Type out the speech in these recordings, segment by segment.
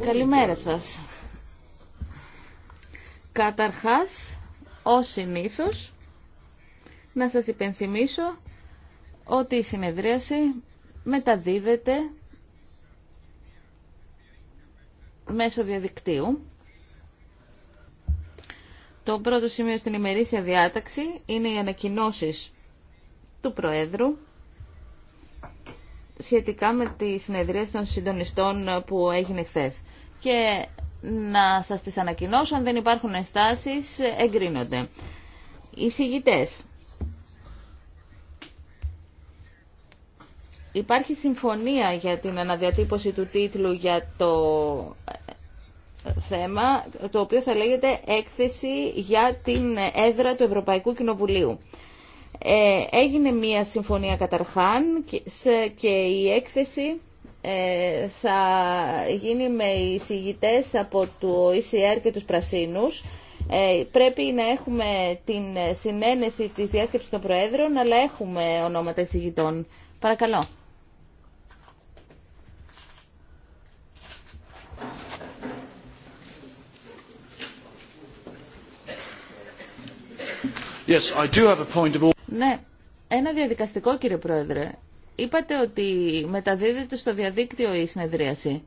Καλημέρα σας. Καταρχάς, ως συνήθως, να σας υπενθυμίσω ότι η συνεδρίαση μεταδίδεται μέσω διαδικτύου. Το πρώτο σημείο στην ημερήσια διάταξη είναι οι ανακοινώσεις του Προέδρου σχετικά με τη συνεδρία των συντονιστών ε, που έγινε χθε. Και να σας τις ανακοινώσω, αν δεν υπάρχουν ενστάσεις, εγκρίνονται. Οι συγητές. Υπάρχει συμφωνία για την αναδιατύπωση του τίτλου για το ε, θέμα, το οποίο θα λέγεται «Έκθεση για την έδρα του Ευρωπαϊκού Κοινοβουλίου». Ε, έγινε μία συμφωνία καταρχάν και η έκθεση ε, θα γίνει με εισηγητές από το ECR και τους Πρασίνους. Ε, πρέπει να έχουμε την συνένεση της διάσκεψης των Προέδρων, αλλά έχουμε ονόματα εισηγητών. Παρακαλώ. Yes, I do have a point ναι, ένα διαδικαστικό κύριε Πρόεδρε. Είπατε ότι μεταδίδεται στο διαδίκτυο η συνεδρίαση.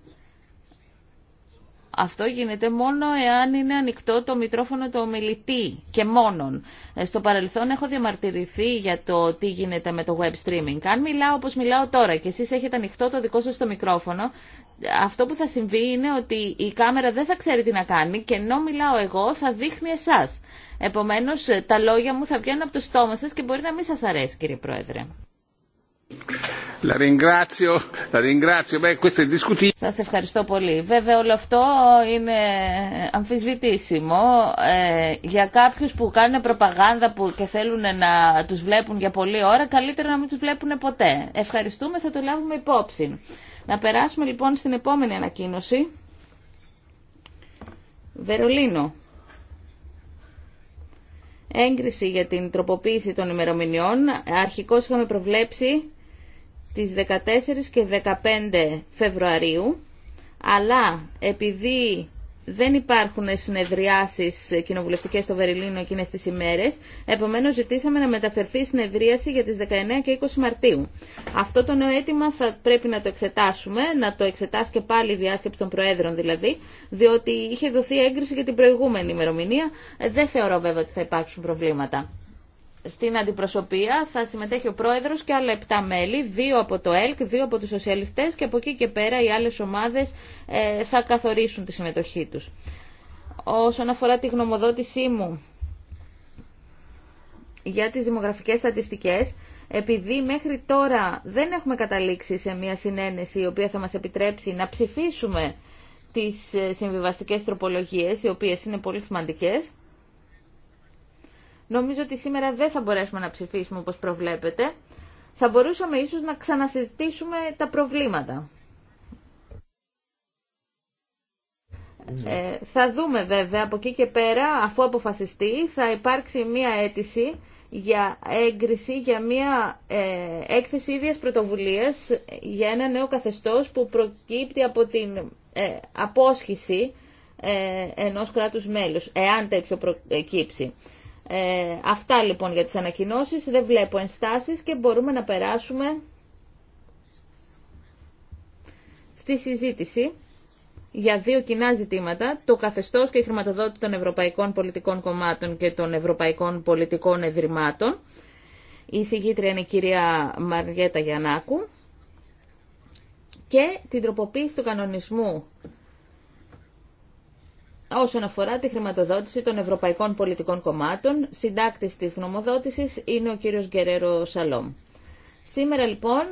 Αυτό γίνεται μόνο εάν είναι ανοιχτό το μικρόφωνο του ομιλητή και μόνον. Ε, στο παρελθόν έχω διαμαρτυρηθεί για το τι γίνεται με το web streaming. Αν μιλάω όπως μιλάω τώρα και εσείς έχετε ανοιχτό το δικό σας το μικρόφωνο, αυτό που θα συμβεί είναι ότι η κάμερα δεν θα ξέρει τι να κάνει και ενώ μιλάω εγώ θα δείχνει εσάς. Επομένως τα λόγια μου θα βγαίνουν από το στόμα σας και μπορεί να μην σας αρέσει κύριε Πρόεδρε. Σα ευχαριστώ πολύ. Βέβαια όλο αυτό είναι αμφισβητήσιμο. Ε, για κάποιου που κάνουν προπαγάνδα που και θέλουν να του βλέπουν για πολλή ώρα, καλύτερα να μην του βλέπουν ποτέ. Ευχαριστούμε, θα το λάβουμε υπόψη. Να περάσουμε λοιπόν στην επόμενη ανακοίνωση. Βερολίνο. Έγκριση για την τροποποίηση των ημερομηνιών. Αρχικώς είχαμε προβλέψει τις 14 και 15 Φεβρουαρίου, αλλά επειδή δεν υπάρχουν συνεδριάσει κοινοβουλευτικέ στο Βερολίνο εκείνε τι ημέρε. Επομένω, ζητήσαμε να μεταφερθεί η συνεδρίαση για τι 19 και 20 Μαρτίου. Αυτό το νέο αίτημα θα πρέπει να το εξετάσουμε, να το εξετάσει και πάλι η διάσκεψη των Προέδρων δηλαδή, διότι είχε δοθεί έγκριση για την προηγούμενη ημερομηνία. Ε, δεν θεωρώ βέβαια ότι θα υπάρξουν προβλήματα στην αντιπροσωπεία θα συμμετέχει ο πρόεδρος και άλλα επτά μέλη, δύο από το ΕΛΚ, δύο από τους σοσιαλιστές και από εκεί και πέρα οι άλλες ομάδες ε, θα καθορίσουν τη συμμετοχή τους. Όσον αφορά τη γνωμοδότησή μου για τις δημογραφικές στατιστικές, επειδή μέχρι τώρα δεν έχουμε καταλήξει σε μια συνένεση η οποία θα μας επιτρέψει να ψηφίσουμε τις ε, συμβιβαστικές τροπολογίες, οι οποίες είναι πολύ σημαντικές, Νομίζω ότι σήμερα δεν θα μπορέσουμε να ψηφίσουμε όπως προβλέπετε. Θα μπορούσαμε ίσως να ξανασυζητήσουμε τα προβλήματα. Ναι. Ε, θα δούμε βέβαια από εκεί και πέρα, αφού αποφασιστεί, θα υπάρξει μία αίτηση για έγκριση για μία ε, έκθεση ίδιας πρωτοβουλίας για ένα νέο καθεστώς που προκύπτει από την ε, απόσχηση ε, ενός κράτους μέλους, εάν τέτοιο προκύψει. Ε, αυτά λοιπόν για τις ανακοινώσεις. Δεν βλέπω ενστάσεις και μπορούμε να περάσουμε στη συζήτηση για δύο κοινά ζητήματα, το καθεστώς και η χρηματοδότηση των Ευρωπαϊκών Πολιτικών Κομμάτων και των Ευρωπαϊκών Πολιτικών Εδρυμάτων. Η συγγήτρια είναι η κυρία Μαριέτα Γιαννάκου και την τροποποίηση του κανονισμού όσον αφορά τη χρηματοδότηση των ευρωπαϊκών πολιτικών κομμάτων. Συντάκτης της γνωμοδότησης είναι ο κύριος Γκερέρο Σαλόμ. Σήμερα λοιπόν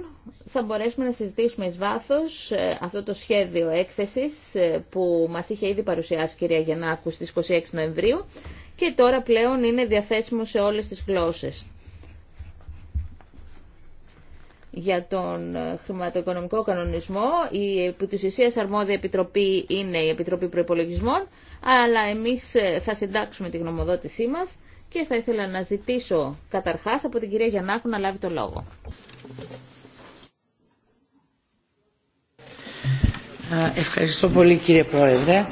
θα μπορέσουμε να συζητήσουμε εις βάθος ε, αυτό το σχέδιο έκθεσης ε, που μας είχε ήδη παρουσιάσει η κυρία Γεννάκου στις 26 Νοεμβρίου και τώρα πλέον είναι διαθέσιμο σε όλες τις γλώσσες για τον ε, χρηματοοικονομικό κανονισμό. Η που της αρμόδια επιτροπή είναι η Επιτροπή Προϋπολογισμών, αλλά εμείς ε, θα συντάξουμε τη γνωμοδότησή μας και θα ήθελα να ζητήσω καταρχάς από την κυρία Γιαννάκου να λάβει το λόγο. Ευχαριστώ πολύ κύριε Πρόεδρε.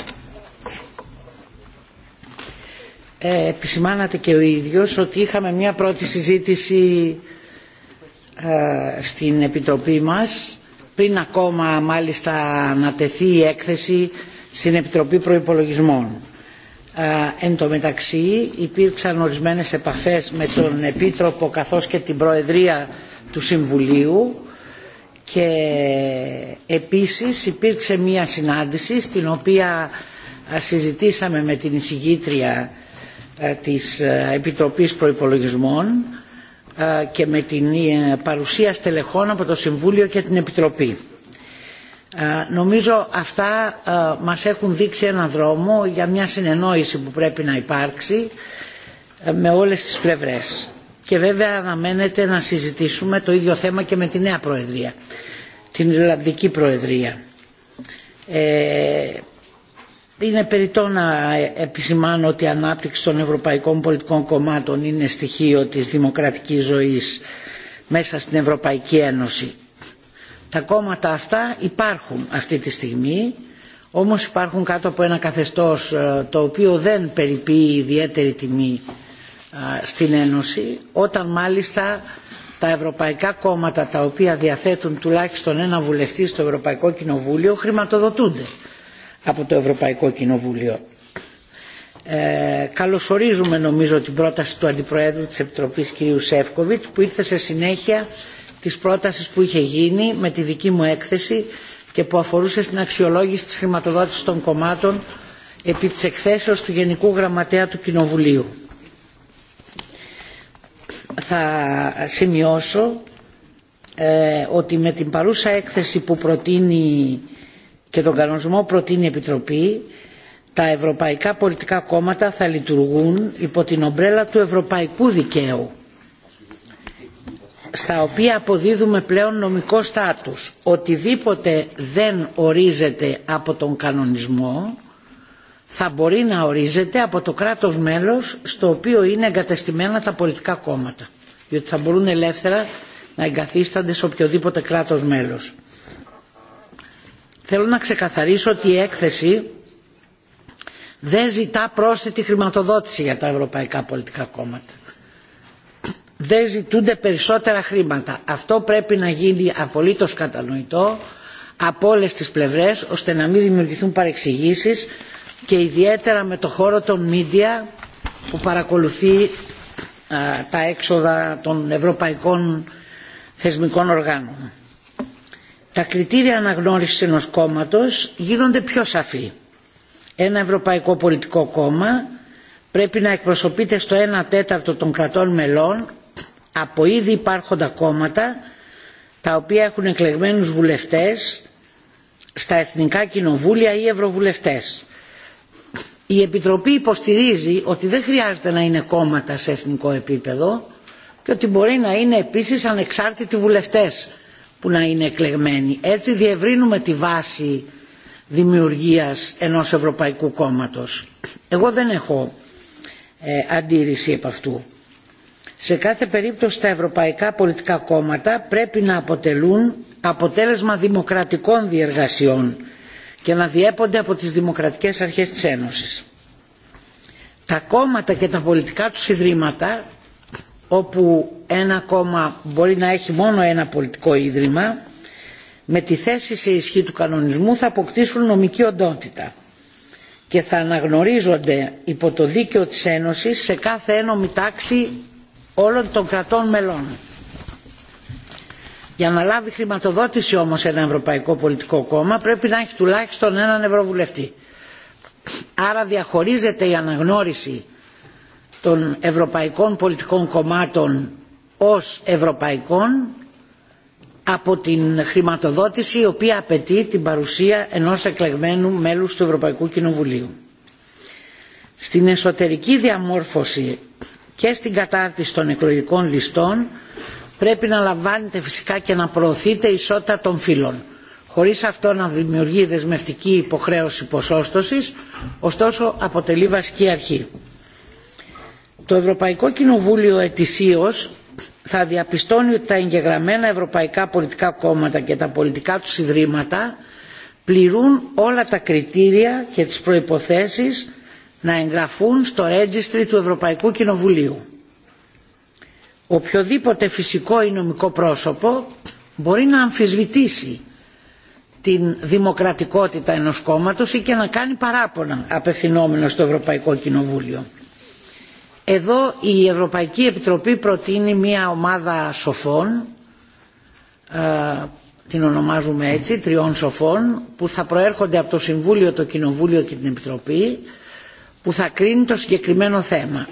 Ε, επισημάνατε και ο ίδιος ότι είχαμε μια πρώτη συζήτηση ε, στην Επιτροπή μας πριν ακόμα μάλιστα να τεθεί η έκθεση στην Επιτροπή Προϋπολογισμών. Ε, εν τω μεταξύ υπήρξαν ορισμένες επαφές με τον Επίτροπο καθώς και την Προεδρία του Συμβουλίου και επίσης υπήρξε μία συνάντηση στην οποία ε, συζητήσαμε με την εισηγήτρια της Επιτροπής Προϋπολογισμών ε, και με την ε, παρουσία στελεχών από το Συμβούλιο και την Επιτροπή. Ε, νομίζω αυτά μας έχουν δείξει έναν δρόμο για μια συνεννόηση που πρέπει να υπάρξει με όλες τις πλευρές. Και βέβαια αναμένεται να συζητήσουμε το ίδιο θέμα και με τη νέα Προεδρία, την Ιρλανδική Προεδρία. Είναι περιττό να επισημάνω ότι η ανάπτυξη των ευρωπαϊκών πολιτικών κομμάτων είναι στοιχείο της δημοκρατικής ζωής μέσα στην Ευρωπαϊκή Ένωση. Τα κόμματα αυτά υπάρχουν αυτή τη στιγμή, όμως υπάρχουν κάτω από ένα καθεστώς ε, το οποίο δεν περιποιεί ιδιαίτερη τιμή ε, στην Ένωση, όταν μάλιστα τα ευρωπαϊκά κόμματα τα οποία διαθέτουν τουλάχιστον ένα βουλευτή στο Ευρωπαϊκό Κοινοβούλιο χρηματοδοτούνται από το Ευρωπαϊκό Κοινοβούλιο. Ε, καλωσορίζουμε νομίζω την πρόταση του Αντιπροέδρου της Επιτροπής κ. Σεύκοβιτ που ήρθε σε συνέχεια της πρότασης που είχε γίνει με τη δική μου έκθεση και που αφορούσε στην αξιολόγηση της χρηματοδότησης των κομμάτων επί της εκθέσεως του Γενικού Γραμματέα του Κοινοβουλίου. Θα σημειώσω ε, ότι με την παρούσα έκθεση που προτείνει και τον κανονισμό προτείνει η Επιτροπή, τα ευρωπαϊκά πολιτικά κόμματα θα λειτουργούν υπό την ομπρέλα του ευρωπαϊκού δικαίου, στα οποία αποδίδουμε πλέον νομικό στάτους. Οτιδήποτε δεν ορίζεται από τον κανονισμό, θα μπορεί να ορίζεται από το κράτος μέλος στο οποίο είναι εγκατεστημένα τα πολιτικά κόμματα. Διότι θα μπορούν ελεύθερα να εγκαθίστανται σε οποιοδήποτε κράτος μέλος θέλω να ξεκαθαρίσω ότι η έκθεση δεν ζητά πρόσθετη χρηματοδότηση για τα ευρωπαϊκά πολιτικά κόμματα. Δεν ζητούνται περισσότερα χρήματα. Αυτό πρέπει να γίνει απολύτως κατανοητό από όλες τις πλευρές ώστε να μην δημιουργηθούν παρεξηγήσεις και ιδιαίτερα με το χώρο των μίντια που παρακολουθεί τα έξοδα των ευρωπαϊκών θεσμικών οργάνων τα κριτήρια αναγνώρισης ενός κόμματος γίνονται πιο σαφή. Ένα ευρωπαϊκό πολιτικό κόμμα πρέπει να εκπροσωπείται στο 1 τέταρτο των κρατών μελών από ήδη υπάρχοντα κόμματα τα οποία έχουν εκλεγμένους βουλευτές στα εθνικά κοινοβούλια ή ευρωβουλευτές. Η Επιτροπή υποστηρίζει ότι δεν χρειάζεται να είναι κόμματα σε εθνικό επίπεδο και ότι μπορεί να είναι επίσης ανεξάρτητοι βουλευτές που να είναι εκλεγμένοι. Έτσι διευρύνουμε τη βάση δημιουργίας ενός Ευρωπαϊκού Κόμματος. Εγώ δεν έχω ε, αντίρρηση επ' αυτού. Σε κάθε περίπτωση τα ευρωπαϊκά πολιτικά κόμματα πρέπει να αποτελούν αποτέλεσμα δημοκρατικών διεργασιών και να διέπονται από τις δημοκρατικές αρχές της Ένωσης. Τα κόμματα και τα πολιτικά τους ιδρύματα όπου ένα κόμμα μπορεί να έχει μόνο ένα πολιτικό ίδρυμα με τη θέση σε ισχύ του κανονισμού θα αποκτήσουν νομική οντότητα και θα αναγνωρίζονται υπό το δίκαιο της Ένωσης σε κάθε ένομη τάξη όλων των κρατών μελών. Για να λάβει χρηματοδότηση όμως ένα Ευρωπαϊκό Πολιτικό Κόμμα πρέπει να έχει τουλάχιστον έναν Ευρωβουλευτή. Άρα διαχωρίζεται η αναγνώριση των ευρωπαϊκών πολιτικών κομμάτων ως ευρωπαϊκών από την χρηματοδότηση η οποία απαιτεί την παρουσία ενός εκλεγμένου μέλους του Ευρωπαϊκού Κοινοβουλίου. Στην εσωτερική διαμόρφωση και στην κατάρτιση των εκλογικών ληστών πρέπει να λαμβάνετε φυσικά και να προωθείτε ισότητα των φύλων χωρίς αυτό να δημιουργεί δεσμευτική υποχρέωση ποσόστοσης, ωστόσο αποτελεί βασική αρχή το ευρωπαϊκό κοινοβούλιο ετησίως θα διαπιστώνει ότι τα εγγεγραμμένα ευρωπαϊκά πολιτικά κόμματα και τα πολιτικά τους ιδρύματα πληρούν όλα τα κριτήρια και τις προϋποθέσεις να εγγραφούν στο registry του Ευρωπαϊκού Κοινοβουλίου. Οποιοδήποτε φυσικό ή νομικό πρόσωπο μπορεί να αμφισβητήσει την δημοκρατικότητα ενός κόμματος ή και να κάνει παράπονα απευθυνόμενο στο Ευρωπαϊκό Κοινοβούλιο εδώ η Ευρωπαϊκή Επιτροπή προτείνει μια ομάδα σοφών, ε, την ονομάζουμε έτσι, τριών σοφών, που θα προέρχονται από το Συμβούλιο, το Κοινοβούλιο και την Επιτροπή, που θα κρίνει το συγκεκριμένο θέμα.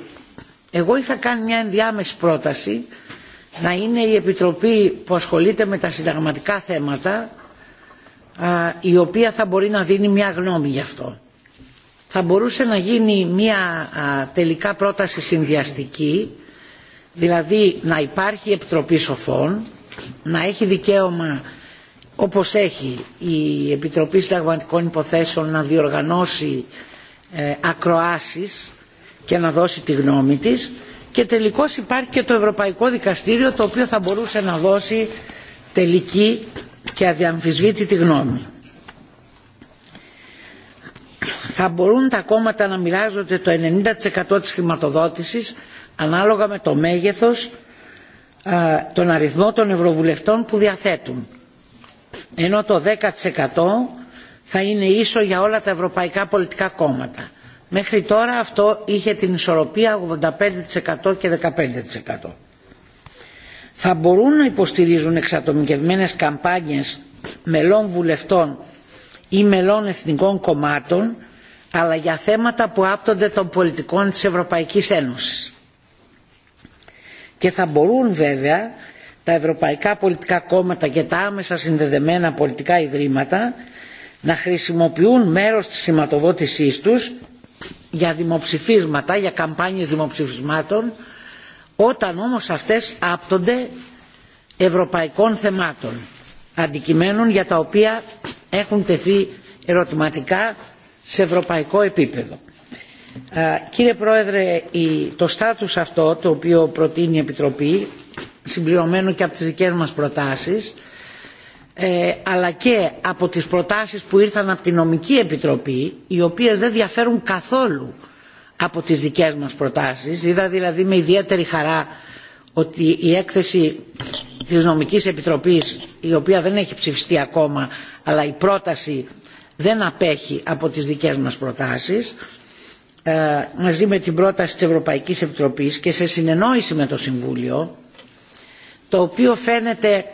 Εγώ είχα κάνει μια ενδιάμεση πρόταση να είναι η Επιτροπή που ασχολείται με τα συνταγματικά θέματα, ε, η οποία θα μπορεί να δίνει μια γνώμη γι' αυτό θα μπορούσε να γίνει μια τελικά πρόταση συνδυαστική δηλαδή να υπάρχει επιτροπή σοφών να έχει δικαίωμα όπως έχει η επιτροπή συνταγματικών υποθέσεων να διοργανώσει ε, ακροάσεις και να δώσει τη γνώμη της και τελικώς υπάρχει και το ευρωπαϊκό δικαστήριο το οποίο θα μπορούσε να δώσει τελική και αδιαμφισβήτητη γνώμη. θα μπορούν τα κόμματα να μοιράζονται το 90% της χρηματοδότησης ανάλογα με το μέγεθος, τον αριθμό των ευρωβουλευτών που διαθέτουν. Ενώ το 10% θα είναι ίσο για όλα τα ευρωπαϊκά πολιτικά κόμματα. Μέχρι τώρα αυτό είχε την ισορροπία 85% και 15%. Θα μπορούν να υποστηρίζουν εξατομικευμένες καμπάνιες μελών βουλευτών ή μελών εθνικών κομμάτων αλλά για θέματα που άπτονται των πολιτικών της Ευρωπαϊκής Ένωσης. Και θα μπορούν βέβαια τα ευρωπαϊκά πολιτικά κόμματα και τα άμεσα συνδεδεμένα πολιτικά ιδρύματα να χρησιμοποιούν μέρος της χρηματοδότησής τους για δημοψηφίσματα, για καμπάνιες δημοψηφισμάτων όταν όμως αυτές άπτονται ευρωπαϊκών θεμάτων αντικειμένων για τα οποία έχουν τεθεί ερωτηματικά σε ευρωπαϊκό επίπεδο. Ε, κύριε Πρόεδρε, το στάτους αυτό το οποίο προτείνει η Επιτροπή, συμπληρωμένο και από τις δικές μας προτάσεις, ε, αλλά και από τις προτάσεις που ήρθαν από την Νομική Επιτροπή, οι οποίες δεν διαφέρουν καθόλου από τις δικές μας προτάσεις. Είδα δηλαδή με ιδιαίτερη χαρά ότι η έκθεση της Νομικής Επιτροπής, η οποία δεν έχει ψηφιστεί ακόμα, αλλά η πρόταση δεν απέχει από τις δικές μας προτάσεις ε, μαζί με την πρόταση της Ευρωπαϊκής Επιτροπής και σε συνεννόηση με το Συμβούλιο το οποίο φαίνεται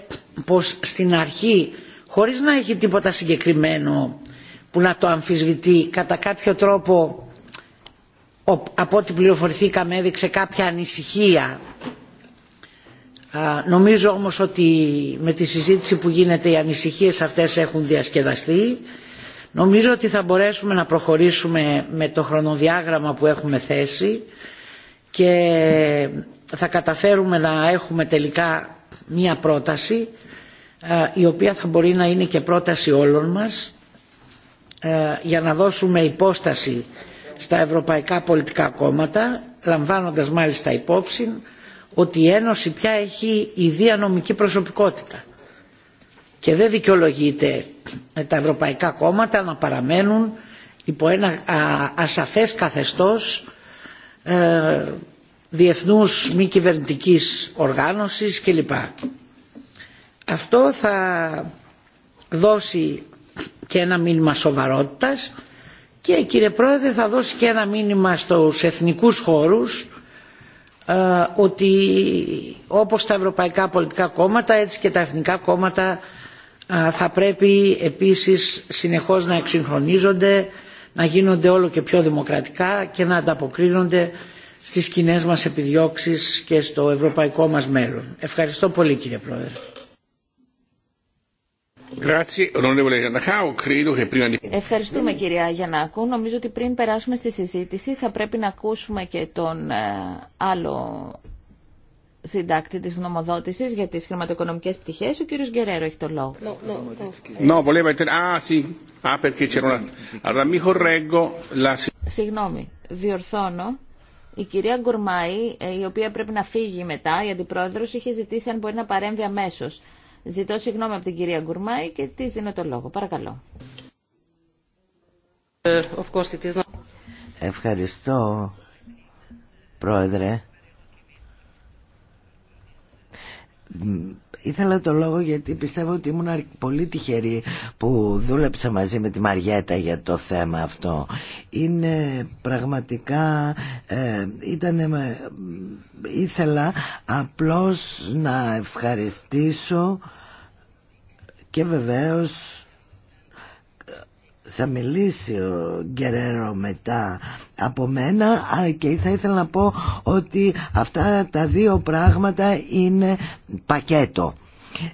πως στην αρχή χωρίς να έχει τίποτα συγκεκριμένο που να το αμφισβητεί κατά κάποιο τρόπο από ό,τι πληροφορηθήκαμε έδειξε κάποια ανησυχία νομίζω όμως ότι με τη συζήτηση που γίνεται οι ανησυχίες αυτές έχουν διασκεδαστεί Νομίζω ότι θα μπορέσουμε να προχωρήσουμε με το χρονοδιάγραμμα που έχουμε θέσει και θα καταφέρουμε να έχουμε τελικά μία πρόταση ε, η οποία θα μπορεί να είναι και πρόταση όλων μας ε, για να δώσουμε υπόσταση στα ευρωπαϊκά πολιτικά κόμματα λαμβάνοντας μάλιστα υπόψη ότι η Ένωση πια έχει ιδία νομική προσωπικότητα και δεν δικαιολογείται τα ευρωπαϊκά κόμματα να παραμένουν υπό ένα ασαφές καθεστώς ε, διεθνούς μη κυβερνητικής οργάνωσης κλπ. Αυτό θα δώσει και ένα μήνυμα σοβαρότητας και κύριε Πρόεδρε θα δώσει και ένα μήνυμα στους εθνικούς χώρους ε, ότι όπως τα ευρωπαϊκά πολιτικά κόμματα έτσι και τα εθνικά κόμματα θα πρέπει επίσης συνεχώς να εξυγχρονίζονται, να γίνονται όλο και πιο δημοκρατικά και να ανταποκρίνονται στις κοινέ μας επιδιώξεις και στο ευρωπαϊκό μας μέλλον. Ευχαριστώ πολύ κύριε Πρόεδρε. Ευχαριστούμε κυρία Γιαννάκου. Νομίζω ότι πριν περάσουμε στη συζήτηση θα πρέπει να ακούσουμε και τον ε, άλλο συντάκτη τη γνωμοδότησης για τι χρηματοοικονομικές πτυχέ. Ο κύριος Γκερέρο έχει το λόγο. Συγγνώμη, διορθώνω. Η κυρία Γκουρμάη, ε, η οποία πρέπει να φύγει μετά, η αντιπρόεδρο, είχε ζητήσει αν μπορεί να παρέμβει αμέσω. Ζητώ συγγνώμη από την κυρία Γκουρμάη και τη δίνω το λόγο. Παρακαλώ. Ε, Ευχαριστώ, Πρόεδρε. Ήθελα το λόγο γιατί πιστεύω ότι ήμουν πολύ τυχερή που δούλεψα μαζί με τη Μαριέτα για το θέμα αυτό. Είναι πραγματικά, ε, ήθελα απλώς να ευχαριστήσω και βεβαίως θα μιλήσει ο Γκερέρο μετά από μένα και θα ήθελα να πω ότι αυτά τα δύο πράγματα είναι πακέτο.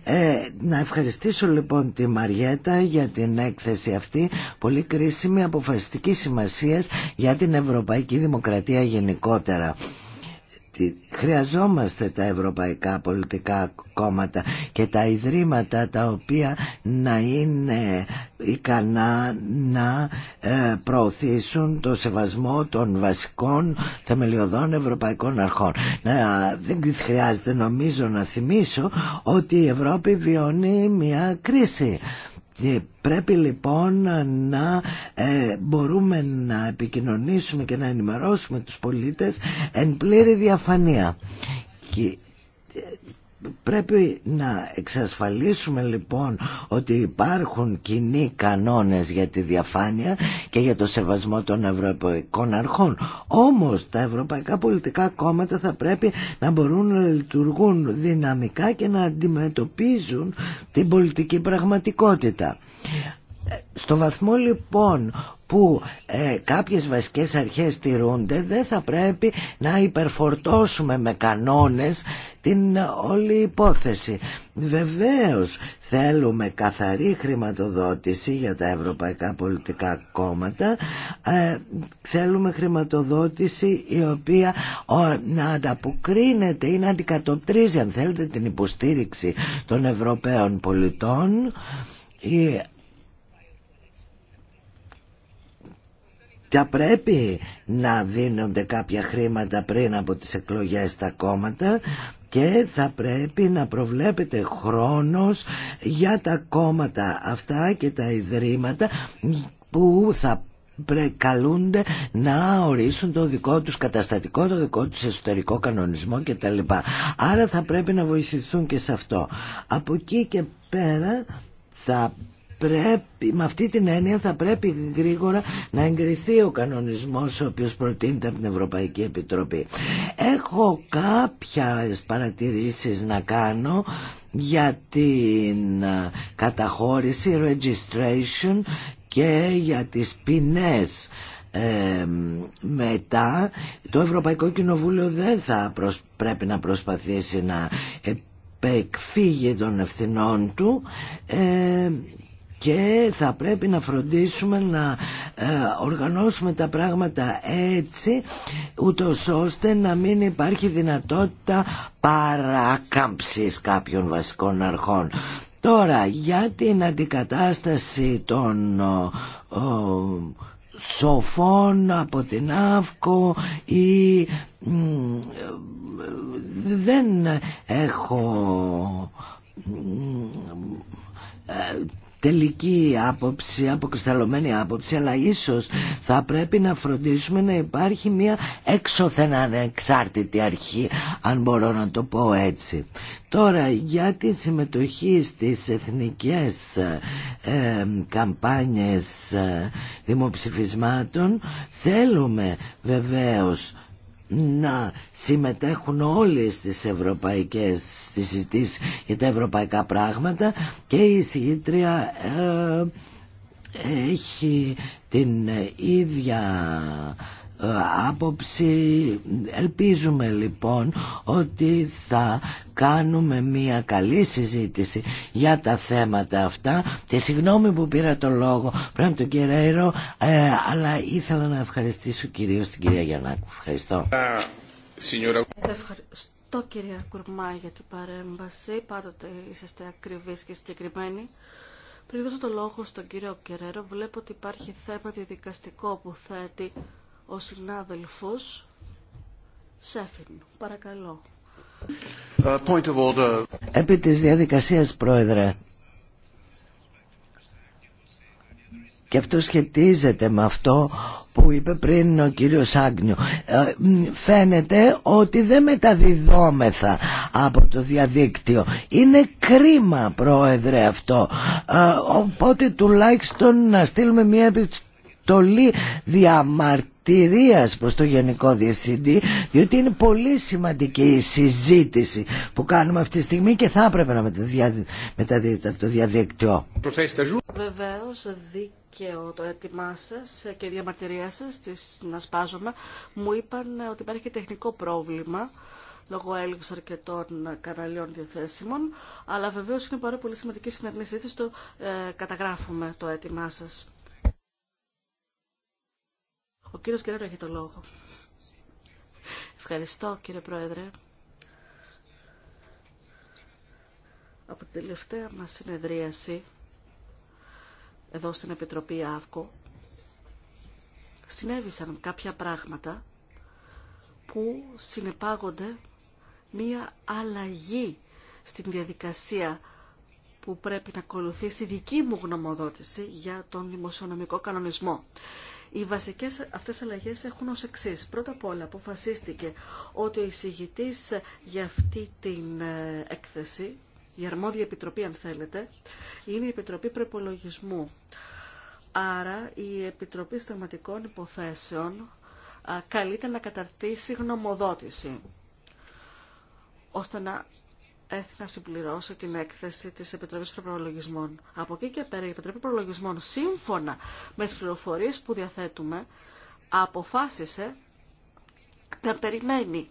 Ε, να ευχαριστήσω λοιπόν τη Μαριέτα για την έκθεση αυτή πολύ κρίσιμη αποφασιστική σημασίας για την Ευρωπαϊκή Δημοκρατία γενικότερα χρειαζόμαστε τα ευρωπαϊκά πολιτικά κόμματα και τα ιδρύματα τα οποία να είναι ικανά να ε, προωθήσουν το σεβασμό των βασικών θεμελιωδών ευρωπαϊκών αρχών. δεν χρειάζεται νομίζω να θυμίσω ότι η Ευρώπη βιώνει μια κρίση. Ε, πρέπει λοιπόν να ε, μπορούμε να επικοινωνήσουμε και να ενημερώσουμε τους πολίτες εν πλήρη διαφανία. Πρέπει να εξασφαλίσουμε λοιπόν ότι υπάρχουν κοινοί κανόνες για τη διαφάνεια και για το σεβασμό των ευρωπαϊκών αρχών. Όμως τα ευρωπαϊκά πολιτικά κόμματα θα πρέπει να μπορούν να λειτουργούν δυναμικά και να αντιμετωπίζουν την πολιτική πραγματικότητα στο βαθμό λοιπόν που ε, κάποιες βασικές αρχές τηρούνται δεν θα πρέπει να υπερφορτώσουμε με κανόνες την όλη υπόθεση. Βεβαίως θέλουμε καθαρή χρηματοδότηση για τα ευρωπαϊκά πολιτικά κόμματα ε, θέλουμε χρηματοδότηση η οποία ο, να ανταποκρίνεται ή να αντικατοπτρίζει αν θέλετε την υποστήριξη των Ευρωπαίων πολιτών η να αντικατοπτριζει αν θελετε την υποστηριξη των ευρωπαιων πολιτων θα πρέπει να δίνονται κάποια χρήματα πριν από τις εκλογές στα κόμματα και θα πρέπει να προβλέπεται χρόνος για τα κόμματα αυτά και τα ιδρύματα που θα καλούνται να ορίσουν το δικό τους καταστατικό, το δικό τους εσωτερικό κανονισμό κτλ. Άρα θα πρέπει να βοηθηθούν και σε αυτό. Από εκεί και πέρα θα πρέπει, με αυτή την έννοια θα πρέπει γρήγορα να εγκριθεί ο κανονισμός ο οποίος προτείνεται από την Ευρωπαϊκή Επιτροπή. Έχω κάποιες παρατηρήσεις να κάνω για την ε, καταχώρηση, registration και για τις ποινές. Ε, μετά το Ευρωπαϊκό Κοινοβούλιο δεν θα πρέπει να προσπαθήσει να επεκφύγει των ευθυνών του ε, και θα πρέπει να φροντίσουμε να ε, οργανώσουμε τα πράγματα έτσι ούτω ώστε να μην υπάρχει δυνατότητα παρακάμψης κάποιων βασικών αρχών. Τώρα για την αντικατάσταση των ο, σοφών από την ΑΦΚΟ ή δεν έχω μ, ε, τελική άποψη, αποκρισταλωμένη άποψη, αλλά ίσως θα πρέπει να φροντίσουμε να υπάρχει μια έξωθεν ανεξάρτητη αρχή, αν μπορώ να το πω έτσι. Τώρα για τη συμμετοχή στις εθνικές ε, καμπάνιες ε, δημοψηφισμάτων θέλουμε βεβαίως να συμμετέχουν όλες τις ευρωπαϊκές στις συζητήσεις για τα ευρωπαϊκά πράγματα και η συγγήτρια ε, έχει την ε, ίδια άποψη ελπίζουμε λοιπόν ότι θα κάνουμε μια καλή συζήτηση για τα θέματα αυτά και συγγνώμη που πήρα το λόγο από τον κύριο ε, αλλά ήθελα να ευχαριστήσω κυρίως την κυρία Γιαννάκου ευχαριστώ Ευχαριστώ κυρία Κουρμά για την παρέμβαση πάντοτε είσαστε ακριβείς και συγκεκριμένοι πριν δώσω το λόγο στον κύριο Κεραίρο, βλέπω ότι υπάρχει θέμα διδικαστικό που θέτει ο συνάδελφος Σέφιν. Παρακαλώ. Ε, point of order. Επί της διαδικασίας, Πρόεδρε, και αυτό σχετίζεται με αυτό που είπε πριν ο κύριος Άγνιο. Ε, φαίνεται ότι δεν μεταδιδόμεθα από το διαδίκτυο. Είναι κρίμα πρόεδρε αυτό. Ε, οπότε τουλάχιστον να στείλουμε μια τολή διαμαρτυρίας προς το Γενικό Διευθυντή διότι είναι πολύ σημαντική η συζήτηση που κάνουμε αυτή τη στιγμή και θα έπρεπε να μεταδίδεται από το διαδίκτυο. Βεβαίω, δίκαιο το έτοιμά σα και η διαμαρτυρία σα, να σπάζομαι, μου είπαν ότι υπάρχει τεχνικό πρόβλημα λόγω έλλειψη αρκετών καναλιών διαθέσιμων. Αλλά βεβαίω είναι πάρα πολύ σημαντική η σημερινή συζήτηση. Το ε, καταγράφουμε το αίτημά σα. Ο κύριο Κεράρο έχει το λόγο. Ευχαριστώ κύριε Πρόεδρε. Από την τελευταία μας συνεδρίαση εδώ στην Επιτροπή ΑΦΚΟ συνέβησαν κάποια πράγματα που συνεπάγονται μία αλλαγή στην διαδικασία που πρέπει να ακολουθήσει δική μου γνωμοδότηση για τον δημοσιονομικό κανονισμό. Οι βασικές αυτές αλλαγές έχουν ως εξή. Πρώτα απ' όλα αποφασίστηκε ότι ο εισηγητής για αυτή την ε, έκθεση, η αρμόδια επιτροπή αν θέλετε, είναι η Επιτροπή Προπολογισμού. Άρα η Επιτροπή Σταματικών Υποθέσεων καλείται να καταρτήσει γνωμοδότηση ώστε να έρθει να συμπληρώσει την έκθεση της Επιτροπής Προπολογισμών. Από εκεί και πέρα η Επιτροπή Προπολογισμών σύμφωνα με τις πληροφορίες που διαθέτουμε αποφάσισε να περιμένει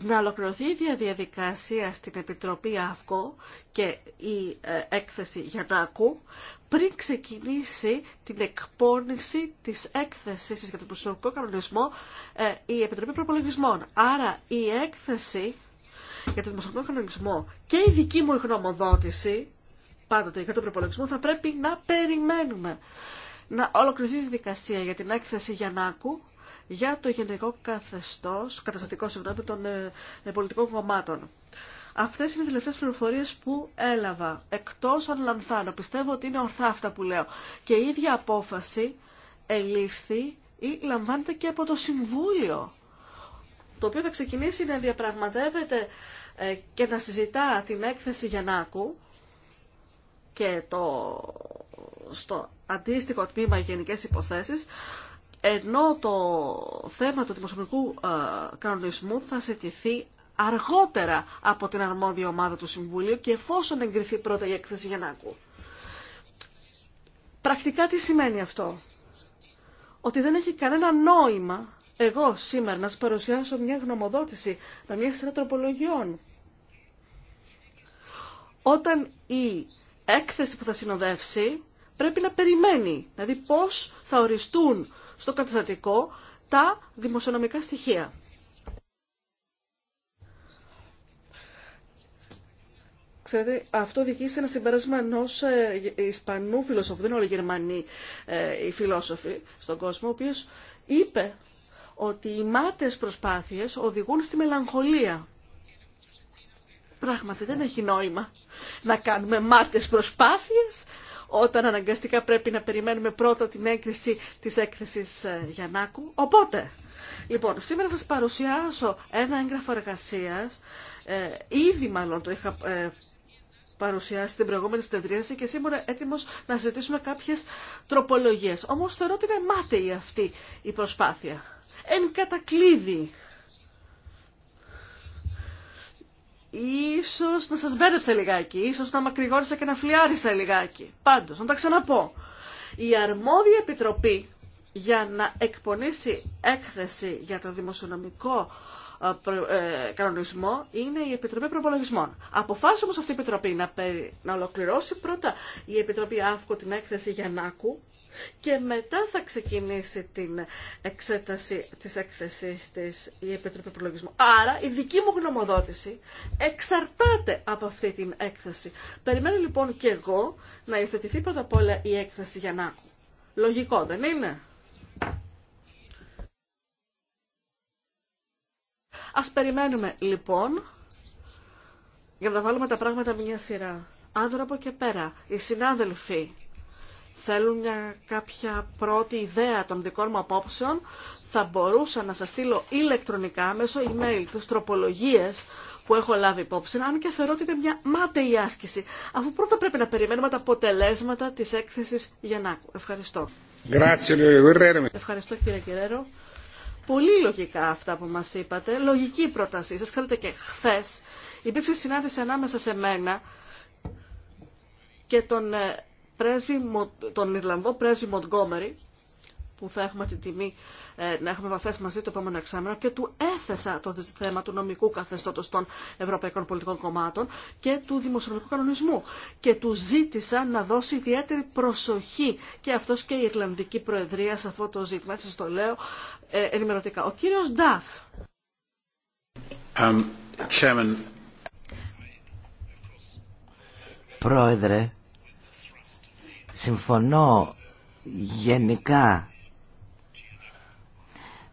να ολοκληρωθεί η διαδικασία στην Επιτροπή ΑΦΚΟ και η ε, έκθεση ακού πριν ξεκινήσει την εκπόνηση της έκθεσης για τον προσωπικό κανονισμό ε, η Επιτροπή Προπολογισμών. Άρα η έκθεση για το δημοσιογραφικό κανονισμό και η δική μου γνωμοδότηση, πάντοτε για τον προπολογισμό, θα πρέπει να περιμένουμε να ολοκληρωθεί η δικασία για την έκθεση Γιαννάκου για το γενικό καθεστώς, καταστατικό συγγνώμη, των ε, ε, πολιτικών κομμάτων. Αυτές είναι οι τελευταίες πληροφορίες που έλαβα, εκτός αν λανθάνω. Πιστεύω ότι είναι ορθά αυτά που λέω. Και η ίδια απόφαση ελήφθη ή λαμβάνεται και από το Συμβούλιο το οποίο θα ξεκινήσει να διαπραγματεύεται ε, και να συζητά την έκθεση Γιαννάκου και το, στο αντίστοιχο τμήμα γενικές υποθέσεις, ενώ το θέμα του δημοσιονομικού ε, κανονισμού θα συζητηθεί αργότερα από την αρμόδια ομάδα του Συμβουλίου και εφόσον εγκριθεί πρώτα η έκθεση Γιαννάκου. Πρακτικά τι σημαίνει αυτό. Ότι δεν έχει κανένα νόημα εγώ σήμερα να σας παρουσιάσω μια γνωμοδότηση με μια σειρά τροπολογιών. Όταν η έκθεση που θα συνοδεύσει πρέπει να περιμένει, δηλαδή πώς θα οριστούν στο καταστατικό τα δημοσιονομικά στοιχεία. Ξέρετε, αυτό οδηγεί σε ένα συμπέρασμα ενό ε, Ισπανού φιλοσόφου, δεν όλοι οι Γερμανοί ε, οι φιλόσοφοι στον κόσμο, ο οποίο είπε ότι οι μάτες προσπάθειες οδηγούν στη μελαγχολία. Πράγματι δεν έχει νόημα να κάνουμε μάτες προσπάθειες όταν αναγκαστικά πρέπει να περιμένουμε πρώτα την έγκριση της έκθεσης ε, Γιαννάκου. Οπότε, λοιπόν, σήμερα θα σας παρουσιάσω ένα έγγραφο εργασία. Ε, ήδη μάλλον το είχα ε, παρουσιάσει την προηγούμενη συνεδρίαση και σήμερα έτοιμος να ζητήσουμε κάποιες τροπολογίες. Όμως θεωρώ ότι είναι μάταιη αυτή η προσπάθεια. Εν κατακλείδη. Ίσως να σας μπέρεψε λιγάκι, ίσως να μακρηγόρησα και να φλιάρισα λιγάκι. Πάντως, να τα ξαναπώ. Η αρμόδια επιτροπή για να εκπονήσει έκθεση για το δημοσιονομικό ε, ε, κανονισμό είναι η Επιτροπή Προπολογισμών. Αποφάσισε όμως αυτή η Επιτροπή να, να ολοκληρώσει πρώτα η Επιτροπή ΑΦΚΟ την έκθεση για να και μετά θα ξεκινήσει την εξέταση της έκθεσής της η Επιτροπή Προλογισμού. Άρα η δική μου γνωμοδότηση εξαρτάται από αυτή την έκθεση. Περιμένω λοιπόν και εγώ να υιοθετηθεί πρώτα απ' όλα η έκθεση για να... Λογικό δεν είναι. Ας περιμένουμε λοιπόν για να βάλουμε τα πράγματα μια σειρά. Άντρο από και πέρα οι συνάδελφοι θέλουν μια, κάποια πρώτη ιδέα των δικών μου απόψεων, θα μπορούσα να σας στείλω ηλεκτρονικά μέσω email τις τροπολογίες που έχω λάβει υπόψη, αν και θεωρώ ότι είναι μια μάταιη άσκηση, αφού πρώτα πρέπει να περιμένουμε τα αποτελέσματα της έκθεσης Γιαννάκου. Ευχαριστώ. Ευχαριστώ κύριε Κυρέρο. Πολύ λογικά αυτά που μας είπατε, λογική πρότασή σας. Ξέρετε και χθες υπήρξε συνάντηση ανάμεσα σε μένα και τον ε, πρέσβη, τον Ιρλανδό πρέσβη Μοντγκόμερη, που θα έχουμε την τιμή ε, να έχουμε επαφέ μαζί το επόμενο εξάμεινο και του έθεσα το θέμα του νομικού καθεστώτο των Ευρωπαϊκών Πολιτικών Κομμάτων και του δημοσιονομικού κανονισμού. Και του ζήτησα να δώσει ιδιαίτερη προσοχή και αυτό και η Ιρλανδική Προεδρία σε αυτό το ζήτημα. Έτσι το λέω ε, ενημερωτικά. Ο κύριο Νταφ. Um, Πρόεδρε, συμφωνώ γενικά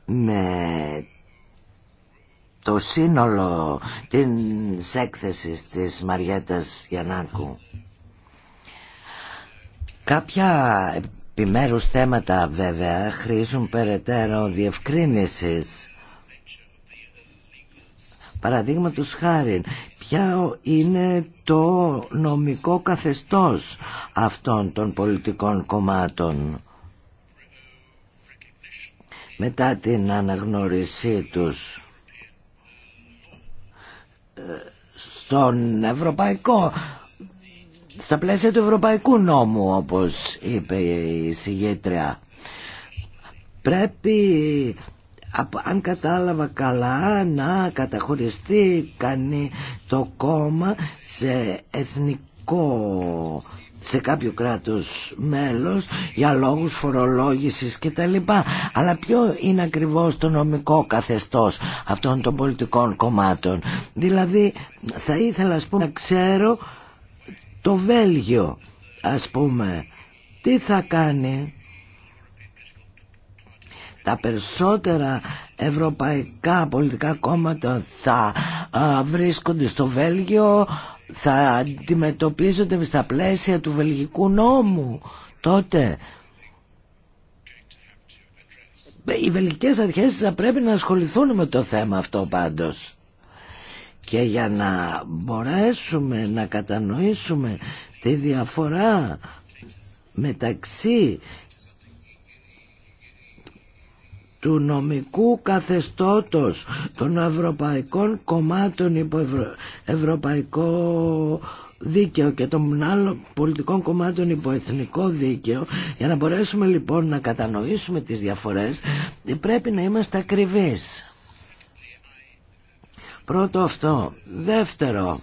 με το σύνολο την έκθεσης της Μαριέτας Γιαννάκου. Κάποια επιμέρους θέματα βέβαια χρήσουν περαιτέρω διευκρίνησης Παραδείγματο χάρη, ποιο είναι το νομικό καθεστώς αυτών των πολιτικών κομμάτων μετά την αναγνώρισή τους στον ευρωπαϊκό στα πλαίσια του ευρωπαϊκού νόμου όπως είπε η συγγέτρια πρέπει αν κατάλαβα καλά να καταχωριστεί κάνει το κόμμα σε εθνικό σε κάποιο κράτος μέλος για λόγους φορολόγησης κτλ. Αλλά ποιο είναι ακριβώς το νομικό καθεστώς αυτών των πολιτικών κομμάτων. Δηλαδή θα ήθελα ας πούμε, να ξέρω το Βέλγιο ας πούμε τι θα κάνει τα περισσότερα ευρωπαϊκά πολιτικά κόμματα θα βρίσκονται στο Βέλγιο, θα αντιμετωπίζονται στα πλαίσια του βελγικού νόμου. Τότε οι βελγικές αρχές θα πρέπει να ασχοληθούν με το θέμα αυτό πάντως. Και για να μπορέσουμε να κατανοήσουμε τη διαφορά μεταξύ του νομικού καθεστώτος των ευρωπαϊκών κομμάτων υπό ευρωπαϊκό δίκαιο και των άλλων πολιτικών κομμάτων υπό εθνικό δίκαιο για να μπορέσουμε λοιπόν να κατανοήσουμε τις διαφορές πρέπει να είμαστε ακριβείς πρώτο αυτό δεύτερο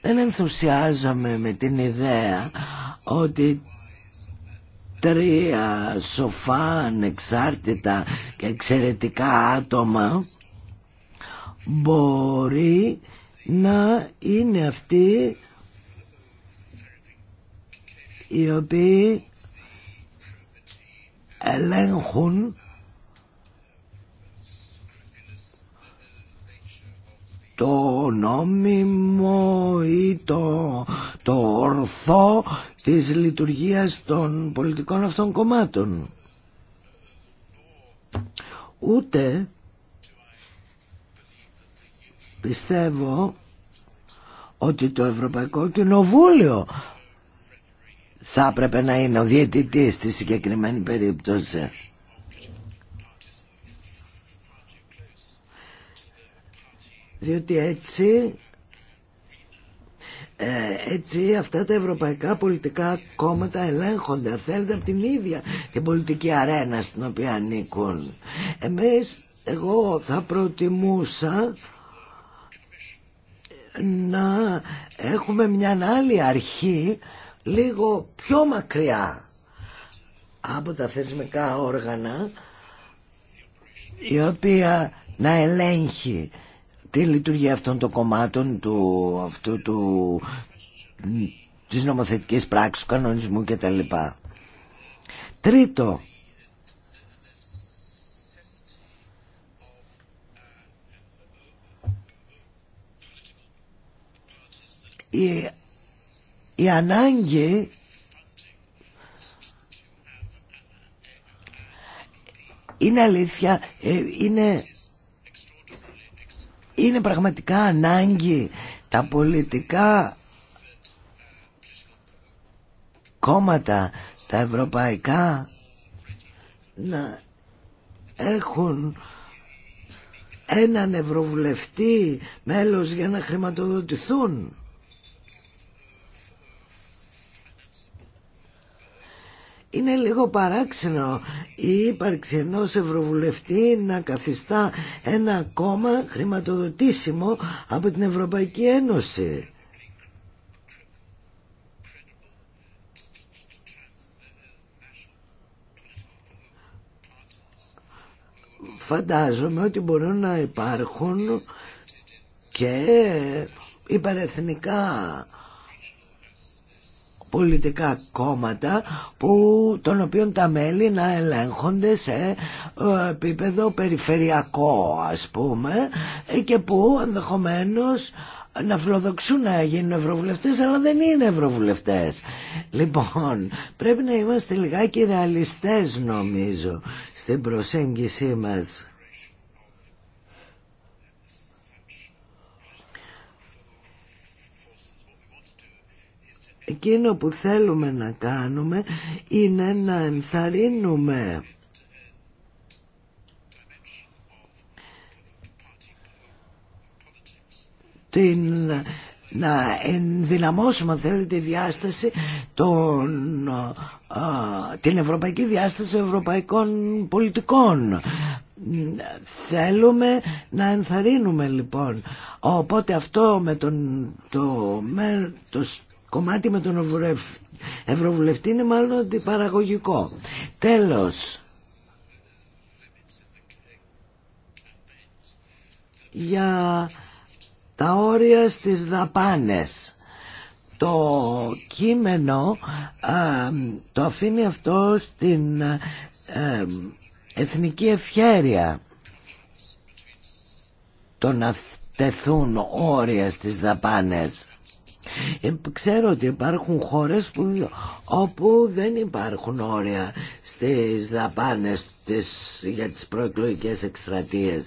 δεν ενθουσιάζομαι με την ιδέα ότι τρία σοφά ανεξάρτητα και εξαιρετικά άτομα μπορεί να είναι αυτοί οι οποίοι ελέγχουν το νόμιμο ή το, το ορθό της λειτουργίας των πολιτικών αυτών κομμάτων. Ούτε πιστεύω ότι το Ευρωπαϊκό Κοινοβούλιο θα έπρεπε να είναι ο διαιτητής στη συγκεκριμένη περίπτωση. διότι έτσι ε, έτσι αυτά τα ευρωπαϊκά πολιτικά κόμματα ελέγχονται θέλετε από την ίδια την πολιτική αρένα στην οποία ανήκουν εμείς εγώ θα προτιμούσα να έχουμε μια άλλη αρχή λίγο πιο μακριά από τα θεσμικά όργανα η οποία να ελέγχει τη λειτουργία αυτών των κομμάτων του, αυτού του, της νομοθετικής πράξης, του κανονισμού κτλ. Τρίτο, η, η ανάγκη είναι αλήθεια, ε, είναι είναι πραγματικά ανάγκη τα πολιτικά κόμματα, τα ευρωπαϊκά να έχουν έναν ευρωβουλευτή μέλος για να χρηματοδοτηθούν. είναι λίγο παράξενο η ύπαρξη ενό Ευρωβουλευτή να καθιστά ένα κόμμα χρηματοδοτήσιμο από την Ευρωπαϊκή Ένωση. Φαντάζομαι ότι μπορούν να υπάρχουν και υπερεθνικά πολιτικά κόμματα που, των οποίων τα μέλη να ελέγχονται σε ε, επίπεδο περιφερειακό ας πούμε ε, και που ενδεχομένως να φιλοδοξούν να γίνουν ευρωβουλευτές αλλά δεν είναι ευρωβουλευτές λοιπόν πρέπει να είμαστε λιγάκι ρεαλιστές νομίζω στην προσέγγιση μας Εκείνο που θέλουμε να κάνουμε είναι να ενθαρρύνουμε την, να ενδυναμώσουμε αν θέλετε διάσταση των, την ευρωπαϊκή διάσταση των ευρωπαϊκών πολιτικών θέλουμε να ενθαρρύνουμε λοιπόν οπότε αυτό με τον το, με, το κομμάτι με τον Ευρωβουλευτή είναι μάλλον αντιπαραγωγικό. Τέλος, για τα όρια στις δαπάνες. Το κείμενο το αφήνει αυτό στην εθνική ευχέρεια το να τεθούν όρια στις δαπάνες. Ε, ξέρω ότι υπάρχουν χώρες που, όπου δεν υπάρχουν όρια στις δαπάνες για τις προεκλογικές εκστρατείες.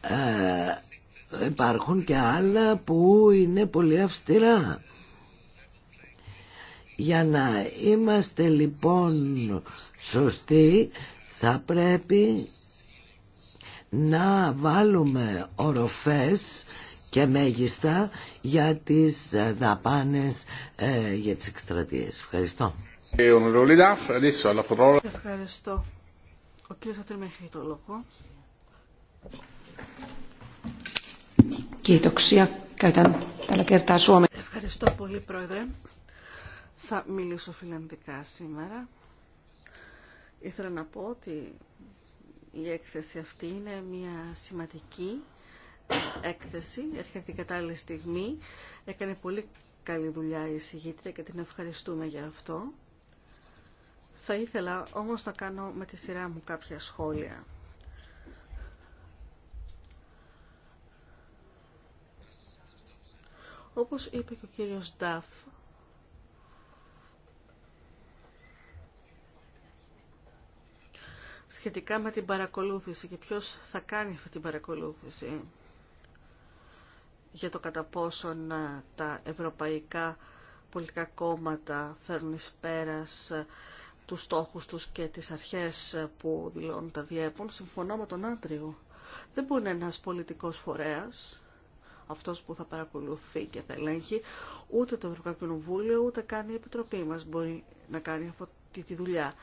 Ε, υπάρχουν και άλλα που είναι πολύ αυστηρά. Για να είμαστε λοιπόν σωστοί θα πρέπει να βάλουμε οροφές και μέγιστα για τις ε, δαπάνες ε, για τις εκστρατείες. Ευχαριστώ. Ευχαριστώ. Ο κύριος το λόγο. Ευχαριστώ πολύ, Πρόεδρε. Θα μιλήσω φιλανδικά σήμερα. Ήθελα να πω ότι η έκθεση αυτή είναι μια σημαντική έκθεση. Έρχεται η κατάλληλη στιγμή. Έκανε πολύ καλή δουλειά η συγγήτρια και την ευχαριστούμε για αυτό. Θα ήθελα όμως να κάνω με τη σειρά μου κάποια σχόλια. Όπως είπε και ο κύριος Νταφ, σχετικά με την παρακολούθηση και ποιος θα κάνει αυτή την παρακολούθηση για το κατά πόσον ε, τα ευρωπαϊκά πολιτικά κόμματα φέρνουν εις πέρας ε, τους στόχους τους και τις αρχές ε, που δηλώνουν τα διέπουν, συμφωνώ με τον Άντριο. Δεν μπορεί να είναι ένας πολιτικός φορέας, αυτός που θα παρακολουθεί και θα ελέγχει, ούτε το Ευρωπαϊκό Κοινοβούλιο, ούτε καν η Επιτροπή μας μπορεί να κάνει αυτή τη δουλειά.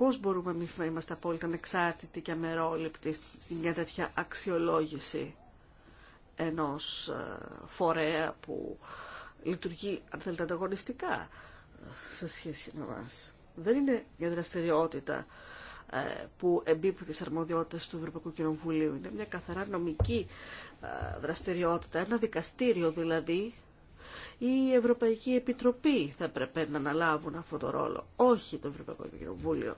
Πώς μπορούμε εμείς να είμαστε απόλυτα ανεξάρτητοι και αμερόληπτοι στην μια τέτοια αξιολόγηση ενός ε, φορέα που λειτουργεί, αν θέλετε, ανταγωνιστικά ε, σε σχέση με εμάς. Δεν είναι μια δραστηριότητα ε, που εμπίπτει τις αρμοδιότητες του Ευρωπαϊκού Κοινοβουλίου. Είναι μια καθαρά νομική δραστηριότητα, ένα δικαστήριο δηλαδή, η Ευρωπαϊκή Επιτροπή θα έπρεπε να αναλάβουν αυτό το ρόλο, όχι το Ευρωπαϊκό Κοινοβούλιο.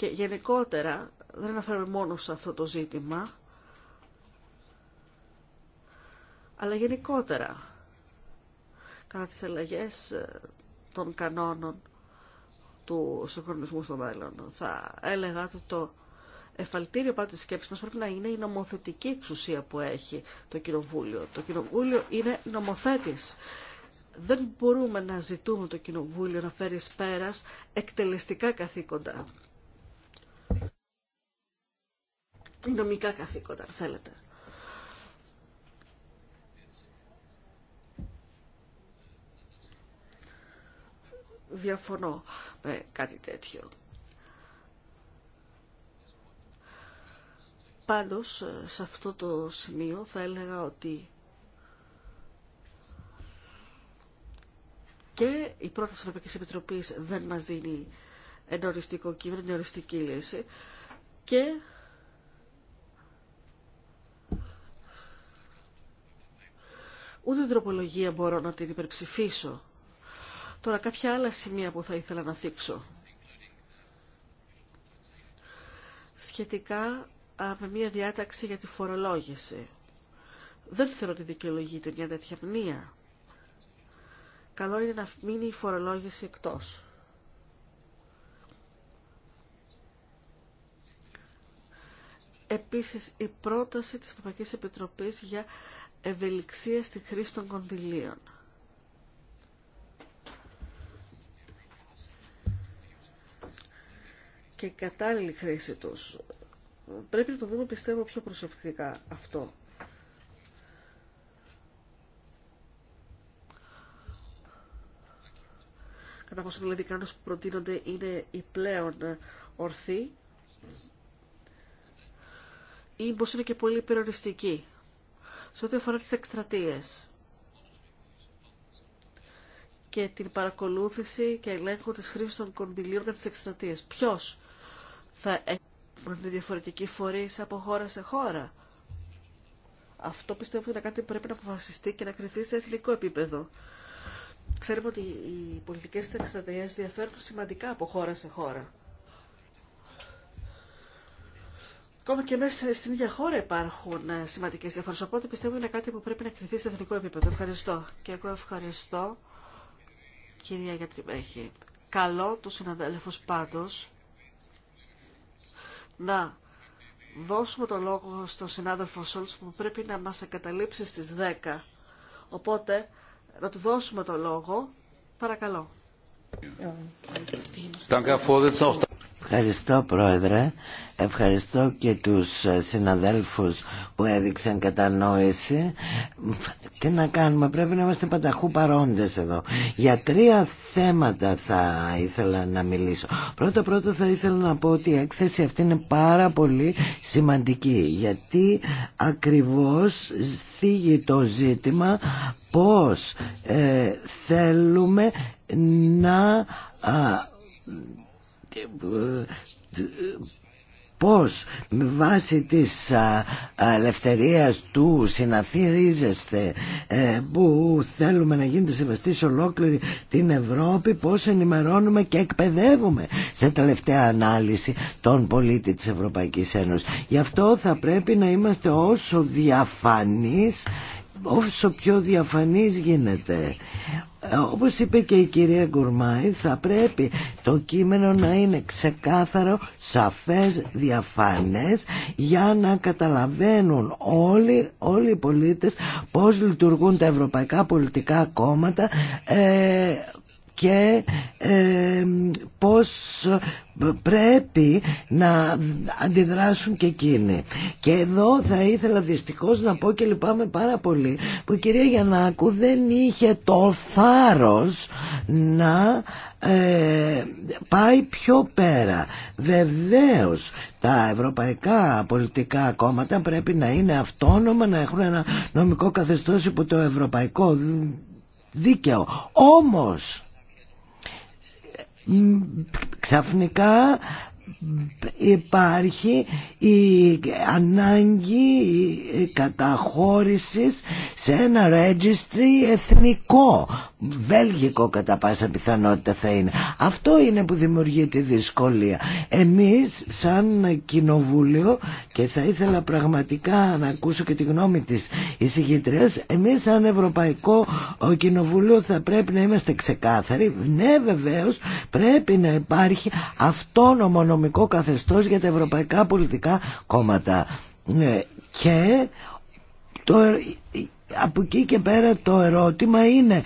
Και γενικότερα, δεν αναφέρομαι μόνο σε αυτό το ζήτημα, αλλά γενικότερα, κατά τις αλλαγές ε, των κανόνων του συγχρονισμού στο μέλλον, θα έλεγα ότι το εφαλτήριο πάνω της σκέψης μας πρέπει να είναι η νομοθετική εξουσία που έχει το Κοινοβούλιο. Το Κοινοβούλιο είναι νομοθέτης. Δεν μπορούμε να ζητούμε το Κοινοβούλιο να φέρει πέρας εκτελεστικά καθήκοντα. νομικά καθήκοντα, αν θέλετε. Διαφωνώ με κάτι τέτοιο. Πάντως, σε αυτό το σημείο θα έλεγα ότι και η πρόταση της Ευρωπαϊκής Επιτροπής δεν μας δίνει ενοριστικό κείμενο, ενοριστική λύση και Ούτε την τροπολογία μπορώ να την υπερψηφίσω. Τώρα κάποια άλλα σημεία που θα ήθελα να θίξω. Σχετικά με μια διάταξη για τη φορολόγηση. Δεν θέλω ότι δικαιολογείται μια τέτοια μνήμα. Καλό είναι να μείνει η φορολόγηση εκτός. Επίσης, η πρόταση της Ευρωπαϊκής Επιτροπής για ευελιξία στη χρήση των κονδυλίων. και κατάλληλη χρήση τους. Πρέπει να το δούμε πιστεύω πιο προσεκτικά αυτό. Κατά πόσο δηλαδή οι που προτείνονται είναι οι πλέον ορθοί ή πως είναι και πολύ υπεροριστικοί σε ό,τι αφορά τις εκστρατείες και την παρακολούθηση και ελέγχο της χρήσης των κονδυλίων για τις εκστρατείες. Ποιος θα έχει διαφορετική φορή από χώρα σε χώρα. Αυτό πιστεύω ότι είναι κάτι που πρέπει να αποφασιστεί και να κριθεί σε εθνικό επίπεδο. Ξέρουμε ότι οι πολιτικές της διαφέρουν σημαντικά από χώρα σε χώρα. Ακόμα και μέσα στην ίδια χώρα υπάρχουν ε, σημαντικέ διαφορέ. Οπότε πιστεύω είναι κάτι που πρέπει να κρυθεί σε εθνικό επίπεδο. Ευχαριστώ. Και εγώ ευχαριστώ, κυρία Γιατριμέχη. Καλό του συναδέλφου πάντω να δώσουμε το λόγο στον συνάδελφο Σόλτ που πρέπει να μας εγκαταλείψει στις 10. Οπότε, να του δώσουμε το λόγο. Παρακαλώ. Ευχαριστώ Πρόεδρε, ευχαριστώ και τους ε, συναδέλφους που έδειξαν κατανόηση. Τι να κάνουμε, πρέπει να είμαστε πανταχού παρόντες εδώ. Για τρία θέματα θα ήθελα να μιλήσω. Πρώτα πρώτα θα ήθελα να πω ότι η έκθεση αυτή είναι πάρα πολύ σημαντική γιατί ακριβώς θίγει το ζήτημα πώς ε, θέλουμε να... Ε, πώς με βάση της ελευθερίας του συναθήριζεστε ε, που θέλουμε να γίνεται σεβαστή σε ολόκληρη την Ευρώπη πώς ενημερώνουμε και εκπαιδεύουμε σε τελευταία ανάλυση των πολίτη της Ευρωπαϊκής Ένωσης. Γι' αυτό θα πρέπει να είμαστε όσο διαφανείς όσο πιο διαφανής γίνεται. Ε, όπως είπε και η κυρία Γκουρμάη, θα πρέπει το κείμενο να είναι ξεκάθαρο, σαφές, διαφανές, για να καταλαβαίνουν όλοι, όλοι οι πολίτες πώς λειτουργούν τα ευρωπαϊκά πολιτικά κόμματα, ε, και ε, πώς πρέπει να αντιδράσουν και εκείνοι. Και εδώ θα ήθελα δυστυχώς να πω και λυπάμαι πάρα πολύ που η κυρία Γιαννάκου δεν είχε το θάρρος να ε, πάει πιο πέρα. Βεβαίως τα ευρωπαϊκά πολιτικά κόμματα πρέπει να είναι αυτόνομα, να έχουν ένα νομικό καθεστώς υπό το ευρωπαϊκό δίκαιο. Όμως ξαφνικά υπάρχει η ανάγκη καταχώρησης σε ένα registry εθνικό βέλγικο κατά πάσα πιθανότητα θα είναι. Αυτό είναι που δημιουργεί τη δυσκολία. Εμείς σαν κοινοβούλιο και θα ήθελα πραγματικά να ακούσω και τη γνώμη της εισηγήτριας εμείς σαν Ευρωπαϊκό Κοινοβούλιο θα πρέπει να είμαστε ξεκάθαροι. Ναι βεβαίως πρέπει να υπάρχει αυτόνομο νομικό καθεστώς για τα ευρωπαϊκά πολιτικά κόμματα. Ναι, και το, ε, ε, από εκεί και πέρα το ερώτημα είναι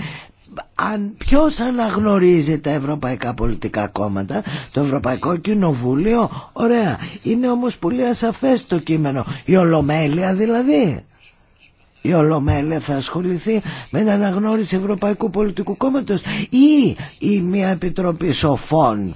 αν, ποιος αναγνωρίζει τα ευρωπαϊκά πολιτικά κόμματα το Ευρωπαϊκό Κοινοβούλιο ωραία είναι όμως πολύ ασαφές το κείμενο η Ολομέλεια δηλαδή η Ολομέλεια θα ασχοληθεί με την αναγνώριση Ευρωπαϊκού Πολιτικού Κόμματος ή η μια επιτροπή σοφών.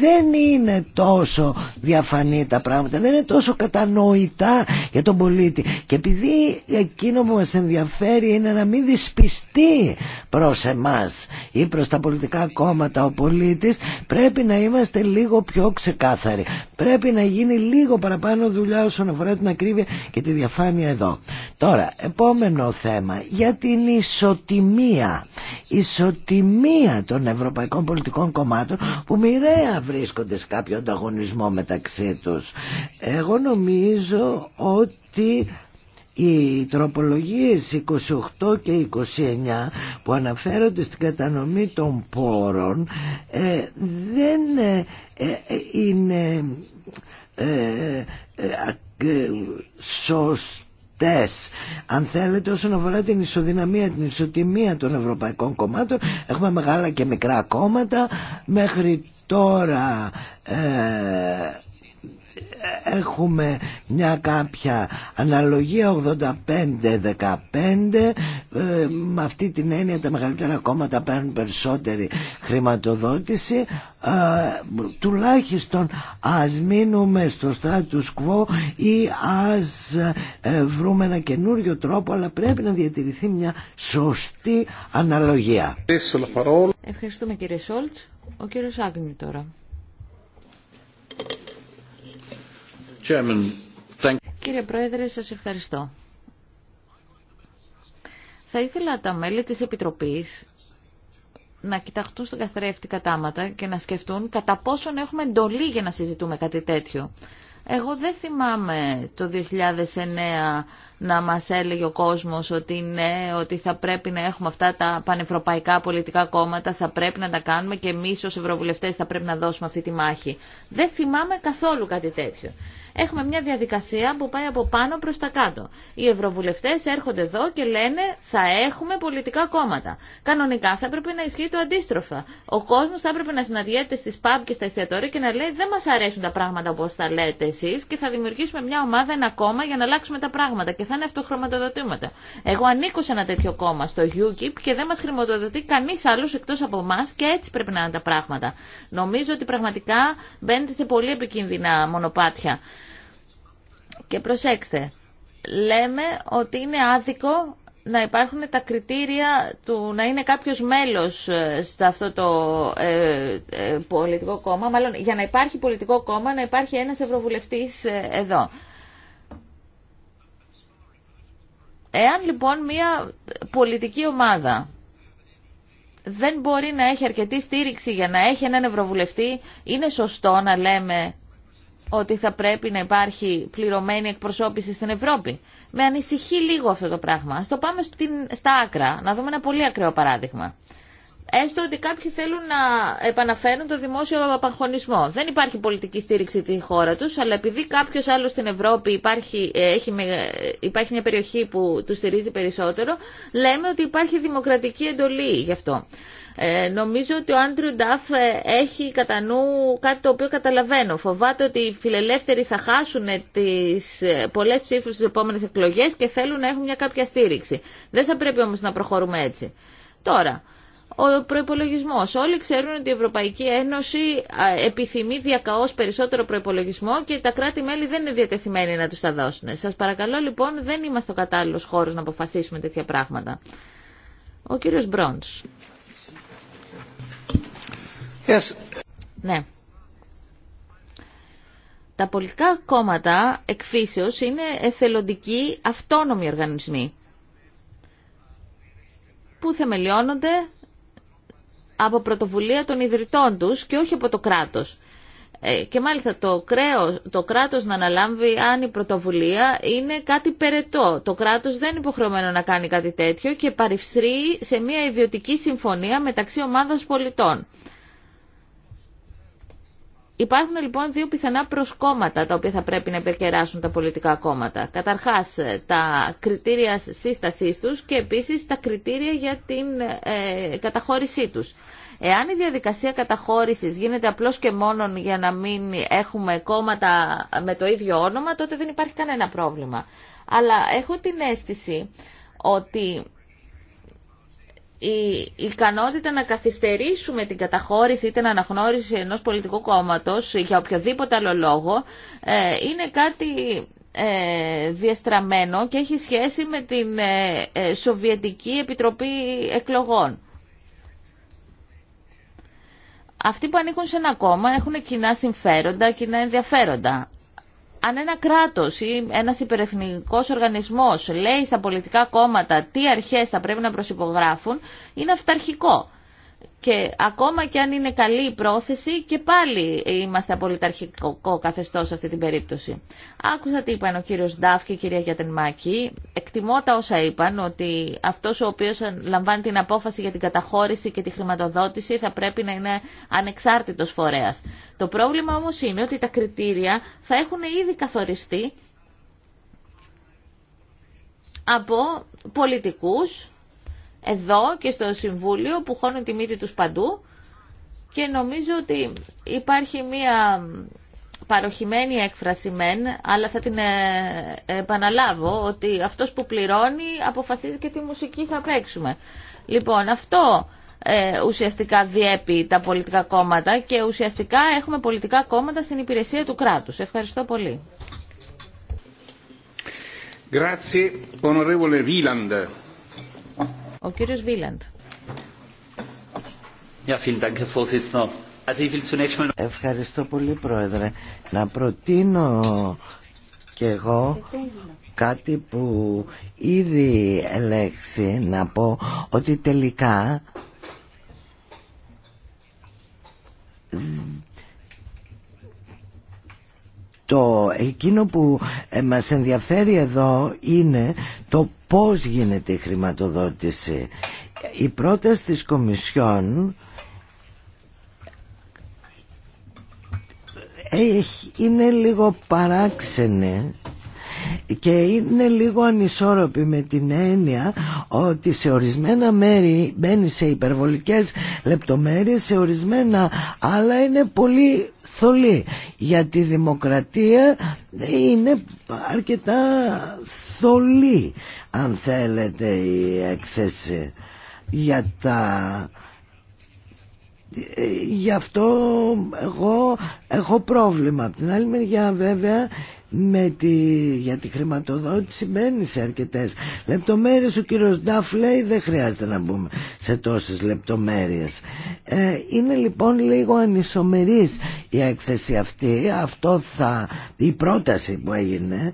Δεν είναι τόσο διαφανή τα πράγματα, δεν είναι τόσο κατανοητά για τον πολίτη. Και επειδή εκείνο που μας ενδιαφέρει είναι να μην δυσπιστεί προς εμάς ή προς τα πολιτικά κόμματα ο πολίτης, πρέπει να είμαστε λίγο πιο ξεκάθαροι. Πρέπει να γίνει λίγο παραπάνω δουλειά όσον αφορά την ακρίβεια και τη διαφάνεια εδώ. Τώρα, Επόμενο θέμα για την ισοτιμία. Ισοτιμία των ευρωπαϊκών πολιτικών κομμάτων που μοιραία βρίσκονται σε κάποιο ανταγωνισμό μεταξύ τους. Εγώ νομίζω ότι οι τροπολογίες 28 και 29 που αναφέρονται στην κατανομή των πόρων ε, δεν ε, ε, είναι ε, αν θέλετε όσον αφορά την ισοδυναμία, την ισοτιμία των ευρωπαϊκών κομμάτων έχουμε μεγάλα και μικρά κόμματα μέχρι τώρα ε, έχουμε μια κάποια αναλογία 85-15 ε, με αυτή την έννοια τα μεγαλύτερα κόμματα παίρνουν περισσότερη χρηματοδότηση ε, τουλάχιστον ας μείνουμε στο status quo ή ας ε, βρούμε ένα καινούριο τρόπο αλλά πρέπει να διατηρηθεί μια σωστή αναλογία Ευχαριστούμε κύριε Σόλτς ο κύριος Άγνη τώρα Κύριε Πρόεδρε, σας ευχαριστώ. Θα ήθελα τα μέλη της Επιτροπής να κοιταχτούν στον καθρέφτη κατάματα και να σκεφτούν κατά πόσον έχουμε εντολή για να συζητούμε κάτι τέτοιο. Εγώ δεν θυμάμαι το 2009 να μας έλεγε ο κόσμος ότι ναι, ότι θα πρέπει να έχουμε αυτά τα πανευρωπαϊκά πολιτικά κόμματα, θα πρέπει να τα κάνουμε και εμείς ως ευρωβουλευτές θα πρέπει να δώσουμε αυτή τη μάχη. Δεν θυμάμαι καθόλου κάτι τέτοιο έχουμε μια διαδικασία που πάει από πάνω προ τα κάτω. Οι Ευρωβουλευτέ έρχονται εδώ και λένε θα έχουμε πολιτικά κόμματα. Κανονικά θα έπρεπε να ισχύει το αντίστροφα. Ο κόσμο θα έπρεπε να συναντιέται στι παπ και στα εστιατόρια και να λέει δεν μα αρέσουν τα πράγματα όπω τα λέτε εσεί και θα δημιουργήσουμε μια ομάδα, ένα κόμμα για να αλλάξουμε τα πράγματα και θα είναι αυτοχρωματοδοτήματα. Εγώ ανήκω σε ένα τέτοιο κόμμα στο UKIP και δεν μα χρηματοδοτεί κανεί άλλο εκτό από εμά και έτσι πρέπει να είναι τα πράγματα. Νομίζω ότι πραγματικά μπαίνετε σε πολύ επικίνδυνα μονοπάτια. Και προσέξτε, λέμε ότι είναι άδικο να υπάρχουν τα κριτήρια του να είναι κάποιος μέλος ε, σε αυτό το ε, ε, πολιτικό κόμμα. Μάλλον για να υπάρχει πολιτικό κόμμα να υπάρχει ένας ευρωβουλευτής εδώ. Εάν λοιπόν μια πολιτική ομάδα δεν μπορεί να έχει αρκετή στήριξη για να έχει έναν ευρωβουλευτή, είναι σωστό να λέμε ότι θα πρέπει να υπάρχει πληρωμένη εκπροσώπηση στην Ευρώπη. Με ανησυχεί λίγο αυτό το πράγμα. Στο το πάμε στην, στα άκρα, να δούμε ένα πολύ ακραίο παράδειγμα. Έστω ότι κάποιοι θέλουν να επαναφέρουν το δημόσιο απαγχωνισμό. Δεν υπάρχει πολιτική στήριξη τη χώρα του, αλλά επειδή κάποιο άλλο στην Ευρώπη υπάρχει, ε, έχει, υπάρχει μια περιοχή που του στηρίζει περισσότερο, λέμε ότι υπάρχει δημοκρατική εντολή γι' αυτό. Ε, νομίζω ότι ο Άντριου Νταφ ε, έχει κατά νου κάτι το οποίο καταλαβαίνω. Φοβάται ότι οι φιλελεύθεροι θα χάσουν τις ε, πολλές ψήφους στις επόμενες εκλογές και θέλουν να έχουν μια κάποια στήριξη. Δεν θα πρέπει όμως να προχωρούμε έτσι. Τώρα, ο προπολογισμό. Όλοι ξέρουν ότι η Ευρωπαϊκή Ένωση επιθυμεί διακαώ περισσότερο προπολογισμό και τα κράτη-μέλη δεν είναι διατεθειμένοι να του τα δώσουν. Σα παρακαλώ λοιπόν, δεν είμαστε ο κατάλληλο χώρο να αποφασίσουμε τέτοια πράγματα. Ο κύριο Μπρόντ. Ναι. Τα πολιτικά κόμματα εκφύσεως είναι εθελοντικοί αυτόνομοι οργανισμοί που θεμελιώνονται από πρωτοβουλία των ιδρυτών τους και όχι από το κράτος. Ε, και μάλιστα το, κρέο, το κράτος να αναλάμβει αν η πρωτοβουλία είναι κάτι περαιτό. Το κράτος δεν είναι υποχρεωμένο να κάνει κάτι τέτοιο και παρευστρεί σε μια ιδιωτική συμφωνία μεταξύ ομάδας πολιτών. Υπάρχουν λοιπόν δύο πιθανά προσκόμματα τα οποία θα πρέπει να υπερκεράσουν τα πολιτικά κόμματα. Καταρχάς ε, τα κριτήρια σύστασής τους και επίσης τα κριτήρια για την ε, καταχώρησή τους. Εάν η διαδικασία καταχώρησης γίνεται απλώς και μόνον για να μην έχουμε κόμματα με το ίδιο όνομα, τότε δεν υπάρχει κανένα πρόβλημα. Αλλά έχω την αίσθηση ότι η ικανότητα να καθυστερήσουμε την καταχώρηση ή την αναγνώριση ενός πολιτικού κόμματος για οποιοδήποτε άλλο λόγο ε, είναι κάτι ε, διαστραμμένο και έχει σχέση με την ε, Σοβιετική Επιτροπή Εκλογών. Αυτοί που ανήκουν σε ένα κόμμα έχουν κοινά συμφέροντα, κοινά ενδιαφέροντα αν ένα κράτος ή ένας υπερεθνικός οργανισμός λέει στα πολιτικά κόμματα τι αρχές θα πρέπει να προσυπογράφουν, είναι αυταρχικό. Και ακόμα και αν είναι καλή η πρόθεση και πάλι είμαστε απολυταρχικό καθεστώς σε αυτή την περίπτωση. Άκουσα τι είπαν ο κύριος Ντάφ και η κυρία Γιατενμάκη. Εκτιμώ τα όσα είπαν ότι αυτός ο οποίος λαμβάνει την απόφαση για την καταχώρηση και τη χρηματοδότηση θα πρέπει να είναι ανεξάρτητος φορέας. Το πρόβλημα όμως είναι ότι τα κριτήρια θα έχουν ήδη καθοριστεί από πολιτικούς εδώ και στο Συμβούλιο που χώνουν τη μύτη τους παντού και νομίζω ότι υπάρχει μία παροχημένη έκφραση μεν, αλλά θα την ε, επαναλάβω ότι αυτός που πληρώνει αποφασίζει και τι μουσική θα παίξουμε. Λοιπόν, αυτό ε, ουσιαστικά διέπει τα πολιτικά κόμματα και ουσιαστικά έχουμε πολιτικά κόμματα στην υπηρεσία του κράτους. Ευχαριστώ πολύ. Grazie, ο κύριος Βίλαντ. Ευχαριστώ πολύ Πρόεδρε. Να προτείνω και εγώ κάτι που ήδη ελέγχθη να πω ότι τελικά το εκείνο που ε, μας ενδιαφέρει εδώ είναι το πώς γίνεται η χρηματοδότηση. Η πρόταση της Κομισιόν είναι λίγο παράξενη και είναι λίγο ανισόρροπη με την έννοια ότι σε ορισμένα μέρη μπαίνει σε υπερβολικές λεπτομέρειες, σε ορισμένα άλλα είναι πολύ θολή. γιατί η δημοκρατία είναι αρκετά θολή αν θέλετε η έκθεση για Γι' αυτό εγώ έχω πρόβλημα. Από την άλλη μεριά βέβαια με για τη χρηματοδότηση μπαίνει σε αρκετές λεπτομέρειες ο κύριο Νταφ λέει δεν χρειάζεται να μπούμε σε τόσες λεπτομέρειες ε, είναι λοιπόν λίγο ανισομερή η έκθεση αυτή αυτό θα η πρόταση που έγινε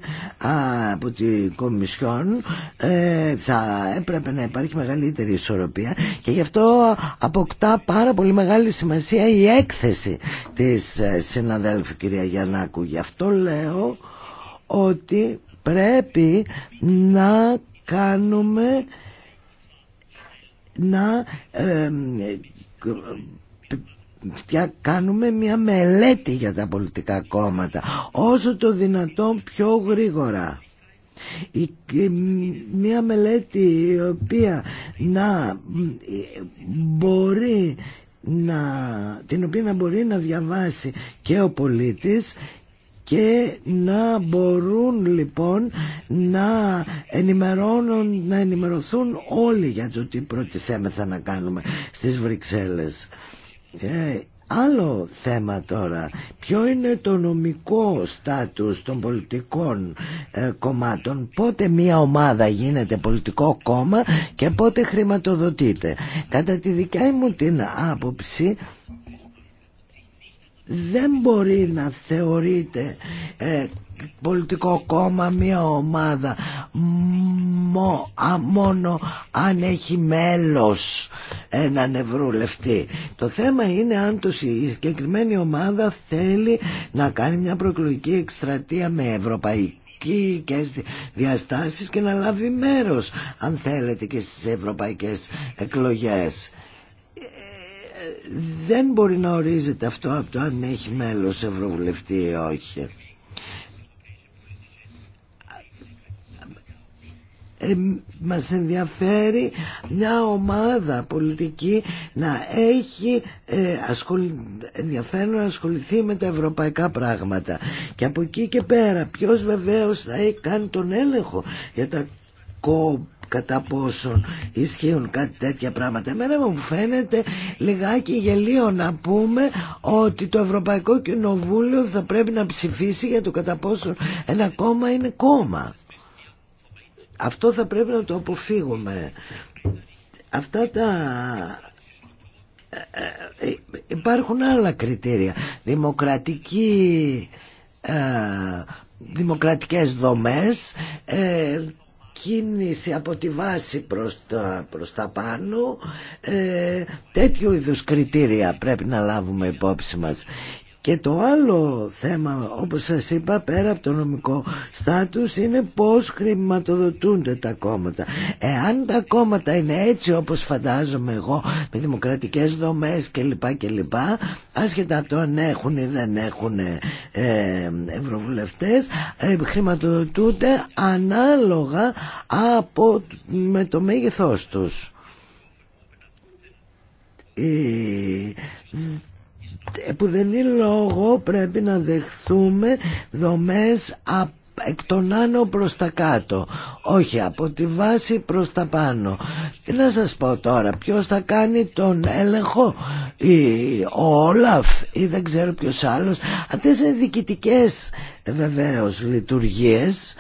από τη Κομισιόν ε, θα έπρεπε να υπάρχει μεγαλύτερη ισορροπία και γι' αυτό αποκτά πάρα πολύ μεγάλη σημασία η έκθεση της ε, συναδέλφου κυρία Γιαννάκου γι' αυτό λέω ότι πρέπει να κάνουμε να κάνουμε μια μελέτη για τα πολιτικά κόμματα όσο το δυνατόν πιο γρήγορα μια μελέτη η οποία να μπορεί να, την οποία να μπορεί να διαβάσει και ο πολίτης και να μπορούν λοιπόν να, ενημερώνουν, να ενημερωθούν όλοι για το τι προτιθέμεθα να κάνουμε στις Βρυξέλλες. Ε, άλλο θέμα τώρα. Ποιο είναι το νομικό στάτους των πολιτικών ε, κομμάτων. Πότε μια ομάδα γίνεται πολιτικό κόμμα και πότε χρηματοδοτείται. Κατά τη δικιά μου την άποψη δεν μπορεί να θεωρείται ε, πολιτικό κόμμα μια ομάδα μο, α, μόνο αν έχει μέλος έναν ευρωλευτή το θέμα είναι αν το, η συγκεκριμένη ομάδα θέλει να κάνει μια προεκλογική εκστρατεία με ευρωπαϊκή και διαστάσεις και να λάβει μέρος αν θέλετε και στις ευρωπαϊκές εκλογές ε, δεν μπορεί να ορίζεται αυτό από το αν έχει μέλος ευρωβουλευτή ή όχι. Ε, μας ενδιαφέρει μια ομάδα πολιτική να έχει ε, ενδιαφέρον να ασχοληθεί με τα ευρωπαϊκά πράγματα και από εκεί και πέρα ποιος βεβαίως θα έχει κάνει τον έλεγχο για τα κόμματα κατά πόσον ισχύουν κάτι τέτοια πράγματα. Εμένα μου φαίνεται λιγάκι γελίο να πούμε ότι το Ευρωπαϊκό Κοινοβούλιο θα πρέπει να ψηφίσει για το κατά πόσον ένα κόμμα είναι κόμμα. Αυτό θα πρέπει να το αποφύγουμε. Αυτά τα ε, ε, υπάρχουν άλλα κριτήρια δημοκρατική ε, δημοκρατικές δομές κίνηση από τη βάση προς τα, προς τα πάνω ε, τέτοιου είδους κριτήρια πρέπει να λάβουμε υπόψη μας και το άλλο θέμα, όπως σας είπα, πέρα από το νομικό στάτους, είναι πώς χρηματοδοτούνται τα κόμματα. Εάν τα κόμματα είναι έτσι όπως φαντάζομαι εγώ, με δημοκρατικές δομές κλπ. κλπ άσχετα από το αν έχουν ή δεν έχουν ε, ευρωβουλευτές, ε, χρηματοδοτούνται ανάλογα από, με το μέγεθός τους που δεν είναι λόγο πρέπει να δεχθούμε δομές από εκ των άνω προς τα κάτω όχι από τη βάση προς τα πάνω τι να σας πω τώρα ποιος θα κάνει τον έλεγχο ο Όλαφ ή δεν ξέρω ποιος άλλος αυτές είναι διοικητικές βεβαίως λειτουργίες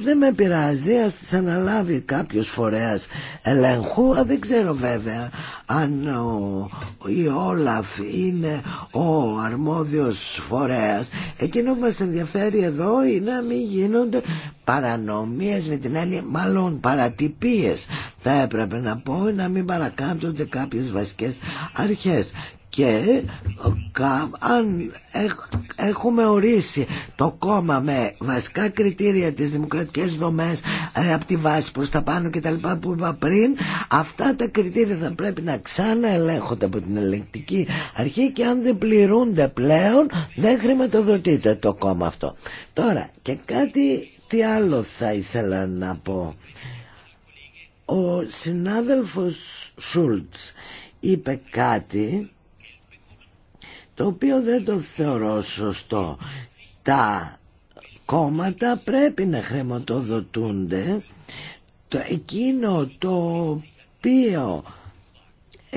δεν με πειράζει, ας τις αναλάβει κάποιος φορέας ελέγχου, α, δεν ξέρω βέβαια αν ο, η Όλαφ είναι ο αρμόδιος φορέας. Εκείνο που μας ενδιαφέρει εδώ είναι να μην γίνονται παρανομίες με την έννοια, μάλλον παρατυπίες θα έπρεπε να πω, να μην παρακάμπτονται κάποιες βασικές αρχές και αν έχουμε ορίσει το κόμμα με βασικά κριτήρια τις δημοκρατικές δομές ε, από τη βάση προς τα πάνω και τα λοιπά που είπα πριν αυτά τα κριτήρια θα πρέπει να ξαναελέγχονται από την ελεγκτική αρχή και αν δεν πληρούνται πλέον δεν χρηματοδοτείται το κόμμα αυτό τώρα και κάτι τι άλλο θα ήθελα να πω ο συνάδελφος Σούλτς είπε κάτι το οποίο δεν το θεωρώ σωστό. Τα κόμματα πρέπει να χρηματοδοτούνται το εκείνο το οποίο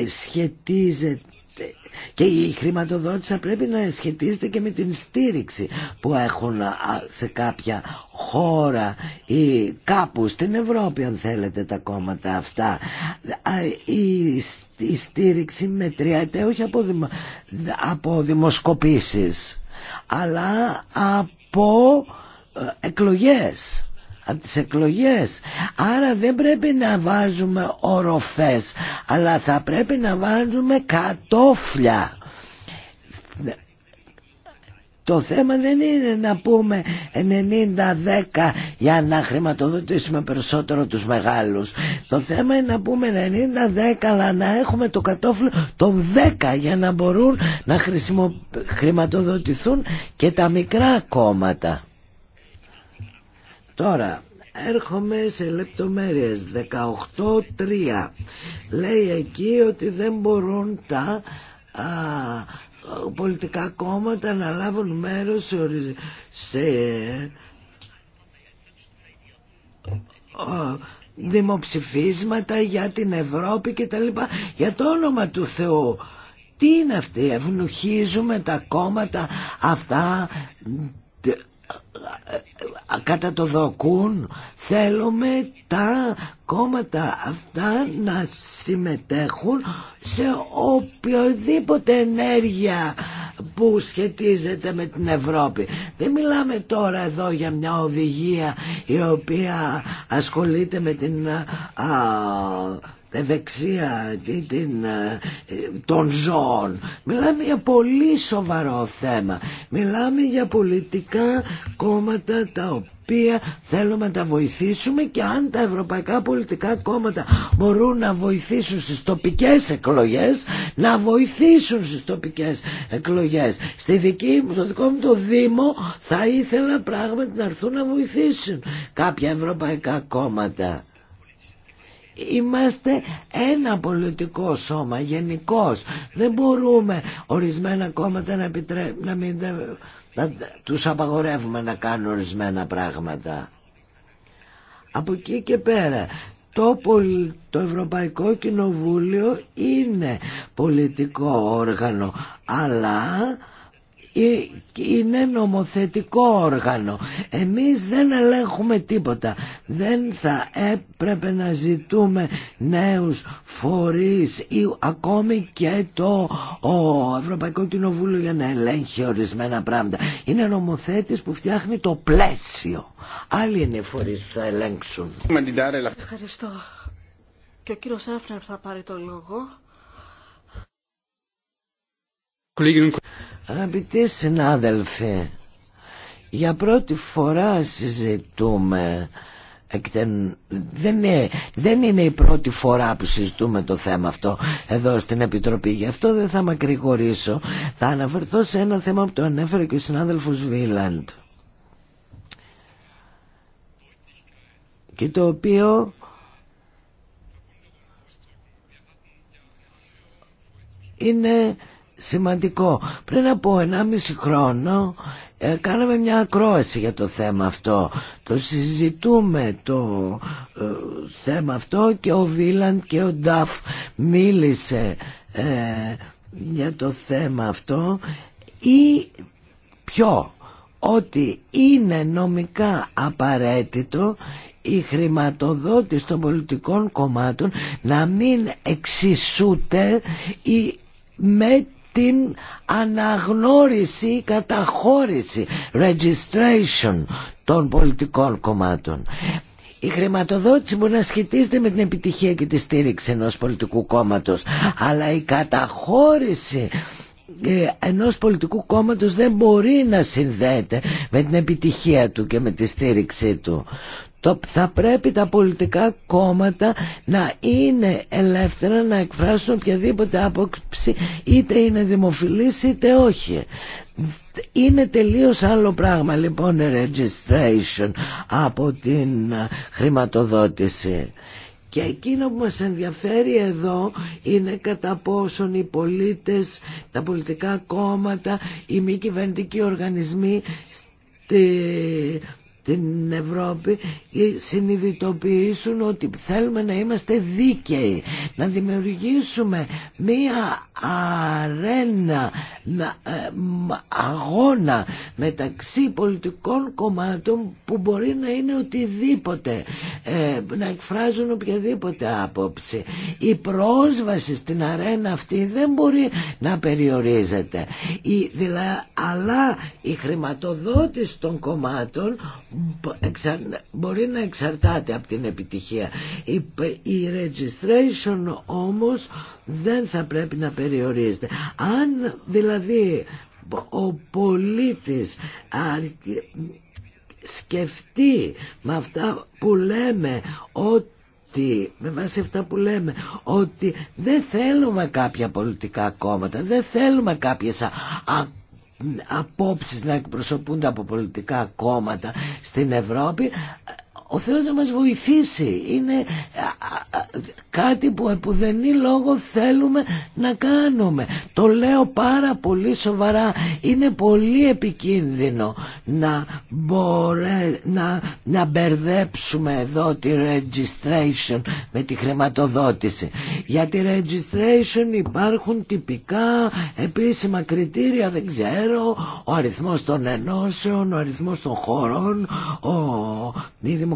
σχετίζεται και η χρηματοδότηση πρέπει να σχετίζεται και με την στήριξη που έχουν σε κάποια χώρα ή κάπου στην Ευρώπη αν θέλετε τα κόμματα αυτά. Η στήριξη μετριάται όχι από, από δημοσκοπήσεις αλλά από ε, εκλογές από τις εκλογές άρα δεν πρέπει να βάζουμε οροφές αλλά θα πρέπει να βάζουμε κατόφλια το θέμα δεν είναι να πούμε 90-10 για να χρηματοδοτήσουμε περισσότερο τους μεγάλους. Το θέμα είναι να πούμε 90-10 αλλά να έχουμε το κατόφλιο των 10 για να μπορούν να χρηματοδοτηθούν και τα μικρά κόμματα. Τώρα, έρχομαι σε λεπτομέρειες 18.3 λέει εκεί ότι δεν μπορούν τα α, πολιτικά κόμματα να λάβουν μέρος σε, σε δημοψηφίσματα για την Ευρώπη και τα λοιπά για το όνομα του Θεού τι είναι αυτή, ευνουχίζουμε τα κόμματα αυτά κατά το δοκούν θέλουμε τα κόμματα αυτά να συμμετέχουν σε οποιοδήποτε ενέργεια που σχετίζεται με την Ευρώπη. Δεν μιλάμε τώρα εδώ για μια οδηγία η οποία ασχολείται με την α, ευεξία και την, ε, των ζώων. Μιλάμε για πολύ σοβαρό θέμα. Μιλάμε για πολιτικά κόμματα τα οποία θέλουμε να τα βοηθήσουμε και αν τα ευρωπαϊκά πολιτικά κόμματα μπορούν να βοηθήσουν στις τοπικές εκλογές να βοηθήσουν στις τοπικές εκλογές στη δική μου, στο δικό μου το Δήμο θα ήθελα πράγματι να έρθουν να βοηθήσουν κάποια ευρωπαϊκά κόμματα Είμαστε ένα πολιτικό σώμα γενικώ. Δεν μπορούμε ορισμένα κόμματα να, επιτρέ... να μην τους απαγορεύουμε να κάνουν ορισμένα πράγματα. Από εκεί και πέρα το, το Ευρωπαϊκό Κοινοβούλιο είναι πολιτικό όργανο αλλά ε, είναι νομοθετικό όργανο. Εμείς δεν ελέγχουμε τίποτα. Δεν θα έπρεπε να ζητούμε νέους φορείς ή ακόμη και το ο Ευρωπαϊκό Κοινοβούλιο για να ελέγχει ορισμένα πράγματα. Είναι νομοθέτης που φτιάχνει το πλαίσιο. Άλλοι είναι οι φορείς που θα ελέγξουν. Ευχαριστώ. Και ο κύριος Έφνερ θα πάρει το λόγο. Αγαπητοί συνάδελφοι, για πρώτη φορά συζητούμε Εκτεν... Δεν, είναι... δεν είναι η πρώτη φορά που συζητούμε το θέμα αυτό εδώ στην Επιτροπή. Γι' αυτό δεν θα μακρηγορήσω. Θα αναφερθώ σε ένα θέμα που το ανέφερε και ο συνάδελφος Βίλαντ. Και το οποίο είναι σημαντικό. Πριν από 1,5 χρόνο ε, κάναμε μια ακρόαση για το θέμα αυτό. Το συζητούμε το ε, θέμα αυτό και ο Βίλαν και ο Νταφ μίλησε ε, για το θέμα αυτό ή πιο ότι είναι νομικά απαραίτητο η χρηματοδότηση των πολιτικών κομμάτων να μην εξισούται ή με την αναγνώριση, καταχώρηση, registration των πολιτικών κομμάτων. Η χρηματοδότηση μπορεί να σχετίζεται με την επιτυχία και τη στήριξη ενός πολιτικού κόμματος, αλλά η καταχώρηση ε, ενός πολιτικού κόμματος δεν μπορεί να συνδέεται με την επιτυχία του και με τη στήριξή του το, θα πρέπει τα πολιτικά κόμματα να είναι ελεύθερα να εκφράσουν οποιαδήποτε άποψη είτε είναι δημοφιλής είτε όχι είναι τελείως άλλο πράγμα λοιπόν registration από την χρηματοδότηση και εκείνο που μας ενδιαφέρει εδώ είναι κατά πόσον οι πολίτες, τα πολιτικά κόμματα, οι μη κυβερνητικοί οργανισμοί την Ευρώπη συνειδητοποιήσουν ότι θέλουμε να είμαστε δίκαιοι να δημιουργήσουμε μία αρένα ε, αγώνα μεταξύ πολιτικών κομμάτων που μπορεί να είναι οτιδήποτε ε, να εκφράζουν οποιαδήποτε άποψη η πρόσβαση στην αρένα αυτή δεν μπορεί να περιορίζεται αλλά η χρηματοδότηση των κομμάτων μπορεί να εξαρτάται από την επιτυχία. Η registration όμως δεν θα πρέπει να περιορίζεται. Αν δηλαδή ο πολίτης σκεφτεί με αυτά που λέμε ότι με βάση αυτά που λέμε ότι δεν θέλουμε κάποια πολιτικά κόμματα, δεν θέλουμε κάποιες απόψεις να εκπροσωπούνται από πολιτικά κόμματα στην Ευρώπη ο Θεός να μας βοηθήσει. Είναι κάτι που επουδενή λόγο θέλουμε να κάνουμε. Το λέω πάρα πολύ σοβαρά. Είναι πολύ επικίνδυνο να, μπορέ, να, να μπερδέψουμε εδώ τη registration με τη χρηματοδότηση. Για τη registration υπάρχουν τυπικά επίσημα κριτήρια, δεν ξέρω, ο αριθμός των ενώσεων, ο αριθμός των χωρών, ο,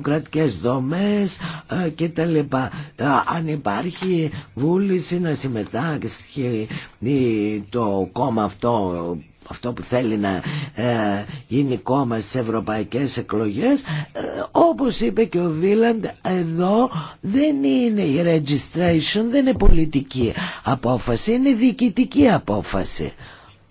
δημοκρατικές δομές ε, και τα λοιπά. Ε, αν υπάρχει βούληση να συμμετάξει ε, το κόμμα αυτό αυτό που θέλει να ε, γίνει κόμμα στις ευρωπαϊκές εκλογές ε, όπως είπε και ο Βίλαντ εδώ δεν είναι η registration δεν είναι πολιτική απόφαση είναι διοικητική απόφαση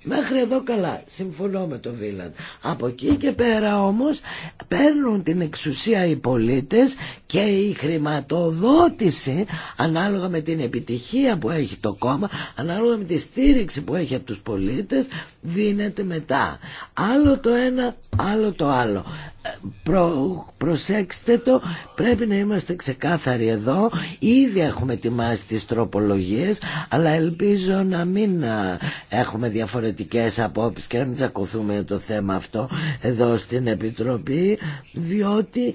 Μέχρι εδώ καλά, συμφωνώ με τον Βίλαντ. Από εκεί και πέρα όμως παίρνουν την εξουσία οι πολίτες και η χρηματοδότηση ανάλογα με την επιτυχία που έχει το κόμμα, ανάλογα με τη στήριξη που έχει από τους πολίτες δίνεται μετά. Άλλο το ένα, άλλο το άλλο. Προ, προσέξτε το πρέπει να είμαστε ξεκάθαροι εδώ ήδη έχουμε ετοιμάσει τις τροπολογίες αλλά ελπίζω να μην έχουμε διαφορετικές απόψεις και να μην τσακωθούμε το θέμα αυτό εδώ στην Επιτροπή διότι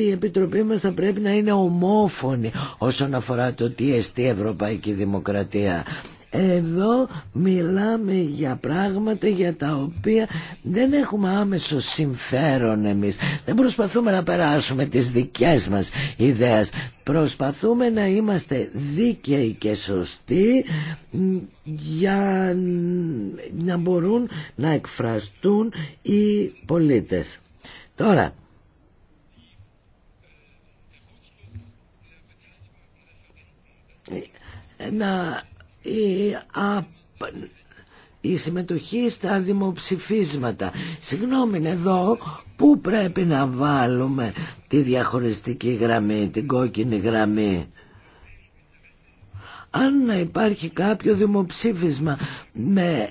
η Επιτροπή μας θα πρέπει να είναι ομόφωνη όσον αφορά το τι εστί Ευρωπαϊκή Δημοκρατία εδώ μιλάμε για πράγματα για τα οποία δεν έχουμε άμεσο συμφέρον εμείς. Δεν προσπαθούμε να περάσουμε τις δικές μας ιδέες. Προσπαθούμε να είμαστε δίκαιοι και σωστοί για να μπορούν να εκφραστούν οι πολίτες. Τώρα, να η, συμμετοχή στα δημοψηφίσματα. Συγγνώμη, εδώ πού πρέπει να βάλουμε τη διαχωριστική γραμμή, την κόκκινη γραμμή. Αν να υπάρχει κάποιο δημοψήφισμα με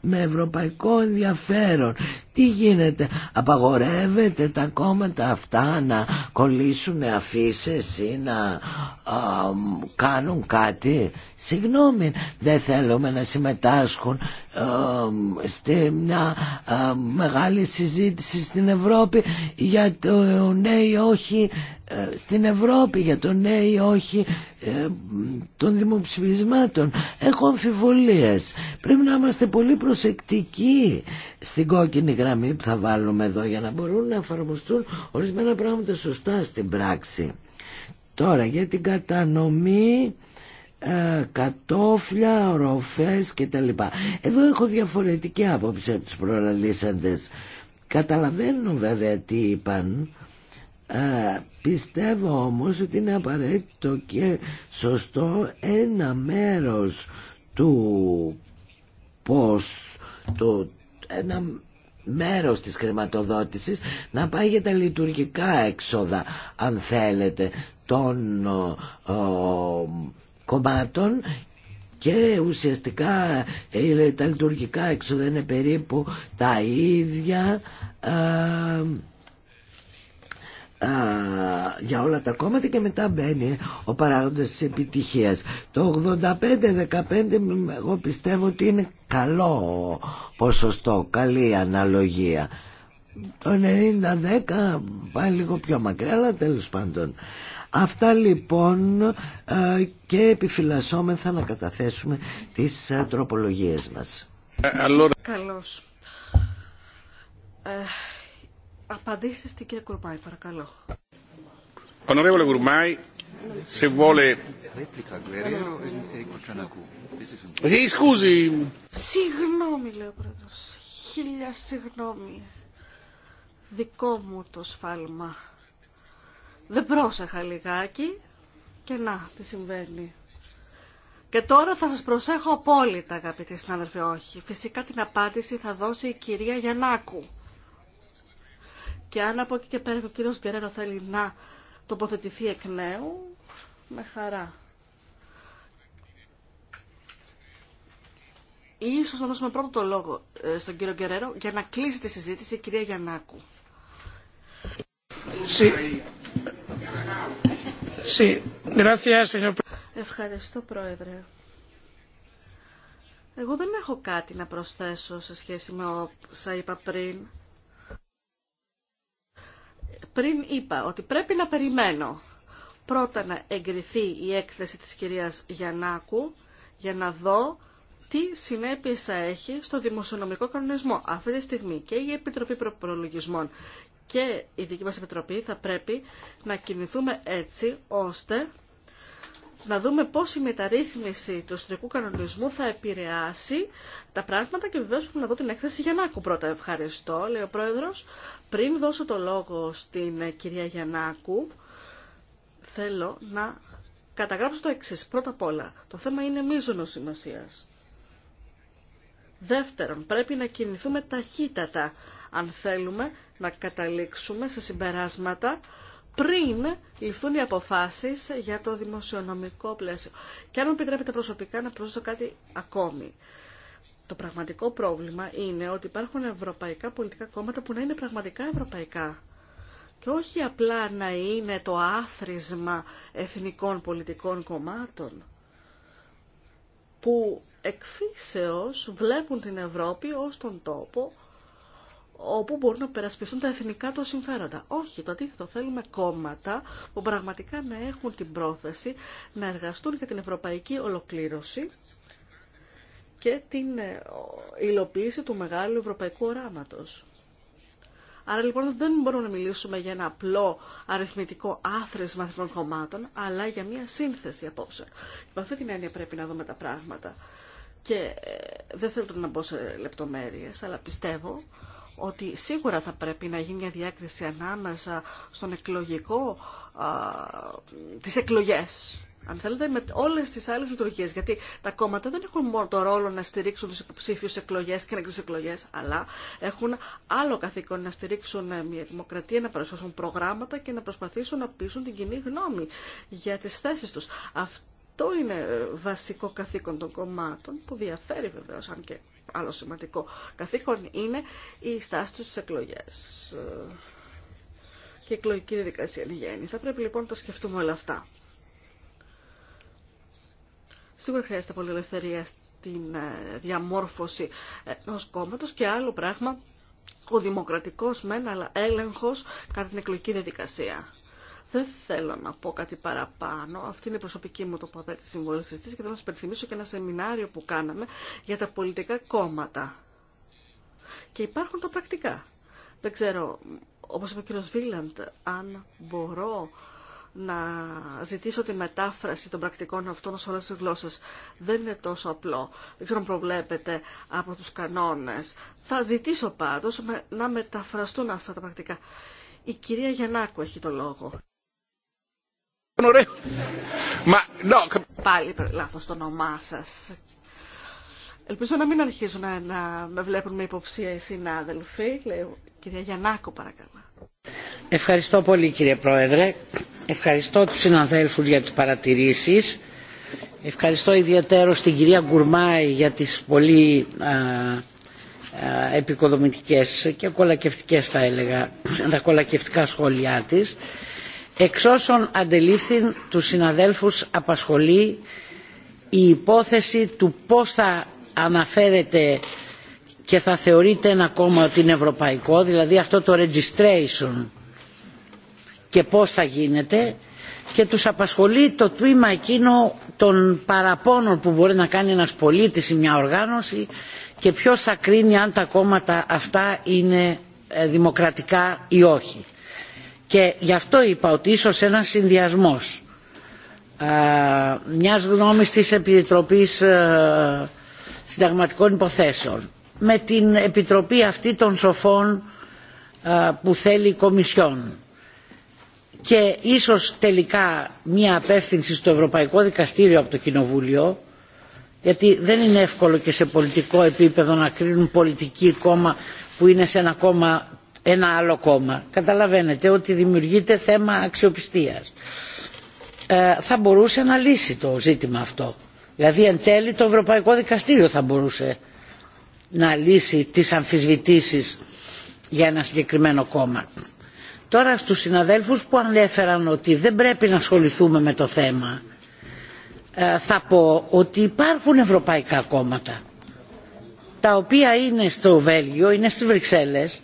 με ευρωπαϊκό ενδιαφέρον τι γίνεται, απαγορεύεται τα κόμματα αυτά να κολλήσουν αφήσει ή να κάνουν κάτι. Συγγνώμη, δεν θέλουμε να συμμετάσχουν στην στη μια μεγάλη συζήτηση στην Ευρώπη για το ναι όχι ε, στην Ευρώπη για το ναι ή όχι ε, των δημοψηφισμάτων έχω αμφιβολίες πρέπει να είμαστε πολύ προσεκτικοί στην κόκκινη γραμμή να μην θα βάλουμε εδώ για να μπορούν να εφαρμοστούν ορισμένα πράγματα σωστά στην πράξη. Τώρα για την κατανομή ε, κατόφλια, οροφές κτλ. Εδώ έχω διαφορετική άποψη από τους προλαλήσαντες. Καταλαβαίνω βέβαια τι είπαν. Ε, πιστεύω όμως ότι είναι απαραίτητο και σωστό ένα μέρος του πώς το ένα μέρος της χρηματοδότησης να πάει για τα λειτουργικά έξοδα αν θέλετε των κομμάτων και ουσιαστικά ε, τα λειτουργικά έξοδα είναι περίπου τα ίδια ε, για όλα τα κόμματα και μετά μπαίνει ο παράγοντας της επιτυχίας. Το 85-15 εγώ πιστεύω ότι είναι καλό ποσοστό, καλή αναλογία. Το 90-10 πάει λίγο πιο μακριά, αλλά τέλος πάντων. Αυτά λοιπόν και επιφυλασσόμεθα να καταθέσουμε τις τροπολογίες μας. Ε, ε, Καλώς. Ε, Απαντήστε στην κυρία Κουρμάη, παρακαλώ. Συγγνώμη, λέει ο πρόεδρος. Χίλια συγγνώμη. Δικό μου το σφάλμα. Δεν πρόσεχα λιγάκι και να, τι συμβαίνει. Και τώρα θα σας προσέχω απόλυτα, αγαπητοί συνάδελφοι, όχι. Φυσικά την απάντηση θα δώσει η κυρία Γιαννάκου. Και αν από εκεί και πέρα ο κύριος Γκερέρο θέλει να τοποθετηθεί εκ νέου, με χαρά. Ίσως να δώσουμε πρώτο το λόγο ε, στον κύριο Γκερέρο για να κλείσει τη συζήτηση η κυρία Γιαννάκου. Ευχαριστώ, Πρόεδρε. Εγώ δεν έχω κάτι να προσθέσω σε σχέση με όσα είπα πριν πριν είπα ότι πρέπει να περιμένω πρώτα να εγκριθεί η έκθεση της κυρίας Γιαννάκου για να δω τι συνέπειες θα έχει στο δημοσιονομικό κανονισμό. Αυτή τη στιγμή και η Επιτροπή Προπολογισμών και η δική μας Επιτροπή θα πρέπει να κινηθούμε έτσι ώστε να δούμε πώς η μεταρρύθμιση του ιστορικού κανονισμού θα επηρεάσει τα πράγματα και βεβαίως πρέπει να δω την έκθεση Γιαννάκου πρώτα. Ευχαριστώ, λέει ο Πρόεδρος. Πριν δώσω το λόγο στην κυρία Γιαννάκου, θέλω να καταγράψω το εξή. Πρώτα απ' όλα, το θέμα είναι μείζονο σημασία. Δεύτερον, πρέπει να κινηθούμε ταχύτατα αν θέλουμε να καταλήξουμε σε συμπεράσματα πριν ληφθούν οι αποφάσεις για το δημοσιονομικό πλαίσιο. Και αν μου επιτρέπετε προσωπικά να προσθέσω κάτι ακόμη. Το πραγματικό πρόβλημα είναι ότι υπάρχουν ευρωπαϊκά πολιτικά κόμματα που να είναι πραγματικά ευρωπαϊκά και όχι απλά να είναι το άθροισμα εθνικών πολιτικών κομμάτων που εκφύσεως βλέπουν την Ευρώπη ως τον τόπο όπου μπορούν να περασπιστούν τα εθνικά του συμφέροντα. Όχι, το αντίθετο θέλουμε κόμματα που πραγματικά να έχουν την πρόθεση να εργαστούν για την ευρωπαϊκή ολοκλήρωση και την ε, υλοποίηση του μεγάλου ευρωπαϊκού οράματος. Άρα λοιπόν δεν μπορούμε να μιλήσουμε για ένα απλό αριθμητικό άθροισμα των κομμάτων, αλλά για μια σύνθεση απόψε. Με αυτή την έννοια πρέπει να δούμε τα πράγματα. Και ε, δεν θέλω να μπω σε λεπτομέρειες, αλλά πιστεύω ότι σίγουρα θα πρέπει να γίνει μια διάκριση ανάμεσα στον εκλογικό, α, τις εκλογές, αν θέλετε, με όλες τις άλλες λειτουργίες. Γιατί τα κόμματα δεν έχουν μόνο το ρόλο να στηρίξουν τους υποψήφιους εκλογές και να εκδίσουν εκλογές, αλλά έχουν άλλο καθήκον να στηρίξουν ε, μια δημοκρατία, να παρουσιάσουν προγράμματα και να προσπαθήσουν να πείσουν την κοινή γνώμη για τις θέσεις τους. Αυτό είναι ε, βασικό καθήκον των κομμάτων που διαφέρει βεβαίως αν και άλλο σημαντικό καθήκον είναι η στάση τους στι εκλογές και η εκλογική διαδικασία εν γέννη. Θα πρέπει λοιπόν να τα σκεφτούμε όλα αυτά. Σίγουρα χρειάζεται πολύ ελευθερία στην ε, διαμόρφωση ε, ενό κόμματο και άλλο πράγμα ο δημοκρατικός μεν, αλλά έλεγχος κατά την εκλογική διαδικασία. Δεν θέλω να πω κάτι παραπάνω. Αυτή είναι η προσωπική μου τοποθέτηση συμβολιστή και θα σα υπενθυμίσω και ένα σεμινάριο που κάναμε για τα πολιτικά κόμματα. Και υπάρχουν τα πρακτικά. Δεν ξέρω, όπω είπε ο κύριο Βίλαντ, αν μπορώ να ζητήσω τη μετάφραση των πρακτικών αυτών σε όλες τις γλώσσες. Δεν είναι τόσο απλό. Δεν ξέρω αν προβλέπετε από τους κανόνες. Θα ζητήσω πάντως να μεταφραστούν αυτά τα πρακτικά. Η κυρία Γιαννάκου έχει το λόγο. Πάλι λάθος το όνομά σα. Ελπίζω να μην αρχίζουν να, να με βλέπουν με υποψία οι συνάδελφοι. κυρία Γιαννάκο παρακαλώ. Ευχαριστώ πολύ κύριε Πρόεδρε. Ευχαριστώ τους συναδέλφους για τις παρατηρήσεις. Ευχαριστώ ιδιαίτερο την κυρία Γκουρμάη για τις πολύ α, α, επικοδομητικές και κολακευτικές θα έλεγα, τα κολακευτικά σχόλιά της Εξ όσων αντελήφθη τους συναδέλφους απασχολεί η υπόθεση του πώς θα αναφέρεται και θα θεωρείται ένα κόμμα ότι είναι ευρωπαϊκό, δηλαδή αυτό το registration και πώς θα γίνεται και τους απασχολεί το τμήμα εκείνο των παραπώνων που μπορεί να κάνει ένας πολίτης ή μια οργάνωση και ποιος θα κρίνει αν τα κόμματα αυτά είναι ε, δημοκρατικά ή όχι και γι' αυτό είπα ότι ίσως ένας συνδυασμός ε, μιας γνώμης της Επιτροπής ε, Συνταγματικών Υποθέσεων με την Επιτροπή αυτή των Σοφών ε, που θέλει η Κομισιόν και ίσως τελικά μια απεύθυνση στο Ευρωπαϊκό Δικαστήριο από το Κοινοβούλιο γιατί δεν είναι εύκολο και σε πολιτικό επίπεδο να κρίνουν πολιτική κόμμα που είναι σε ένα κόμμα ένα άλλο κόμμα. Καταλαβαίνετε ότι δημιουργείται θέμα αξιοπιστίας. Ε, θα μπορούσε να λύσει το ζήτημα αυτό. Δηλαδή εν τέλει το Ευρωπαϊκό Δικαστήριο θα μπορούσε να λύσει τις αμφισβητήσεις για ένα συγκεκριμένο κόμμα. Τώρα στους συναδέλφους που ανέφεραν ότι δεν πρέπει να ασχοληθούμε με το θέμα ε, θα πω ότι υπάρχουν ευρωπαϊκά κόμματα τα οποία είναι στο Βέλγιο, είναι στις Βρυξέλλες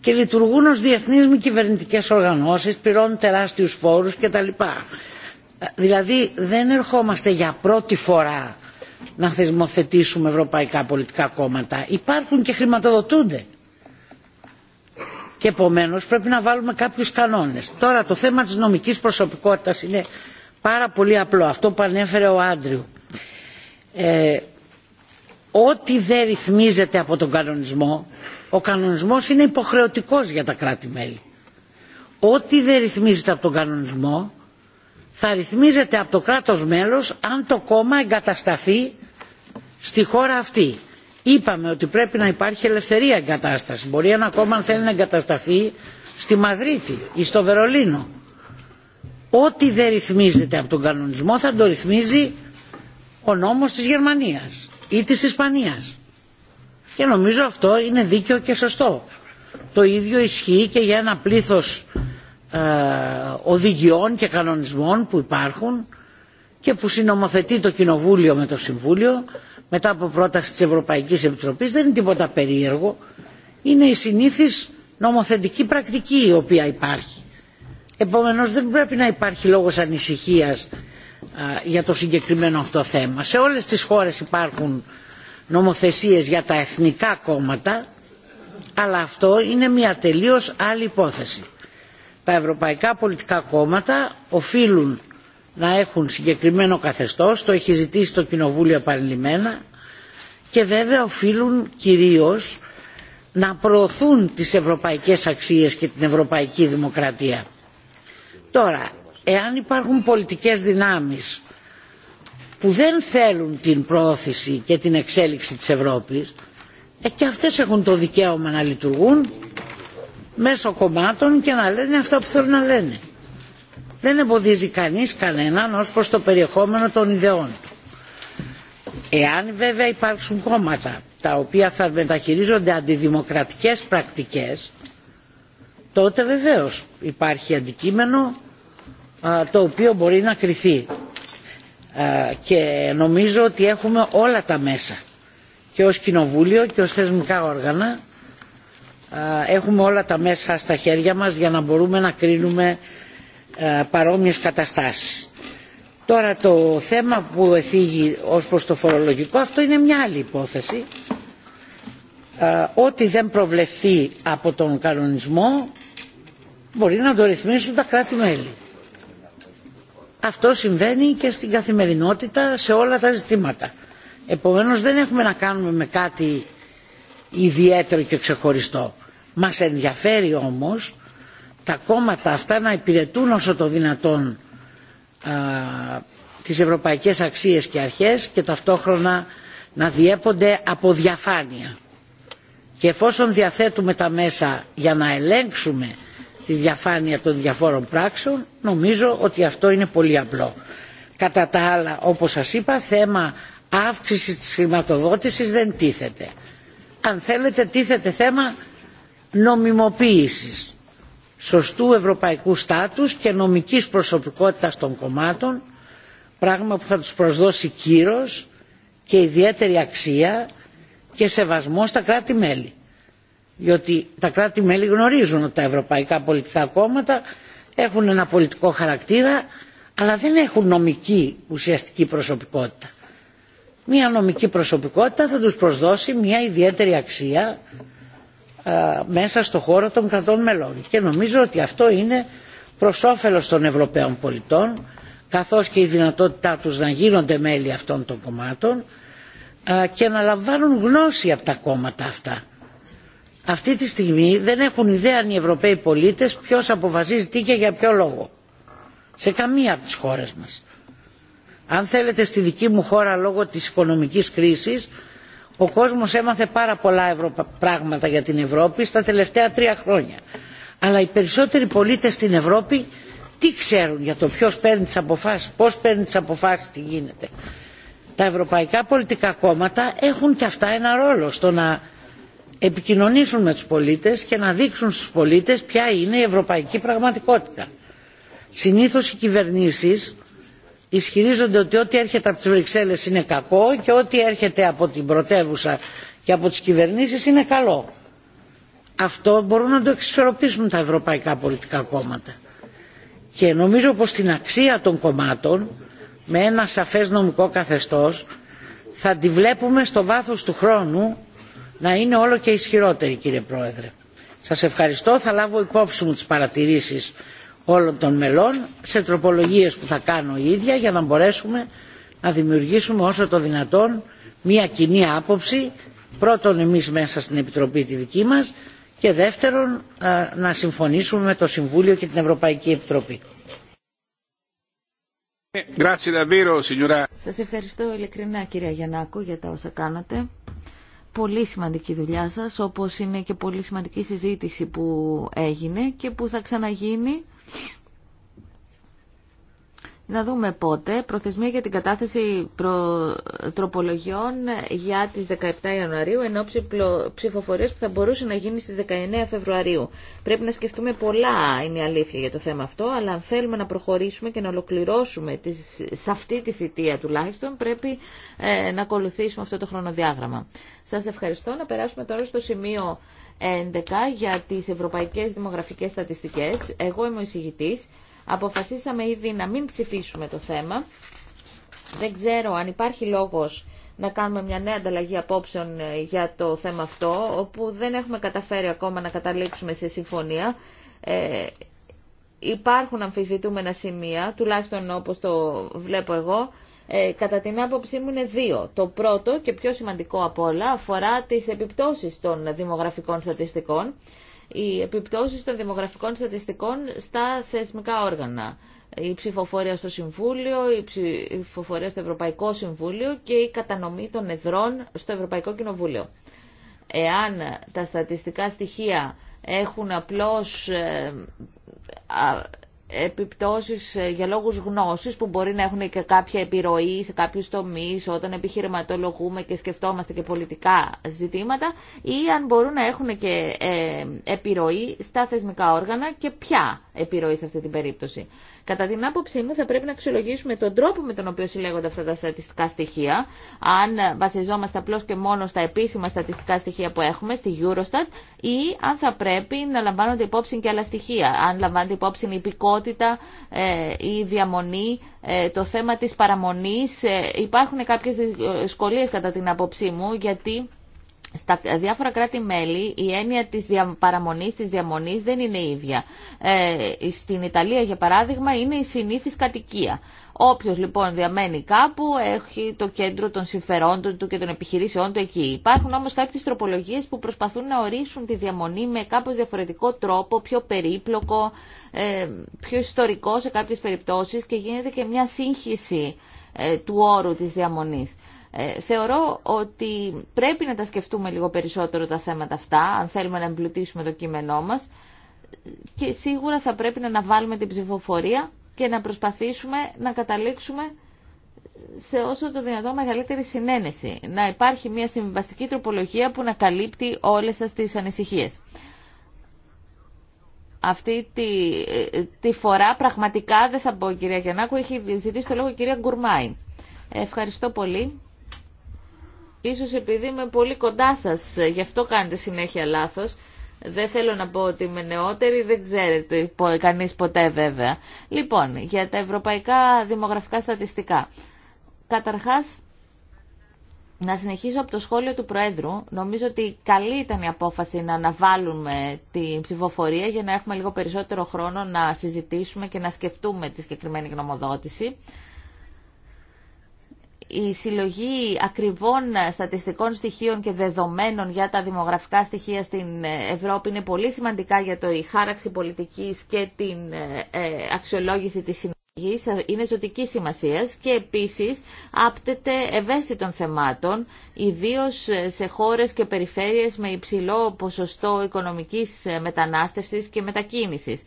και λειτουργούν ως διεθνείς μη κυβερνητικές οργανώσεις, πληρώνουν τεράστιους φόρους κτλ. Δηλαδή δεν ερχόμαστε για πρώτη φορά να θεσμοθετήσουμε ευρωπαϊκά πολιτικά κόμματα. Υπάρχουν και χρηματοδοτούνται. Και επομένως πρέπει να βάλουμε κάποιους κανόνες. Τώρα το θέμα της νομικής προσωπικότητας είναι πάρα πολύ απλό. Αυτό που ανέφερε ο Άντριου. Ε, ό,τι δεν ρυθμίζεται από τον κανονισμό ο κανονισμός είναι υποχρεωτικός για τα κράτη-μέλη. Ό,τι δεν ρυθμίζεται από τον κανονισμό θα ρυθμίζεται από το κράτος μέλος αν το κόμμα εγκατασταθεί στη χώρα αυτή. Είπαμε ότι πρέπει να υπάρχει ελευθερία εγκατάσταση. Μπορεί ένα κόμμα αν θέλει να εγκατασταθεί στη Μαδρίτη ή στο Βερολίνο. Ό,τι δεν ρυθμίζεται από τον κανονισμό θα το ρυθμίζει ο νόμος της Γερμανίας ή της Ισπανίας και νομίζω αυτό είναι δίκαιο και σωστό. Το ίδιο ισχύει και για ένα πλήθος ε, οδηγιών και κανονισμών που υπάρχουν και που συνομοθετεί το Κοινοβούλιο με το Συμβούλιο μετά από πρόταση της Ευρωπαϊκής Επιτροπής δεν είναι τίποτα περίεργο. Είναι η συνήθις νομοθετική πρακτική η οποία υπάρχει. Επομένως δεν πρέπει να υπάρχει λόγος ανησυχίας ε, για το συγκεκριμένο αυτό θέμα. Σε όλες τις χώρες υπάρχουν νομοθεσίες για τα εθνικά κόμματα αλλά αυτό είναι μια τελείως άλλη υπόθεση. Τα ευρωπαϊκά πολιτικά κόμματα οφείλουν να έχουν συγκεκριμένο καθεστώς, το έχει ζητήσει το Κοινοβούλιο επανειλημμένα και βέβαια οφείλουν κυρίως να προωθούν τις ευρωπαϊκές αξίες και την ευρωπαϊκή δημοκρατία. Τώρα, εάν υπάρχουν πολιτικές δυνάμεις που δεν θέλουν την προώθηση και την εξέλιξη της Ευρώπης ε, και αυτές έχουν το δικαίωμα να λειτουργούν μέσω κομμάτων και να λένε αυτά που θέλουν να λένε. Δεν εμποδίζει κανείς κανέναν ως προς το περιεχόμενο των ιδεών Εάν βέβαια υπάρξουν κόμματα τα οποία θα μεταχειρίζονται αντιδημοκρατικές πρακτικές τότε βεβαίως υπάρχει αντικείμενο το οποίο μπορεί να κριθεί ε, και νομίζω ότι έχουμε όλα τα μέσα και ως κοινοβούλιο και ως θεσμικά όργανα ε, έχουμε όλα τα μέσα στα χέρια μας για να μπορούμε να κρίνουμε ε, παρόμοιες καταστάσεις. Τώρα το θέμα που εθίγει ως προς το φορολογικό αυτό είναι μια άλλη υπόθεση. Ό,τι δεν προβλεφθεί από τον κανονισμό μπορεί να το ρυθμίσουν τα κράτη-μέλη. Αυτό συμβαίνει και στην καθημερινότητα σε όλα τα ζητήματα. Επομένως δεν έχουμε να κάνουμε με κάτι ιδιαίτερο και ξεχωριστό. Μας ενδιαφέρει όμως τα κόμματα αυτά να υπηρετούν όσο το δυνατόν α, τις ευρωπαϊκές αξίες και αρχές και ταυτόχρονα να διέπονται από διαφάνεια. Και εφόσον διαθέτουμε τα μέσα για να ελέγξουμε τη διαφάνεια των διαφόρων πράξεων νομίζω ότι αυτό είναι πολύ απλό. Κατά τα άλλα όπως σας είπα θέμα αύξησης της χρηματοδότησης δεν τίθεται. Αν θέλετε τίθεται θέμα νομιμοποίησης σωστού ευρωπαϊκού στάτους και νομικής προσωπικότητας των κομμάτων πράγμα που θα τους προσδώσει κύρος και ιδιαίτερη αξία και σεβασμό στα κράτη-μέλη διότι τα κράτη μέλη γνωρίζουν ότι τα ευρωπαϊκά πολιτικά κόμματα έχουν ένα πολιτικό χαρακτήρα αλλά δεν έχουν νομική ουσιαστική προσωπικότητα. Μία νομική προσωπικότητα θα τους προσδώσει μια ιδιαίτερη αξία ε, μέσα στο χώρο των κρατών μελών και νομίζω ότι αυτό είναι προς όφελος των Ευρωπαίων πολιτών καθώς και η δυνατότητά τους να γίνονται μέλη αυτών των κομμάτων ε, και να λαμβάνουν γνώση από τα κόμματα αυτά αυτή τη στιγμή δεν έχουν ιδέα οι ευρωπαίοι πολίτες ποιος αποφασίζει τι και για ποιο λόγο. Σε καμία από τις χώρες μας. Αν θέλετε στη δική μου χώρα λόγω της οικονομικής κρίσης ο κόσμος έμαθε πάρα πολλά πράγματα για την Ευρώπη στα τελευταία τρία χρόνια. Αλλά οι περισσότεροι πολίτες στην Ευρώπη τι ξέρουν για το ποιος παίρνει τις αποφάσεις, πώς παίρνει τις αποφάσεις, τι γίνεται. Τα ευρωπαϊκά πολιτικά κόμματα έχουν και αυτά ένα ρόλο στο να επικοινωνήσουν με τους πολίτες και να δείξουν στους πολίτες ποια είναι η ευρωπαϊκή πραγματικότητα. Συνήθως οι κυβερνήσεις ισχυρίζονται ότι ό,τι έρχεται από τις Βρυξέλλες είναι κακό και ό,τι έρχεται από την πρωτεύουσα και από τις κυβερνήσεις είναι καλό. Αυτό μπορούν να το εξισορροπήσουν τα ευρωπαϊκά πολιτικά κόμματα. Και νομίζω πως την αξία των κομμάτων με ένα σαφές νομικό καθεστώς θα τη βλέπουμε στο βάθος του χρόνου να είναι όλο και ισχυρότερη κύριε Πρόεδρε. Σας ευχαριστώ. Θα λάβω υπόψη μου τις παρατηρήσεις όλων των μελών σε τροπολογίες που θα κάνω η ίδια για να μπορέσουμε να δημιουργήσουμε όσο το δυνατόν μια κοινή άποψη πρώτον εμείς μέσα στην Επιτροπή τη δική μας και δεύτερον να συμφωνήσουμε με το Συμβούλιο και την Ευρωπαϊκή Επιτροπή. Σας ευχαριστώ ειλικρινά κυρία Γιαννάκου για τα όσα κάνατε πολύ σημαντική δουλειά σας, όπως είναι και πολύ σημαντική συζήτηση που έγινε και που θα ξαναγίνει να δούμε πότε. Προθεσμία για την κατάθεση προ... τροπολογιών για τις 17 Ιανουαρίου, ενώ ψηφοφορίες που θα μπορούσε να γίνει στις 19 Φεβρουαρίου. Πρέπει να σκεφτούμε πολλά, είναι η αλήθεια για το θέμα αυτό, αλλά αν θέλουμε να προχωρήσουμε και να ολοκληρώσουμε τις... σε αυτή τη θητεία τουλάχιστον, πρέπει ε, να ακολουθήσουμε αυτό το χρονοδιάγραμμα. Σας ευχαριστώ. Να περάσουμε τώρα στο σημείο 11 για τις ευρωπαϊκές δημογραφικές στατιστικές. Εγώ είμαι ο εισηγητής. Αποφασίσαμε ήδη να μην ψηφίσουμε το θέμα. Δεν ξέρω αν υπάρχει λόγος να κάνουμε μια νέα ανταλλαγή απόψεων ε, για το θέμα αυτό, όπου δεν έχουμε καταφέρει ακόμα να καταλήξουμε σε συμφωνία. Ε, υπάρχουν αμφισβητούμενα σημεία, τουλάχιστον όπως το βλέπω εγώ, ε, κατά την άποψή μου είναι δύο. Το πρώτο και πιο σημαντικό από όλα αφορά τις επιπτώσεις των δημογραφικών στατιστικών οι επιπτώσεις των δημογραφικών στατιστικών στα θεσμικά όργανα. Η ψηφοφορία στο Συμβούλιο, η ψηφοφορία στο Ευρωπαϊκό Συμβούλιο και η κατανομή των εδρών στο Ευρωπαϊκό Κοινοβούλιο. Εάν τα στατιστικά στοιχεία έχουν απλώς ε, επιπτώσεις ε, για λόγους γνώσης που μπορεί να έχουν και κάποια επιρροή σε κάποιους τομείς όταν επιχειρηματολογούμε και σκεφτόμαστε και πολιτικά ζητήματα ή αν μπορούν να έχουν και ε, επιρροή στα θεσμικά όργανα και ποια επιρροή σε αυτή την περίπτωση. Κατά την άποψή μου θα πρέπει να αξιολογήσουμε τον τρόπο με τον οποίο συλλέγονται αυτά τα στατιστικά στοιχεία. Αν βασιζόμαστε απλώς και μόνο στα επίσημα στατιστικά στοιχεία που έχουμε, στη Eurostat, ή αν θα πρέπει να λαμβάνονται υπόψη και άλλα στοιχεία. Αν λαμβάνεται υπόψη η υπηκότητα, ε, η διαμονή, ε, το θέμα της παραμονής. Ε, υπάρχουν κάποιες δυσκολίε κατά την άποψή μου, γιατί στα διάφορα κράτη-μέλη η έννοια της δια, παραμονής, της διαμονής δεν είναι ίδια. Ε, στην Ιταλία, για παράδειγμα, είναι η συνήθις κατοικία. Όποιο λοιπόν διαμένει κάπου έχει το κέντρο των συμφερόντων του και των επιχειρήσεών του εκεί. Υπάρχουν όμως κάποιες τροπολογίε που προσπαθούν να ορίσουν τη διαμονή με κάπω διαφορετικό τρόπο, πιο περίπλοκο, ε, πιο ιστορικό σε κάποιε περιπτώσει και γίνεται και μια σύγχυση ε, του όρου τη διαμονή. Ε, θεωρώ ότι πρέπει να τα σκεφτούμε λίγο περισσότερο τα θέματα αυτά, αν θέλουμε να εμπλουτίσουμε το κείμενό μας και σίγουρα θα πρέπει να αναβάλουμε την ψηφοφορία και να προσπαθήσουμε να καταλήξουμε σε όσο το δυνατόν μεγαλύτερη συνένεση. Να υπάρχει μια συμβαστική τροπολογία που να καλύπτει όλες σας τις ανησυχίες. Αυτή τη, ε, τη φορά πραγματικά δεν θα πω κυρία Γιαννάκου, έχει ζητήσει το λόγο η κυρία Γκουρμάη. Ευχαριστώ πολύ. Ίσως επειδή είμαι πολύ κοντά σας, ε, γι' αυτό κάνετε συνέχεια λάθος. Δεν θέλω να πω ότι είμαι νεότερη, δεν ξέρετε κανείς ποτέ βέβαια. Λοιπόν, για τα ευρωπαϊκά δημογραφικά στατιστικά. Καταρχάς, να συνεχίσω από το σχόλιο του Προέδρου. Νομίζω ότι καλή ήταν η απόφαση να αναβάλουμε την ψηφοφορία για να έχουμε λίγο περισσότερο χρόνο να συζητήσουμε και να σκεφτούμε τη συγκεκριμένη γνωμοδότηση η συλλογή ακριβών στατιστικών στοιχείων και δεδομένων για τα δημογραφικά στοιχεία στην ε, Ευρώπη είναι πολύ σημαντικά για το η χάραξη πολιτικής και την ε, ε, αξιολόγηση της συνεργής είναι ζωτική σημασίας και επίσης άπτεται ευαίσθητων θεμάτων, ιδίως σε χώρες και περιφέρειες με υψηλό ποσοστό οικονομικής μετανάστευσης και μετακίνησης.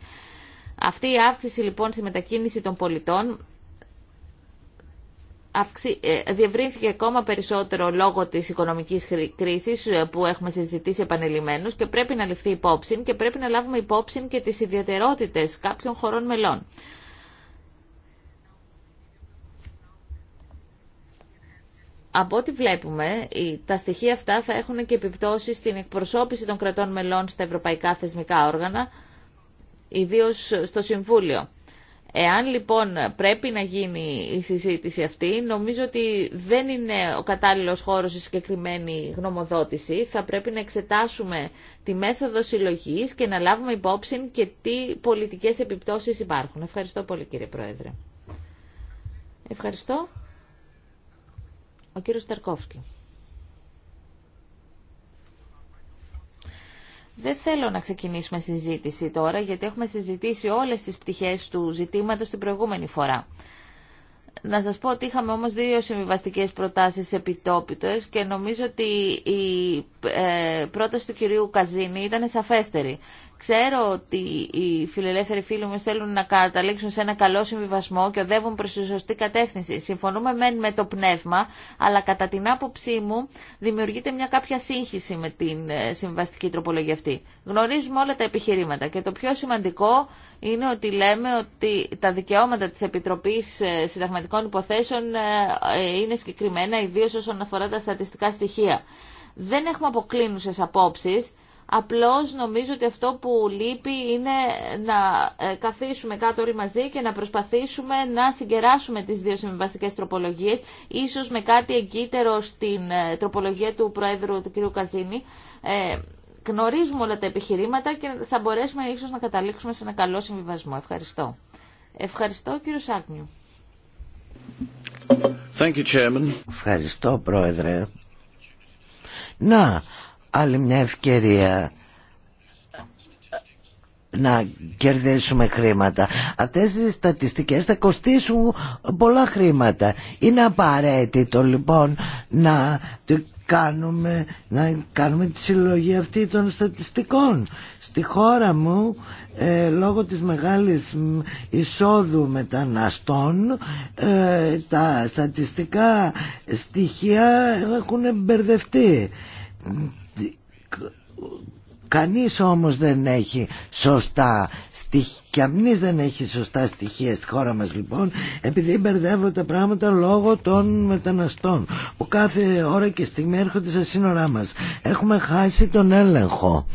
Αυτή η αύξηση λοιπόν στη μετακίνηση των πολιτών ε, διευρύνθηκε ακόμα περισσότερο λόγω της οικονομικής κρίσης ε, που έχουμε συζητήσει επανελειμμένως και πρέπει να ληφθεί υπόψη και πρέπει να λάβουμε υπόψη και τις ιδιαιτερότητες κάποιων χωρών μελών. Από ό,τι βλέπουμε, τα στοιχεία αυτά θα έχουν και επιπτώσεις στην εκπροσώπηση των κρατών μελών στα ευρωπαϊκά θεσμικά όργανα, ιδίως στο Συμβούλιο. Εάν λοιπόν πρέπει να γίνει η συζήτηση αυτή, νομίζω ότι δεν είναι ο κατάλληλος χώρος η συγκεκριμένη γνωμοδότηση. Θα πρέπει να εξετάσουμε τη μέθοδο συλλογής και να λάβουμε υπόψη και τι πολιτικές επιπτώσεις υπάρχουν. Ευχαριστώ πολύ κύριε Πρόεδρε. Ευχαριστώ. Ο κύριος Ταρκόφσκι. Δεν θέλω να ξεκινήσουμε συζήτηση τώρα, γιατί έχουμε συζητήσει όλες τις πτυχές του ζητήματος την προηγούμενη φορά. Να σας πω ότι είχαμε όμως δύο συμβιβαστικές προτάσεις επιτόπιτες και νομίζω ότι η ε, πρόταση του κυρίου Καζίνη ήταν σαφέστερη. Ξέρω ότι οι φιλελεύθεροι φίλοι μου θέλουν να καταλήξουν σε ένα καλό συμβιβασμό και οδεύουν προ τη σωστή κατεύθυνση. Συμφωνούμε μεν με το πνεύμα, αλλά κατά την άποψή μου δημιουργείται μια κάποια σύγχυση με την ε, συμβαστική τροπολογία αυτή. Γνωρίζουμε όλα τα επιχειρήματα και το πιο σημαντικό είναι ότι λέμε ότι τα δικαιώματα της Επιτροπής ε, Συνταγματικών Υποθέσεων ε, είναι συγκεκριμένα, ιδίως όσον αφορά τα στατιστικά στοιχεία. Δεν έχουμε αποκλίνουσες απόψει. Απλώς νομίζω ότι αυτό που λείπει είναι να ε, καθίσουμε κάτω όλοι μαζί και να προσπαθήσουμε να συγκεράσουμε τις δύο συμβιβαστικές τροπολογίες, ίσως με κάτι εγκύτερο στην ε, τροπολογία του Προέδρου του κ. Καζίνη. Ε, γνωρίζουμε όλα τα επιχειρήματα και θα μπορέσουμε ίσως να καταλήξουμε σε ένα καλό συμβιβασμό. Ευχαριστώ. Ευχαριστώ κ. Σάκνιου. Ευχαριστώ Πρόεδρε. Να, άλλη μια ευκαιρία να κερδίσουμε χρήματα. Αυτές οι στατιστικές θα κοστίσουν πολλά χρήματα. Είναι απαραίτητο λοιπόν να κάνουμε, να κάνουμε τη συλλογή αυτή των στατιστικών. Στη χώρα μου, ε, λόγω της μεγάλης εισόδου μεταναστών, ε, τα στατιστικά στοιχεία έχουν μπερδευτεί Κανείς όμως δεν έχει σωστά στοιχεία και δεν έχει σωστά στοιχεία στη χώρα μας λοιπόν επειδή μπερδεύονται τα πράγματα λόγω των μεταναστών που κάθε ώρα και στιγμή έρχονται στα σύνορά μας. Έχουμε χάσει τον έλεγχο.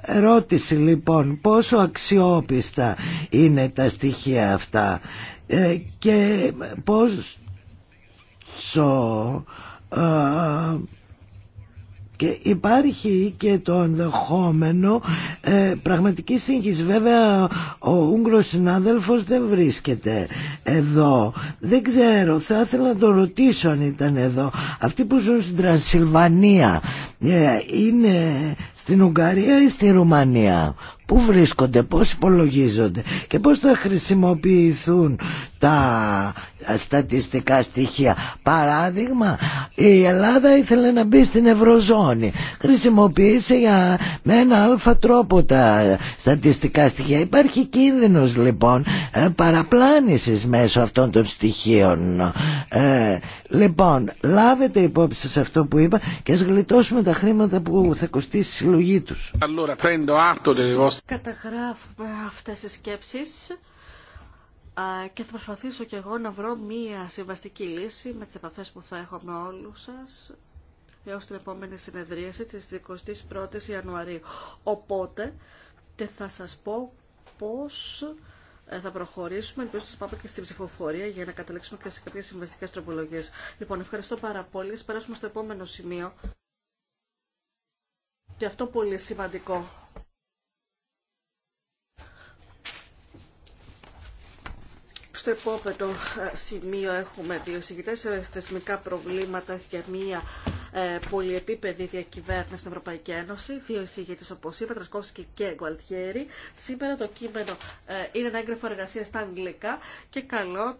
Ερώτηση λοιπόν πόσο αξιόπιστα είναι τα στοιχεία αυτά ε, και πόσο... Ε, και υπάρχει και το ενδεχόμενο ε, πραγματική σύγχυση. Βέβαια ο Ούγγρος συνάδελφος δεν βρίσκεται εδώ. Δεν ξέρω, θα ήθελα να τον ρωτήσω αν ήταν εδώ. Αυτοί που ζουν στην Τρανσιλβανία ε, είναι στην Ουγγαρία ή στη Ρουμανία πού βρίσκονται, πώς υπολογίζονται και πώς θα χρησιμοποιηθούν τα στατιστικά στοιχεία. Παράδειγμα, η Ελλάδα ήθελε να μπει στην Ευρωζώνη. Χρησιμοποίησε για, με ένα αλφα τρόπο τα στατιστικά στοιχεία. Υπάρχει κίνδυνος λοιπόν ε, παραπλάνησης μέσω αυτών των στοιχείων. Ε, λοιπόν, λάβετε υπόψη σε αυτό που είπα και ας γλιτώσουμε τα χρήματα που θα κοστίσει η συλλογή τους. Καταγράφουμε αυτές τις σκέψεις και θα προσπαθήσω και εγώ να βρω μία συμβαστική λύση με τις επαφές που θα έχω με όλους σας έως την επόμενη συνεδρίαση της 21ης Ιανουαρίου. Οπότε και θα σας πω πώς ε, θα προχωρήσουμε. Ελπίζω να πάμε και στην ψηφοφορία για να καταλήξουμε και σε κάποιε συμβαστικέ τροπολογίε. Λοιπόν, ευχαριστώ πάρα πολύ. περάσουμε στο επόμενο σημείο. Και αυτό πολύ σημαντικό. στο επόμενο ε, σημείο έχουμε δύο συγκεκριτές ε, θεσμικά προβλήματα για μία ε, πολυεπίπεδη διακυβέρνηση στην Ευρωπαϊκή Ένωση. Δύο συγκριτέ, όπω είπα, Τρασκόφσκι και Γκουαλτιέρη. Σήμερα το κείμενο ε, είναι ένα έγγραφο εργασία στα αγγλικά και καλό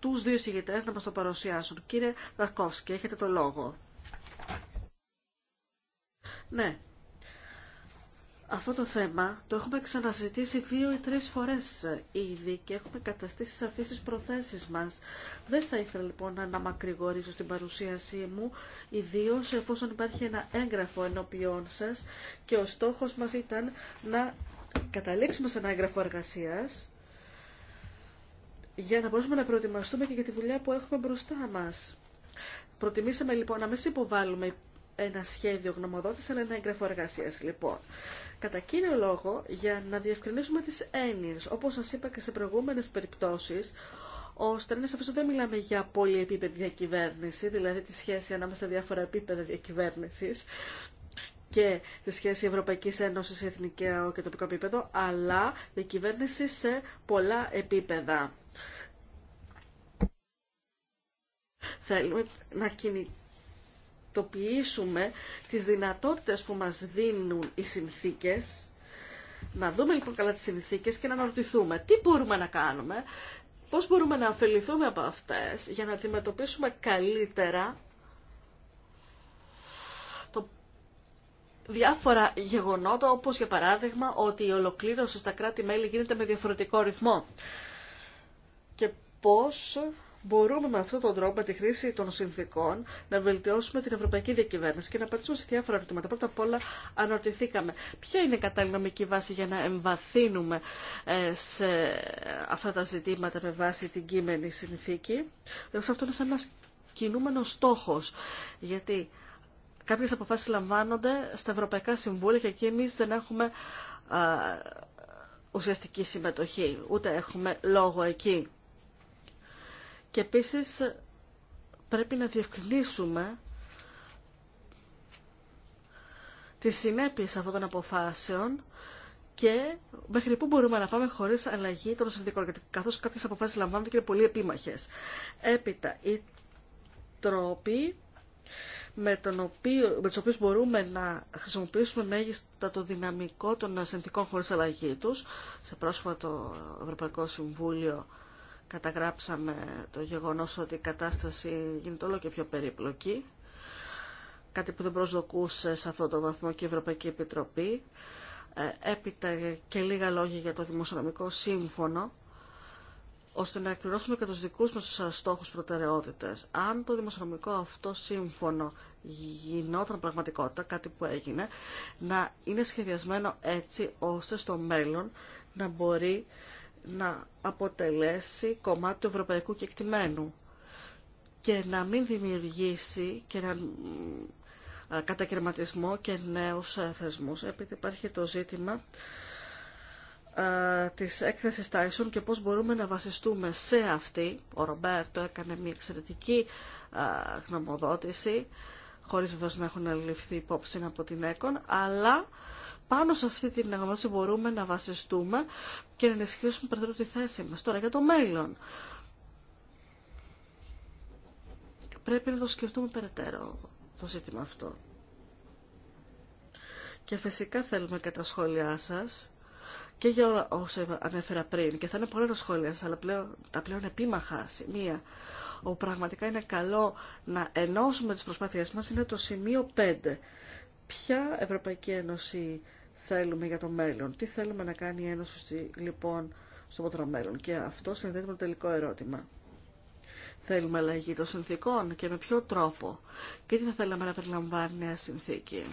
του δύο συγκριτέ να μα το παρουσιάσουν. Κύριε Τρασκόφσκι, έχετε το λόγο. Ναι, αυτό το θέμα το έχουμε ξαναζητήσει δύο ή τρεις φορές ήδη και έχουμε καταστήσει σαφείς τις προθέσεις μας. Δεν θα ήθελα λοιπόν να αναμακρηγορήσω στην παρουσίασή μου, ιδίω εφόσον υπάρχει ένα έγγραφο ενώπιόν σας και ο στόχος μας ήταν να καταλήξουμε σε ένα έγγραφο εργασίας για να μπορούμε να προετοιμαστούμε και για τη δουλειά που έχουμε μπροστά μας. Προτιμήσαμε λοιπόν να μην υποβάλουμε ένα σχέδιο γνωμοδότηση, αλλά ένα έγγραφο εργασία. Λοιπόν, κατά κύριο λόγο, για να διευκρινίσουμε τι έννοιε, όπω σα είπα και σε προηγούμενε περιπτώσει, ο να σαφέ δεν μιλάμε για πολυεπίπεδη διακυβέρνηση, δηλαδή τη σχέση ανάμεσα στα διάφορα επίπεδα διακυβέρνηση και τη σχέση Ευρωπαϊκή Ένωση σε εθνικό και τοπικό επίπεδο, αλλά διακυβέρνηση σε πολλά επίπεδα. Θέλουμε να κινηθούμε ταυτοποιήσουμε τις δυνατότητες που μας δίνουν οι συνθήκες, να δούμε λοιπόν καλά τις συνθήκες και να αναρωτηθούμε τι μπορούμε να κάνουμε, πώς μπορούμε να αφεληθούμε από αυτές για να αντιμετωπίσουμε καλύτερα το διάφορα γεγονότα, όπως για παράδειγμα ότι η ολοκλήρωση στα κράτη-μέλη γίνεται με διαφορετικό ρυθμό. Και πώς μπορούμε με αυτόν τον τρόπο, με τη χρήση των συνθήκων, να βελτιώσουμε την ευρωπαϊκή διακυβέρνηση και να απαντήσουμε σε διάφορα ερωτήματα. Πρώτα απ' όλα, αναρωτηθήκαμε ποια είναι η κατάλληλη νομική βάση για να εμβαθύνουμε ε, σε αυτά τα ζητήματα με βάση την κείμενη συνθήκη. Βέβαια, ε, αυτό είναι σαν ένα κινούμενο στόχο. Γιατί κάποιε αποφάσει λαμβάνονται στα ευρωπαϊκά συμβούλια και εκεί εμεί δεν έχουμε ουσιαστική συμμετοχή, ούτε έχουμε λόγο εκεί. Και επίσης πρέπει να διευκρινίσουμε τις συνέπειες αυτών των αποφάσεων και μέχρι πού μπορούμε να πάμε χωρίς αλλαγή των συνδικών, γιατί καθώ κάποιε αποφάσει λαμβάνονται και είναι πολύ επίμαχε. Έπειτα, οι τρόποι με, τον οποίο, με τους οποίους μπορούμε να χρησιμοποιήσουμε μέγιστα το δυναμικό των συνδικών χωρίς αλλαγή τους. Σε πρόσφατο Ευρωπαϊκό Συμβούλιο καταγράψαμε το γεγονός ότι η κατάσταση γίνεται όλο και πιο περίπλοκη, κάτι που δεν προσδοκούσε σε αυτό το βαθμό και η Ευρωπαϊκή Επιτροπή. Ε, έπειτα και λίγα λόγια για το Δημοσιονομικό Σύμφωνο, ώστε να εκπληρώσουμε και τους δικούς μας στόχους προτεραιότητες. Αν το δημοσιονομικό αυτό σύμφωνο γινόταν πραγματικότητα, κάτι που έγινε, να είναι σχεδιασμένο έτσι ώστε στο μέλλον να μπορεί να αποτελέσει κομμάτι του ευρωπαϊκού κεκτημένου και να μην δημιουργήσει και να κατακαιρματισμό και νέους θεσμούς. Επειδή υπάρχει το ζήτημα της έκθεσης Tyson και πώς μπορούμε να βασιστούμε σε αυτή. Ο Ρομπέρτο έκανε μια εξαιρετική γνωμοδότηση, χωρίς βεβαίως να έχουν ληφθεί υπόψη από την ΕΚΟΝ, αλλά πάνω σε αυτή την αγνώση μπορούμε να βασιστούμε και να ενισχύσουμε περισσότερο τη θέση μας. Τώρα για το μέλλον. Πρέπει να το σκεφτούμε περαιτέρω το ζήτημα αυτό. Και φυσικά θέλουμε και τα σχόλιά σας και για όσα ανέφερα πριν. Και θα είναι πολλά τα σχόλια σας, αλλά πλέον, τα πλέον επίμαχα σημεία όπου πραγματικά είναι καλό να ενώσουμε τις προσπάθειές μας είναι το σημείο 5 ποια Ευρωπαϊκή Ένωση θέλουμε για το μέλλον, τι θέλουμε να κάνει η Ένωση λοιπόν στο ποτρό μέλλον. Και αυτό συνδέεται με το τελικό ερώτημα. Θέλουμε αλλαγή των συνθήκων και με ποιο τρόπο και τι θα θέλαμε να περιλαμβάνει νέα συνθήκη.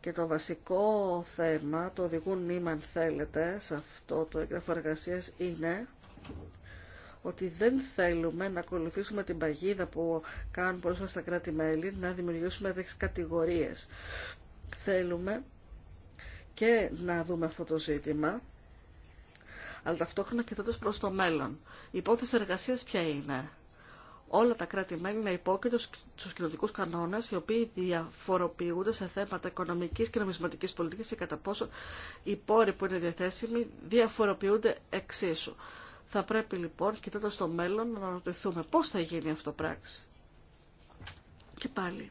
Και το βασικό θέμα, το οδηγούν αν θέλετε σε αυτό το έγγραφο εργασία είναι ότι δεν θέλουμε να ακολουθήσουμε την παγίδα που κάνουν πρόσφατα τα κράτη-μέλη, να δημιουργήσουμε τέτοιες κατηγορίες. Θέλουμε και να δούμε αυτό το ζήτημα, αλλά ταυτόχρονα κοιτώντας προς το μέλλον. Η υπόθεση εργασίας ποια είναι όλα τα κράτη-μέλη είναι υπόκειτο στου κοινοτικού κανόνε, οι οποίοι διαφοροποιούνται σε θέματα οικονομική και νομισματική πολιτική και κατά πόσο οι πόροι που είναι διαθέσιμοι διαφοροποιούνται εξίσου. Θα πρέπει λοιπόν, κοιτώντα το μέλλον, να αναρωτηθούμε πώς θα γίνει αυτό πράξη. Και πάλι,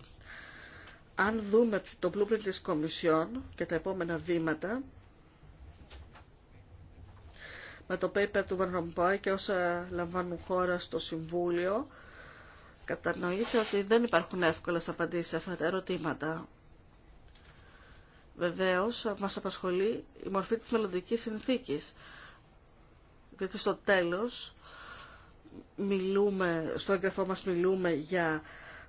αν δούμε το blueprint της Κομισιόν και τα επόμενα βήματα, με το paper του Βαν και όσα λαμβάνουν χώρα στο Συμβούλιο, κατανοείται ότι δεν υπάρχουν εύκολες απαντήσεις σε αυτά τα ερωτήματα. Βεβαίως, μας απασχολεί η μορφή της μελλοντική συνθήκης γιατί στο τέλος μιλούμε, στο έγγραφό μας μιλούμε για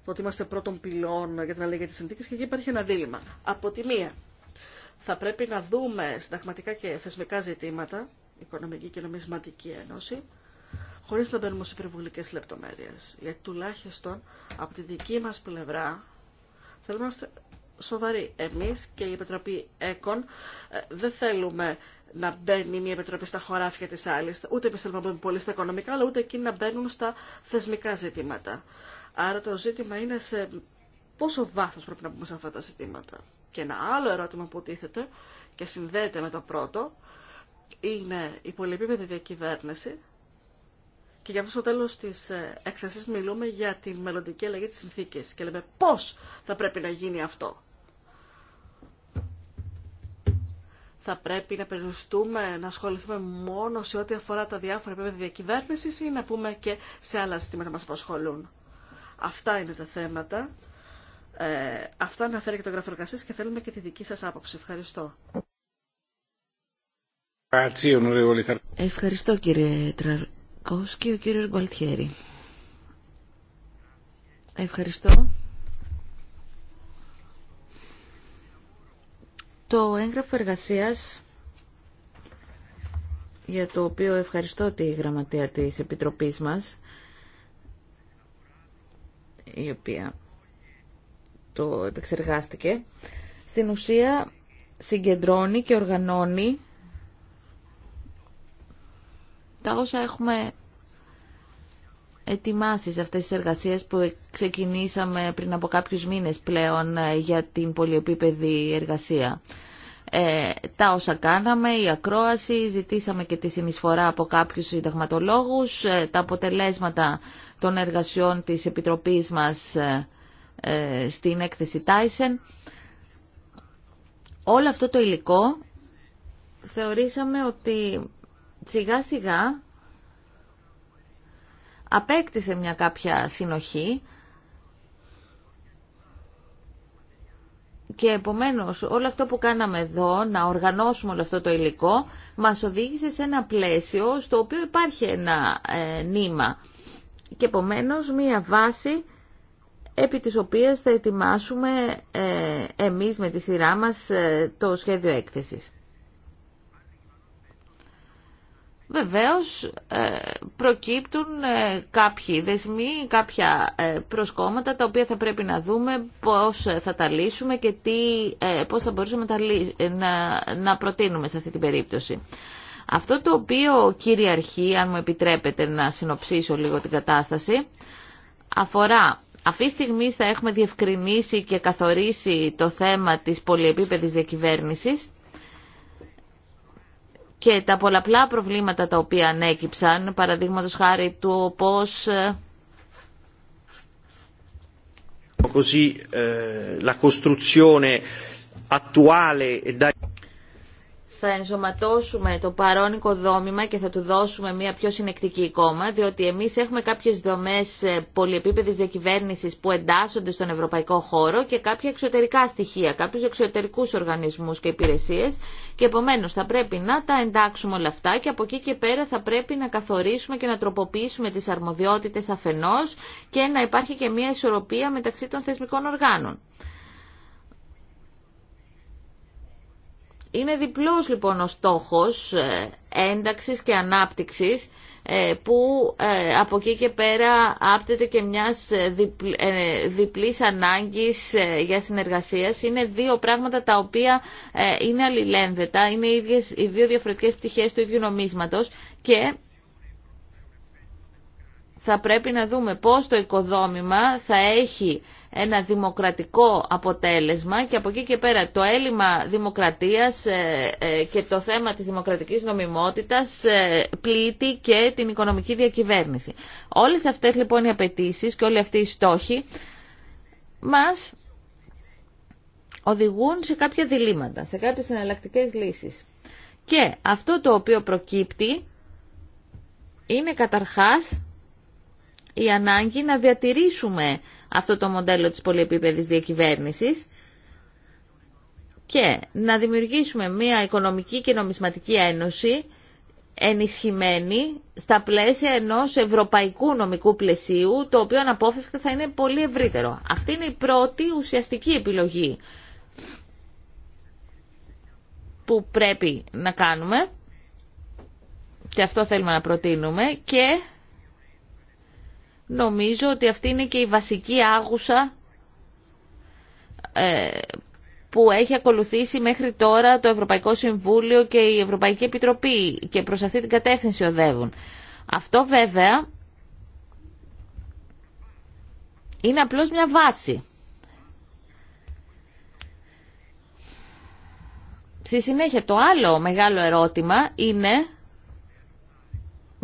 το ότι είμαστε πρώτον πυλών για την αλληλεγγύη της συνθήκης και εκεί υπάρχει ένα δίλημα. Από τη μία, θα πρέπει να δούμε συνταγματικά και θεσμικά ζητήματα, Οικονομική και Νομισματική Ένωση, χωρίς να μπαίνουμε σε υπερβολικές λεπτομέρειες. Γιατί τουλάχιστον από τη δική μας πλευρά θέλουμε να είμαστε σοβαροί. Εμείς και η Επιτροπή ΕΚΟΝ ε, δεν θέλουμε να μπαίνει μια επιτροπή στα χωράφια τη άλλη, ούτε επιστρέφουμε πολύ στα οικονομικά, αλλά ούτε εκείνοι να μπαίνουν στα θεσμικά ζητήματα. Άρα το ζήτημα είναι σε πόσο βάθο πρέπει να πούμε σε αυτά τα ζητήματα. Και ένα άλλο ερώτημα που τίθεται και συνδέεται με το πρώτο, είναι η πολυεπίπεδη διακυβέρνηση και γι' αυτό στο τέλο τη ε, έκθεση μιλούμε για τη μελλοντική αλλαγή τη συνθήκη. και λέμε πώ θα πρέπει να γίνει αυτό. θα πρέπει να περιοριστούμε, να ασχοληθούμε μόνο σε ό,τι αφορά τα διάφορα επίπεδα διακυβέρνηση ή να πούμε και σε άλλα ζητήματα μα απασχολούν. Αυτά είναι τα θέματα. Ε, αυτά αναφέρει και το γράφο και θέλουμε και τη δική σα άποψη. Ευχαριστώ. Ευχαριστώ κύριε Τραρκόσκη, ο κύριος Γκουαλτιέρη. Ευχαριστώ. Το έγγραφο εργασίας για το οποίο ευχαριστώ τη γραμματεία της Επιτροπής μας η οποία το επεξεργάστηκε στην ουσία συγκεντρώνει και οργανώνει τα όσα έχουμε ετοιμάσεις αυτές τις εργασίες που ξεκινήσαμε πριν από κάποιους μήνες πλέον ε, για την πολυεπίπεδη εργασία. Ε, τα όσα κάναμε, η ακρόαση, ζητήσαμε και τη συνεισφορά από κάποιους συνταγματολόγους, ε, τα αποτελέσματα των εργασιών της Επιτροπής μας στην έκθεση Tyson. Όλο αυτό το υλικό θεωρήσαμε ότι σιγά σιγά απέκτησε μια κάποια συνοχή και επομένως όλο αυτό που κάναμε εδώ, να οργανώσουμε όλο αυτό το υλικό, μας οδήγησε σε ένα πλαίσιο στο οποίο υπάρχει ένα ε, νήμα και επομένως μια βάση επί της οποίας θα ετοιμάσουμε ε, εμείς με τη σειρά μας ε, το σχέδιο έκθεσης. Βεβαίως ε, προκύπτουν ε, κάποιοι δεσμοί, κάποια ε, προσκόμματα τα οποία θα πρέπει να δούμε πώς θα τα λύσουμε και τι, πώς θα μπορούσαμε να προτείνουμε σε αυτή την περίπτωση. Αυτό το οποίο κυριαρχεί, αν μου επιτρέπετε να συνοψίσω λίγο την κατάσταση, αφορά αυτή τη στιγμή θα έχουμε διευκρινίσει και καθορίσει το θέμα της πολυεπίπεδης διακυβέρνησης και τα πολλαπλά προβλήματα τα οποία ανέκυψαν, παραδείγματο χάρη του πώς... Ε, Così, ε, la costruzione attuale θα ενσωματώσουμε το παρόν οικοδόμημα και θα του δώσουμε μια πιο συνεκτική εικόνα, διότι εμεί έχουμε κάποιε δομέ ε, πολυεπίπεδης διακυβέρνηση που εντάσσονται στον ευρωπαϊκό χώρο και κάποια εξωτερικά στοιχεία, κάποιου εξωτερικού οργανισμού και υπηρεσίε. και επομένω θα πρέπει να τα εντάξουμε όλα αυτά και από εκεί και πέρα θα πρέπει να καθορίσουμε και να τροποποιήσουμε τι αρμοδιότητε αφενό και να υπάρχει και μια ισορροπία μεταξύ των θεσμικών οργάνων. Είναι διπλός λοιπόν ο στόχος ε, ένταξης και ανάπτυξης ε, που ε, από εκεί και πέρα άπτεται και μιας διπλής ανάγκης για συνεργασίας. Είναι δύο πράγματα τα οποία είναι αλληλένδετα, είναι οι, οι δύο διαφορετικές πτυχές του ίδιου νομίσματος και θα πρέπει να δούμε πώς το οικοδόμημα θα έχει ένα δημοκρατικό αποτέλεσμα και από εκεί και πέρα το έλλειμμα δημοκρατίας ε, ε, και το θέμα της δημοκρατικής νομιμότητας ε, πλήττει και την οικονομική διακυβέρνηση. Όλες αυτές λοιπόν οι απαιτήσει και όλοι αυτοί οι στόχοι μας οδηγούν σε κάποια διλήμματα, σε κάποιες εναλλακτικέ λύσεις. Και αυτό το οποίο προκύπτει είναι καταρχάς η ανάγκη να διατηρήσουμε αυτό το μοντέλο της πολυεπίπεδης διακυβέρνησης και να δημιουργήσουμε μια οικονομική και νομισματική ένωση ενισχυμένη στα πλαίσια ενός ευρωπαϊκού νομικού πλαισίου, το οποίο αναπόφευκτα θα είναι πολύ ευρύτερο. Αυτή είναι η πρώτη ουσιαστική επιλογή που πρέπει να κάνουμε και αυτό θέλουμε να προτείνουμε και νομίζω ότι αυτή είναι και η βασική άγουσα ε, που έχει ακολουθήσει μέχρι τώρα το Ευρωπαϊκό Συμβούλιο και η Ευρωπαϊκή Επιτροπή και προς αυτή την κατεύθυνση οδεύουν. Αυτό βέβαια είναι απλώς μια βάση. Στη συνέχεια το άλλο μεγάλο ερώτημα είναι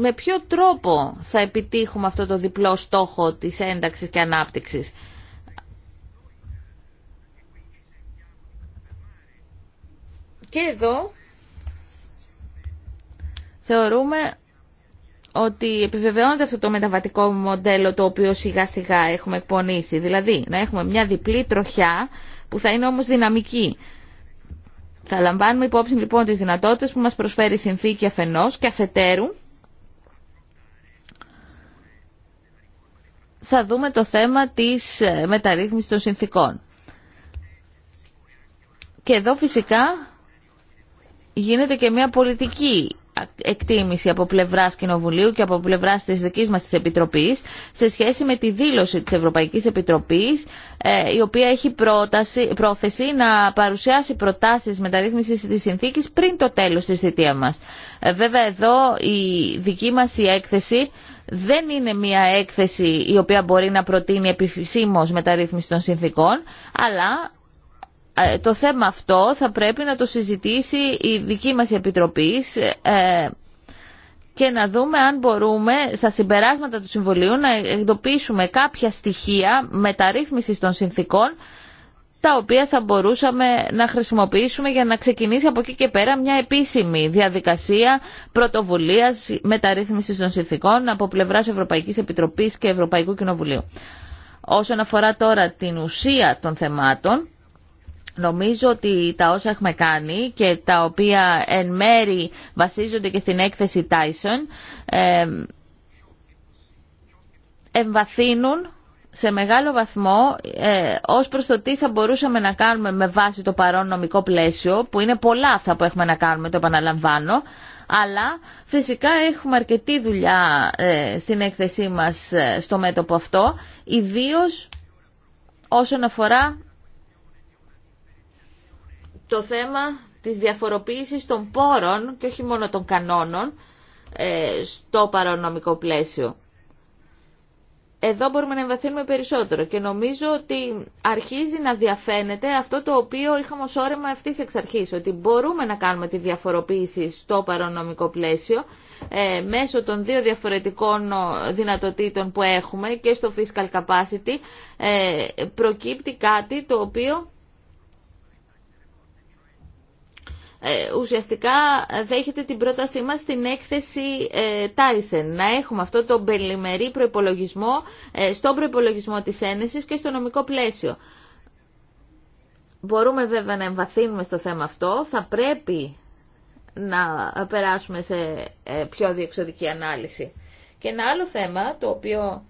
με ποιο τρόπο θα επιτύχουμε αυτό το διπλό στόχο της ένταξης και ανάπτυξης. Και εδώ θεωρούμε ότι επιβεβαιώνεται αυτό το μεταβατικό μοντέλο το οποίο σιγά σιγά έχουμε εκπονήσει. Δηλαδή να έχουμε μια διπλή τροχιά που θα είναι όμως δυναμική. Θα λαμβάνουμε υπόψη λοιπόν τις δυνατότητες που μας προσφέρει η συνθήκη αφενός και αφετέρου θα δούμε το θέμα της ε, μεταρρύθμισης των συνθήκων. Και εδώ φυσικά γίνεται και μια πολιτική εκτίμηση από πλευράς Κοινοβουλίου και από πλευράς της δικής μα της Επιτροπής σε σχέση με τη δήλωση της Ευρωπαϊκής Επιτροπής ε, η οποία έχει πρόταση, πρόθεση να παρουσιάσει προτάσεις μεταρρύθμισης της συνθήκης πριν το τέλος της θητεία μα. Ε, βέβαια, εδώ η δική μα η έκθεση δεν είναι μια έκθεση η οποία μπορεί να προτείνει επισήμως μεταρρύθμιση των συνθήκων, αλλά ε, το θέμα αυτό θα πρέπει να το συζητήσει η δική μας Επιτροπή ε, και να δούμε αν μπορούμε στα συμπεράσματα του Συμβουλίου να εντοπίσουμε κάποια στοιχεία μεταρρύθμισης των συνθήκων τα οποία θα μπορούσαμε να χρησιμοποιήσουμε για να ξεκινήσει από εκεί και πέρα μια επίσημη διαδικασία πρωτοβουλίας μεταρρύθμισης των συνθηκών από πλευράς Ευρωπαϊκής Επιτροπής και Ευρωπαϊκού Κοινοβουλίου. Όσον αφορά τώρα την ουσία των θεμάτων, Νομίζω ότι τα όσα έχουμε κάνει και τα οποία εν μέρη βασίζονται και στην έκθεση Tyson ε, εμβαθύνουν σε μεγάλο βαθμό ε, ως προς το τι θα μπορούσαμε να κάνουμε με βάση το παρόν νομικό πλαίσιο, που είναι πολλά αυτά που έχουμε να κάνουμε, το επαναλαμβάνω, αλλά φυσικά έχουμε αρκετή δουλειά ε, στην έκθεσή μας ε, στο μέτωπο αυτό, ιδίω όσον αφορά το θέμα της διαφοροποίησης των πόρων και όχι μόνο των κανόνων ε, στο παρονομικό πλαίσιο εδώ μπορούμε να εμβαθύνουμε περισσότερο και νομίζω ότι αρχίζει να διαφαίνεται αυτό το οποίο είχαμε ως όρεμα ευθύ εξ αρχής, ότι μπορούμε να κάνουμε τη διαφοροποίηση στο παρονομικό πλαίσιο ε, μέσω των δύο διαφορετικών ε, δυνατοτήτων που έχουμε και στο fiscal capacity ε, προκύπτει κάτι το οποίο Ε, ουσιαστικά δέχεται την πρότασή μας στην έκθεση ε, Tyson να έχουμε αυτό το περιμερή προϋπολογισμό ε, στον προϋπολογισμό της Ένεσης και στο νομικό πλαίσιο. Μπορούμε βέβαια να εμβαθύνουμε στο θέμα αυτό. Θα πρέπει να περάσουμε σε πιο διεξοδική ανάλυση. Και ένα άλλο θέμα το οποίο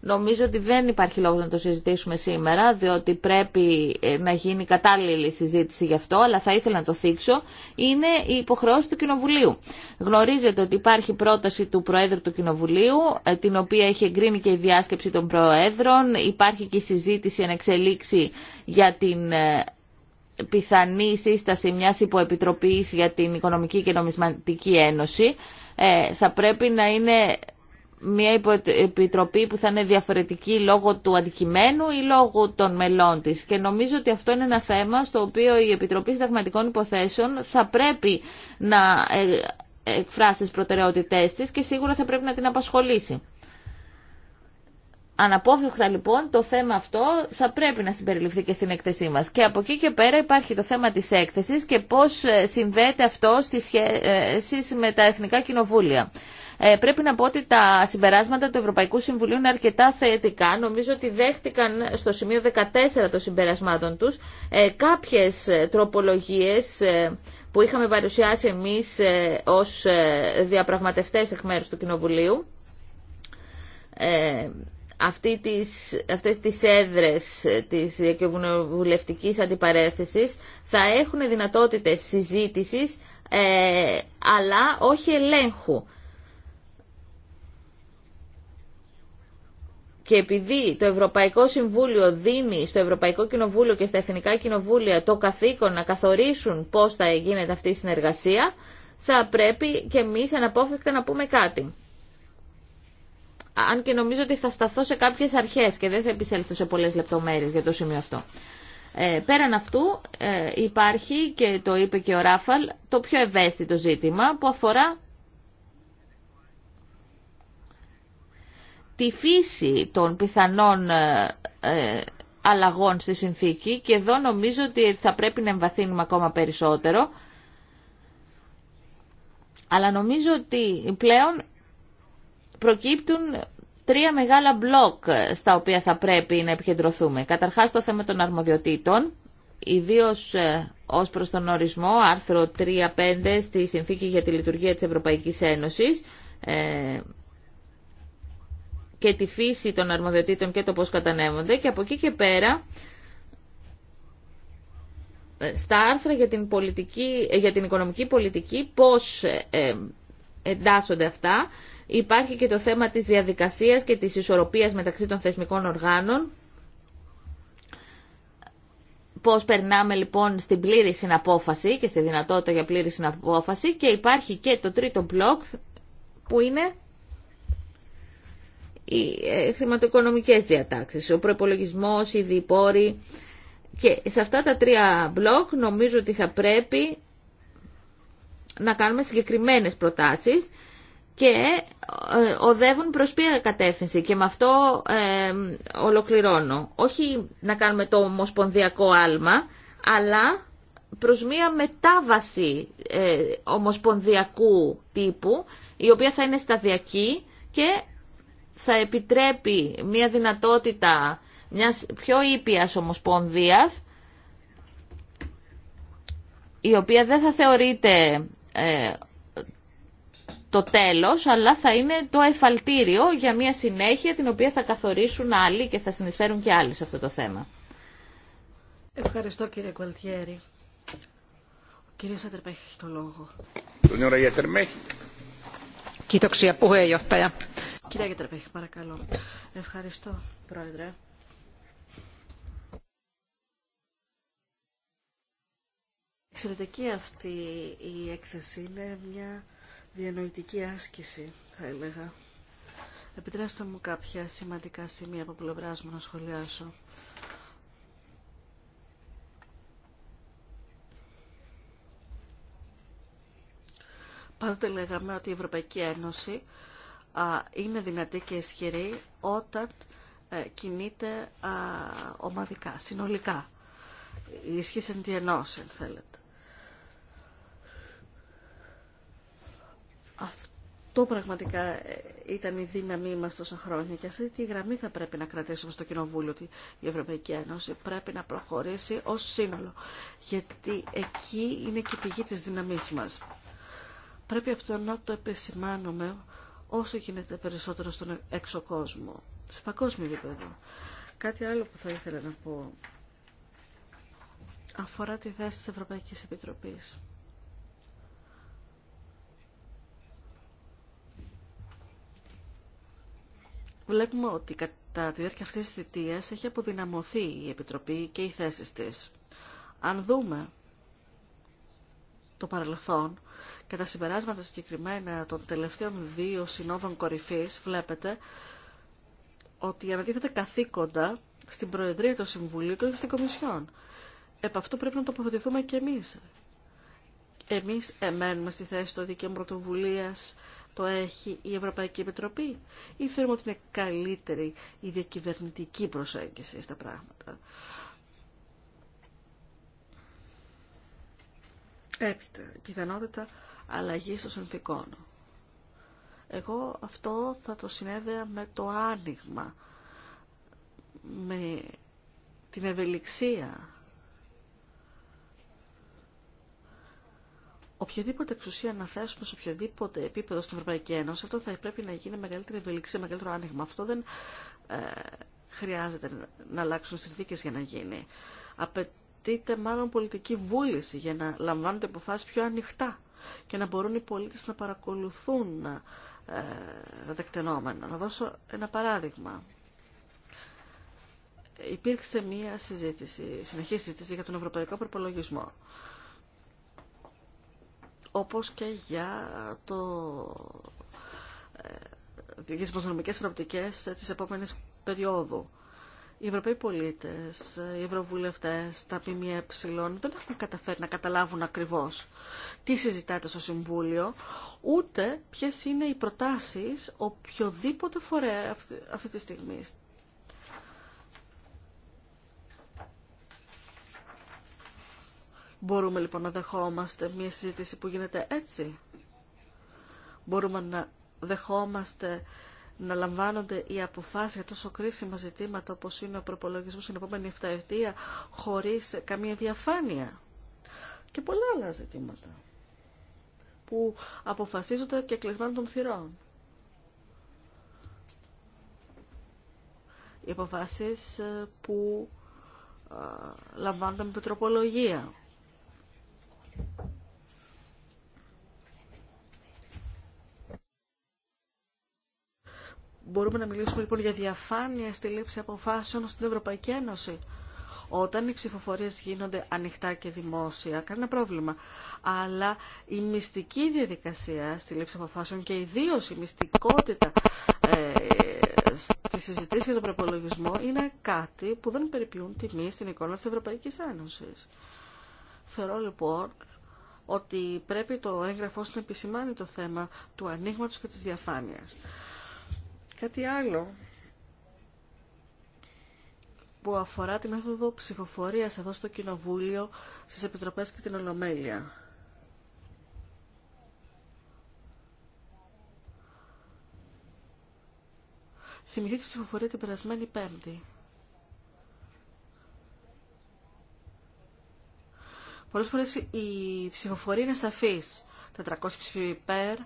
Νομίζω ότι δεν υπάρχει λόγο να το συζητήσουμε σήμερα, διότι πρέπει ε, να γίνει κατάλληλη συζήτηση γι' αυτό, αλλά θα ήθελα να το θίξω, είναι η υποχρεώση του Κοινοβουλίου. Γνωρίζετε ότι υπάρχει πρόταση του Προέδρου του Κοινοβουλίου, ε, την οποία έχει εγκρίνει και η διάσκεψη των Προέδρων, υπάρχει και η συζήτηση εν εξελίξη για την ε, πιθανή σύσταση μιας υποεπιτροπής για την Οικονομική και Νομισματική Ένωση. θα πρέπει να είναι μια επιτροπή που θα είναι διαφορετική λόγω του αντικειμένου ή λόγω των μελών της. Και νομίζω ότι αυτό είναι ένα θέμα στο οποίο η Επιτροπή Συνταγματικών Υποθέσεων θα πρέπει να ε, εκφράσει τις προτεραιότητές της και σίγουρα θα πρέπει να την απασχολήσει. Αναπόφευκτα λοιπόν το θέμα αυτό θα πρέπει να συμπεριληφθεί και στην έκθεσή μας. Και από εκεί και πέρα υπάρχει το θέμα της έκθεσης και πώς ε, συνδέεται αυτό στις σχέσεις με τα εθνικά κοινοβούλια. Ε, πρέπει να πω ότι τα συμπεράσματα του Ευρωπαϊκού Συμβουλίου είναι αρκετά θετικά. Νομίζω ότι δέχτηκαν στο σημείο 14 των συμπερασμάτων τους ε, κάποιες ε, τροπολογίες ε, που είχαμε παρουσιάσει εμείς ως διαπραγματευτές εκ μέρους του Κοινοβουλίου. Αυτή τις, αυτές τις έδρες της διακοινοβουλευτικής αντιπαρέθεσης θα έχουν δυνατότητες συζήτησης αλλά όχι ελέγχου. Και επειδή το Ευρωπαϊκό Συμβούλιο δίνει στο Ευρωπαϊκό Κοινοβούλιο και στα Εθνικά Κοινοβούλια το καθήκον να καθορίσουν πώς θα γίνεται αυτή η συνεργασία, θα πρέπει και εμείς αναπόφευκτα να πούμε κάτι. Αν και νομίζω ότι θα σταθώ σε κάποιες αρχές και δεν θα επισέλθω σε πολλές λεπτομέρειες για το σημείο αυτό. Ε, πέραν αυτού ε, υπάρχει, και το είπε και ο Ράφαλ, το πιο ευαίσθητο ζήτημα που αφορά τη φύση των πιθανών ε, ε, αλλαγών στη συνθήκη και εδώ νομίζω ότι θα πρέπει να εμβαθύνουμε ακόμα περισσότερο. Αλλά νομίζω ότι πλέον προκύπτουν τρία μεγάλα μπλοκ στα οποία θα πρέπει να επικεντρωθούμε. Καταρχάς το θέμα των αρμοδιοτήτων, ιδίω ε, ως προς τον ορισμό, άρθρο 3.5 στη Συνθήκη για τη Λειτουργία της Ευρωπαϊκής Ένωσης, και τη φύση των αρμοδιοτήτων και το πώς κατανέμονται και από εκεί και πέρα ε, στα άρθρα για την, πολιτική, ε, για την οικονομική πολιτική πώς ε, ε, εντάσσονται αυτά. Υπάρχει και το θέμα της διαδικασίας και της ισορροπίας μεταξύ των θεσμικών οργάνων. Πώς περνάμε λοιπόν στην πλήρη συναπόφαση και στη δυνατότητα για πλήρη συναπόφαση και υπάρχει και το τρίτο μπλοκ που είναι οι ε, χρηματοοικονομικές διατάξεις, ο προϋπολογισμός, οι διπόροι και σε αυτά τα τρία μπλοκ νομίζω ότι θα πρέπει να κάνουμε συγκεκριμένες προτάσεις και ε, οδεύουν προς ποια κατεύθυνση και με αυτό ε, ολοκληρώνω. Όχι να κάνουμε το ομοσπονδιακό άλμα, αλλά προς μία μετάβαση ομοσπονδιακού τύπου, η οποία θα είναι σταδιακή και θα επιτρέπει μια δυνατότητα μιας πιο ήπιας ομοσπονδίας η οποία δεν θα θεωρείται ε, το τέλος, αλλά θα είναι το εφαλτήριο για μια συνέχεια την οποία θα καθορίσουν άλλοι και θα συνεισφέρουν και άλλοι σε αυτό το θέμα. Ευχαριστώ κύριε Κουαλτιέρη. Ο κύριος Ατερπέχη έχει το λόγο. Κυρία Γετρεπέχη, παρακαλώ. Ευχαριστώ, Πρόεδρε. Εξαιρετική αυτή η έκθεση. Είναι μια διανοητική άσκηση, θα έλεγα. Επιτρέψτε μου κάποια σημαντικά σημεία από πλευρά μου να σχολιάσω. Πάντοτε λέγαμε ότι η Ευρωπαϊκή Ένωση είναι δυνατή και ισχυρή όταν ε, κινείται ομαδικά, συνολικά. η εν τη ενός, αν θέλετε. Αυτό πραγματικά ε, ήταν η δύναμή μας τόσα χρόνια και αυτή τη γραμμή θα πρέπει να κρατήσουμε στο Κοινοβούλιο ότι η Ευρωπαϊκή Ένωση πρέπει να προχωρήσει ως σύνολο γιατί εκεί είναι και η πηγή της δύναμής μας. Πρέπει αυτό να το επισημάνουμε όσο γίνεται περισσότερο στον κόσμο σε παγκόσμιο επίπεδο. Κάτι άλλο που θα ήθελα να πω αφορά τη θέση της Ευρωπαϊκής Επιτροπής. Βλέπουμε ότι κατά τη διάρκεια αυτής της θητείας έχει αποδυναμωθεί η Επιτροπή και οι θέσεις της. Αν δούμε το παρελθόν, και τα συμπεράσματα συγκεκριμένα των τελευταίων δύο συνόδων κορυφής βλέπετε ότι ανατίθεται καθήκοντα στην Προεδρία του Συμβουλίου και στην Κομισιόν. Επ' αυτό πρέπει να τοποθετηθούμε και εμείς. Εμείς εμένουμε στη θέση του δικαίου πρωτοβουλία το έχει η Ευρωπαϊκή Επιτροπή ή θεωρούμε ότι είναι καλύτερη η διακυβερνητική προσέγγιση στα πράγματα. Έπειτα, η πιθανότητα Αλλαγή στο συνθήκων. Εγώ αυτό θα το συνέβαια με το άνοιγμα, με την ευελιξία. Οποιαδήποτε εξουσία να θέσουμε σε οποιαδήποτε επίπεδο στην Ευρωπαϊκή Ένωση, αυτό θα πρέπει να γίνει μεγαλύτερη ευελιξία, μεγαλύτερο άνοιγμα. Αυτό δεν ε, χρειάζεται να αλλάξουν συνθήκε για να γίνει. Απαιτείται μάλλον πολιτική βούληση για να λαμβάνονται αποφάσει πιο ανοιχτά και να μπορούν οι πολίτες να παρακολουθούν ε, τα τεκτενόμενα. Να δώσω ένα παράδειγμα. Υπήρξε μία συζήτηση, συνεχή συζήτηση για τον ευρωπαϊκό προπολογισμό όπως και για το ε, τις προσδομικές προοπτικές ε, της επόμενης περίοδου οι Ευρωπαίοι πολίτες, οι Ευρωβουλευτές, τα ΜΜΕ δεν έχουν καταφέρει να καταλάβουν ακριβώ τι συζητάτε στο Συμβούλιο, ούτε ποιε είναι οι προτάσεις οποιοδήποτε φορέα αυτή τη στιγμή. Μπορούμε λοιπόν να δεχόμαστε μια συζήτηση που γίνεται έτσι. Μπορούμε να δεχόμαστε να λαμβάνονται οι αποφάσεις για τόσο κρίσιμα ζητήματα όπως είναι ο προπολογισμός στην επόμενη εφταετία χωρί χωρίς καμία διαφάνεια και πολλά άλλα ζητήματα που αποφασίζονται και κλεισμένων των θυρών. Οι αποφάσεις ε, που ε, λαμβάνονται με πετροπολογία. μπορούμε να μιλήσουμε λοιπόν για διαφάνεια στη λήψη αποφάσεων στην Ευρωπαϊκή Ένωση. Όταν οι ψηφοφορίες γίνονται ανοιχτά και δημόσια, κανένα πρόβλημα. Αλλά η μυστική διαδικασία στη λήψη αποφάσεων και ιδίω η μυστικότητα ε, στη συζητήση για τον προπολογισμό είναι κάτι που δεν περιποιούν τιμή στην εικόνα της Ευρωπαϊκής Ένωσης. Θεωρώ λοιπόν ότι πρέπει το έγγραφό να επισημάνει το θέμα του ανοίγματο και της διαφάνειας. Κάτι άλλο που αφορά τη μέθοδο ψηφοφορίας εδώ στο Κοινοβούλιο, στις Επιτροπές και την Ολομέλεια. Θυμηθείτε τη ψηφοφορία την περασμένη Πέμπτη. Πολλές φορές η ψηφοφορία είναι σαφής. 400 ψηφοί υπέρ,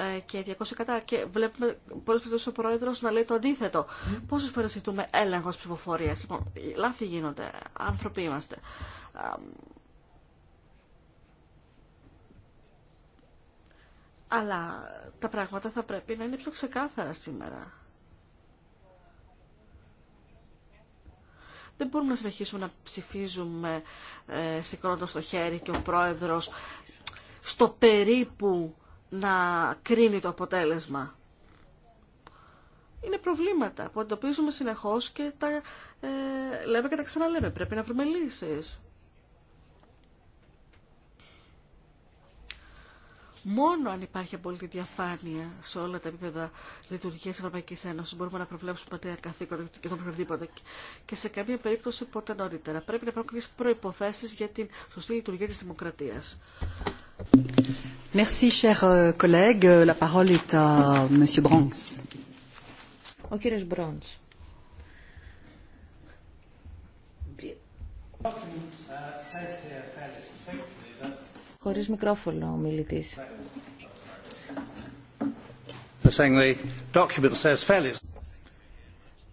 ε, και 200 κατά. Και βλέπουμε πολλέ φορέ ο πρόεδρο να λέει το αντίθετο. Πόσε φορέ ζητούμε έλεγχο ψηφοφορία. Λοιπόν, λάθη γίνονται. Άνθρωποι είμαστε. Αλλά τα πράγματα θα πρέπει να είναι πιο ξεκάθαρα σήμερα. Δεν μπορούμε να συνεχίσουμε να ψηφίζουμε ε, το χέρι και ο πρόεδρος στο περίπου να κρίνει το αποτέλεσμα. Είναι προβλήματα που αντιμετωπίζουμε συνεχώς και τα ε, λέμε και τα ξαναλέμε. Πρέπει να βρούμε λύσεις. Μόνο αν υπάρχει απόλυτη διαφάνεια σε όλα τα επίπεδα λειτουργία Ευρωπαϊκή Ένωση μπορούμε να προβλέψουμε τα καθήκοντα και τον οποιοδήποτε. Και σε καμία περίπτωση ποτέ νωρίτερα. Πρέπει να υπάρχουν προποθέσει για την σωστή λειτουργία τη δημοκρατία. Merci, cher collègue. La parole est à Monsieur Brons. Χωρίς μικρόφωνο ο μιλητής.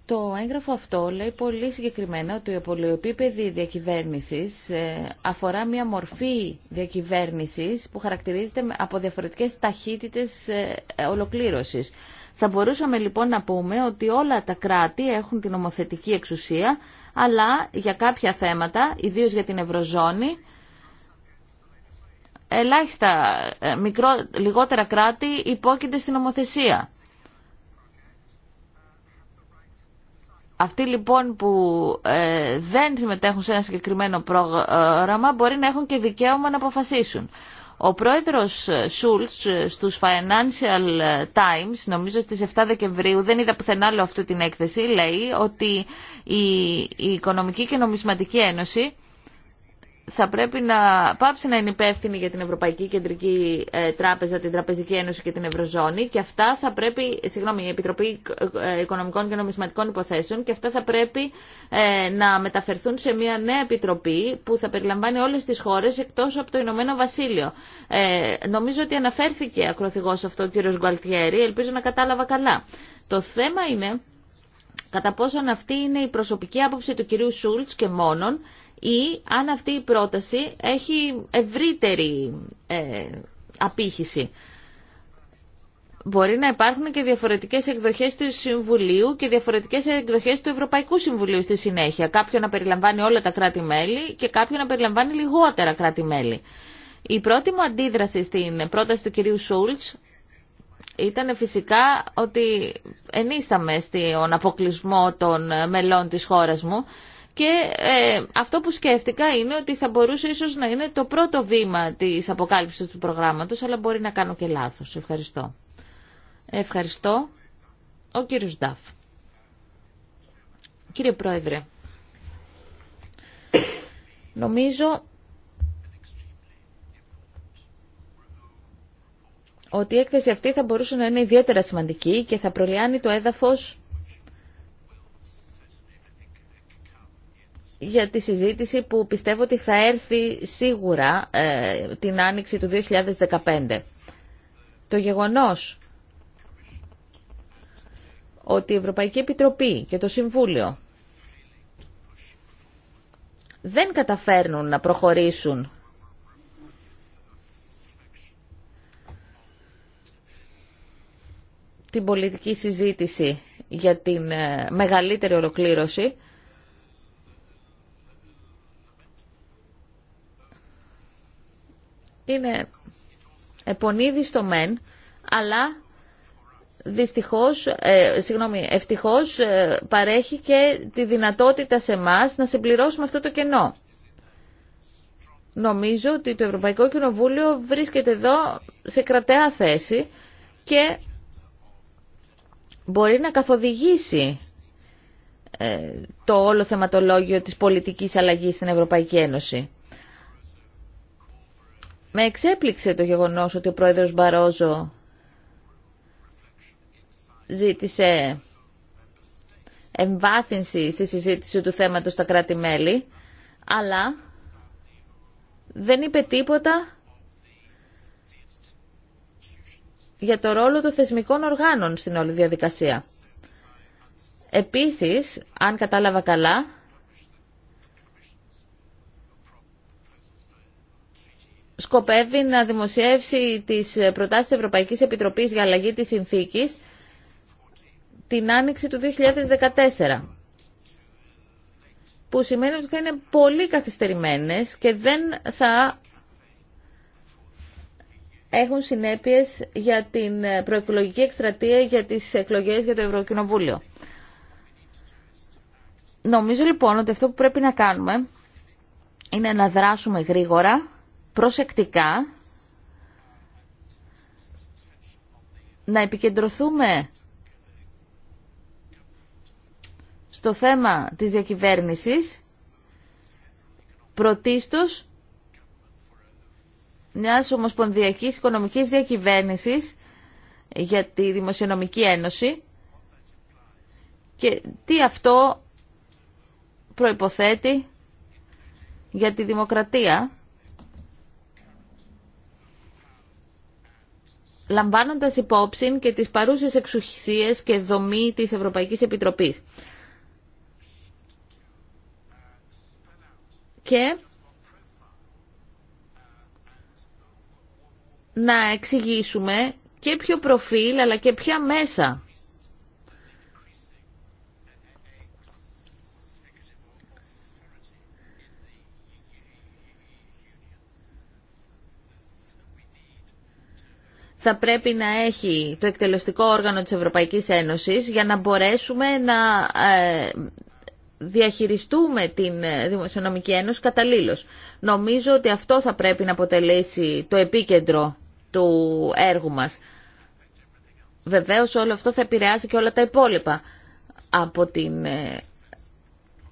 Το έγγραφο αυτό λέει πολύ συγκεκριμένα ότι η πολυεπίπεδη διακυβέρνηση ε, αφορά μια μορφή διακυβέρνησης που χαρακτηρίζεται από διαφορετικές ταχύτητες ε, ολοκλήρωσης. Θα μπορούσαμε λοιπόν να πούμε ότι όλα τα κράτη έχουν την ομοθετική εξουσία, αλλά για κάποια θέματα, ιδίως για την Ευρωζώνη, ελάχιστα ε, μικρό, λιγότερα κράτη υπόκεινται στην ομοθεσία. Αυτοί λοιπόν που ε, δεν συμμετέχουν σε ένα συγκεκριμένο πρόγραμμα μπορεί να έχουν και δικαίωμα να αποφασίσουν. Ο πρόεδρος ε, Σούλτς ε, στους Financial Times, νομίζω στις 7 Δεκεμβρίου, δεν είδα πουθενά άλλο αυτή την έκθεση, λέει ότι η, η Οικονομική και Νομισματική Ένωση θα πρέπει να πάψει να είναι υπεύθυνη για την Ευρωπαϊκή Κεντρική ε, Τράπεζα, την Τραπεζική Ένωση και την Ευρωζώνη και αυτά θα πρέπει, συγγνώμη, η Επιτροπή ε, Οικονομικών και Νομισματικών Υποθέσεων και αυτά θα πρέπει ε, να μεταφερθούν σε μια νέα επιτροπή που θα περιλαμβάνει όλες τις χώρες εκτός από το Ηνωμένο Βασίλειο. νομίζω ότι αναφέρθηκε ακροθυγός αυτό ο κύριος Γκουαλτιέρη, ελπίζω να κατάλαβα καλά. Το θέμα είναι κατά πόσον αυτή είναι η προσωπική άποψη του κυρίου Σούλτ και μόνον ή αν αυτή η πρόταση έχει ευρύτερη ε, απήχηση. Μπορεί να υπάρχουν και διαφορετικές εκδοχές του Συμβουλίου και διαφορετικές εκδοχές του Ευρωπαϊκού Συμβουλίου στη συνέχεια. Κάποιο να περιλαμβάνει όλα τα κράτη-μέλη και κάποιο να περιλαμβάνει λιγότερα κράτη-μέλη. Η πρώτη μου αντίδραση στην πρόταση του κυρίου Σούλτς ήταν φυσικά ότι ενίσταμε στον αποκλεισμό των μελών της χώρας μου και ε, αυτό που σκέφτηκα είναι ότι θα μπορούσε ίσως να είναι το πρώτο βήμα της αποκάλυψης του προγράμματος, αλλά μπορεί να κάνω και λάθος. Ευχαριστώ. Ευχαριστώ. Ο κύριος Νταφ. Κύριε Πρόεδρε, νομίζω ότι η έκθεση αυτή θα μπορούσε να είναι ιδιαίτερα σημαντική και θα προλιάνει το έδαφος για τη συζήτηση που πιστεύω ότι θα έρθει σίγουρα ε, την άνοιξη του 2015. Το γεγονός ότι η Ευρωπαϊκή Επιτροπή και το Συμβούλιο δεν καταφέρνουν να προχωρήσουν την πολιτική συζήτηση για την ε, μεγαλύτερη ολοκλήρωση είναι επονίδιστο στο μεν, αλλά δυστυχώς, ε, συγγνώμη, ευτυχώς ε, παρέχει και τη δυνατότητα σε εμά να συμπληρώσουμε αυτό το κενό. Νομίζω ότι το Ευρωπαϊκό Κοινοβούλιο βρίσκεται εδώ σε κρατέα θέση και μπορεί να καθοδηγήσει ε, το όλο θεματολόγιο της πολιτικής αλλαγής στην Ευρωπαϊκή Ένωση. Με εξέπληξε το γεγονός ότι ο πρόεδρος Μπαρόζο ζήτησε εμβάθυνση στη συζήτηση του θέματος στα κράτη-μέλη, αλλά δεν είπε τίποτα για το ρόλο των θεσμικών οργάνων στην όλη διαδικασία. Επίσης, αν κατάλαβα καλά, σκοπεύει να δημοσιεύσει τις προτάσεις της Ευρωπαϊκής Επιτροπής για αλλαγή της συνθήκης την άνοιξη του 2014 που σημαίνει ότι θα είναι πολύ καθυστερημένες και δεν θα έχουν συνέπειες για την προεκλογική εκστρατεία για τις εκλογές για το Ευρωκοινοβούλιο. Νομίζω λοιπόν ότι αυτό που πρέπει να κάνουμε είναι να δράσουμε γρήγορα προσεκτικά να επικεντρωθούμε στο θέμα της διακυβέρνησης πρωτίστως μιας ομοσπονδιακής οικονομικής διακυβέρνησης για τη Δημοσιονομική Ένωση και τι αυτό προϋποθέτει για τη δημοκρατία λαμβάνοντας υπόψη και τις παρούσε εξουσίες και δομή της Ευρωπαϊκής Επιτροπή. Και να εξηγήσουμε και ποιο προφίλ αλλά και ποια μέσα θα πρέπει να έχει το εκτελεστικό όργανο της Ευρωπαϊκής Ένωσης για να μπορέσουμε να ε, διαχειριστούμε την ε, Δημοσιονομική Ένωση καταλήλως. Νομίζω ότι αυτό θα πρέπει να αποτελέσει το επίκεντρο του έργου μας. Βεβαίως όλο αυτό θα επηρεάσει και όλα τα υπόλοιπα από την ε,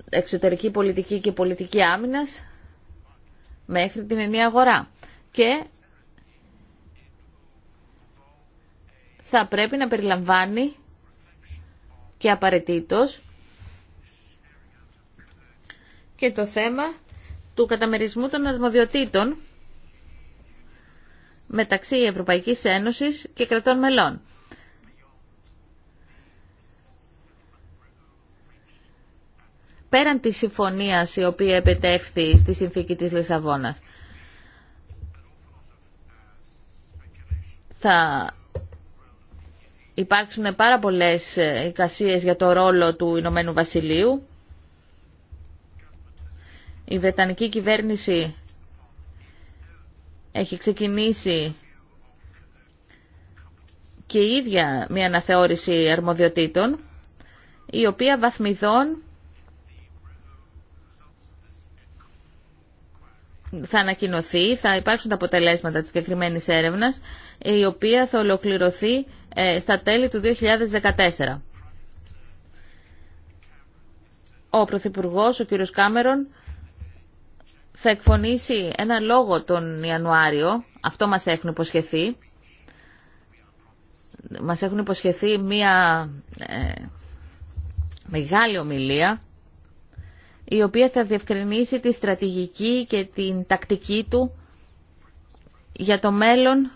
εξωτερική πολιτική και πολιτική άμυνας μέχρι την ενία αγορά. Και θα πρέπει να περιλαμβάνει και απαραίτητος και το θέμα του καταμερισμού των αρμοδιοτήτων μεταξύ Ευρωπαϊκής Ένωσης και κρατών μελών. Πέραν της συμφωνίας η οποία επιτεύχθη στη συνθήκη της Λισαβόνας. Θα υπάρξουν πάρα πολλές εικασίες για το ρόλο του Ηνωμένου Βασιλείου. Η Βρετανική κυβέρνηση έχει ξεκινήσει και η ίδια μια αναθεώρηση αρμοδιοτήτων, η οποία βαθμιδών θα ανακοινωθεί, θα υπάρξουν τα αποτελέσματα της συγκεκριμένη έρευνας, η οποία θα ολοκληρωθεί ε, στα τέλη του 2014. Ο Πρωθυπουργό, ο κύριος Κάμερον, θα εκφωνήσει ένα λόγο τον Ιανουάριο, αυτό μας έχουν υποσχεθεί. Μας έχουν υποσχεθεί μία ε, μεγάλη ομιλία, η οποία θα διευκρινίσει τη στρατηγική και την τακτική του για το μέλλον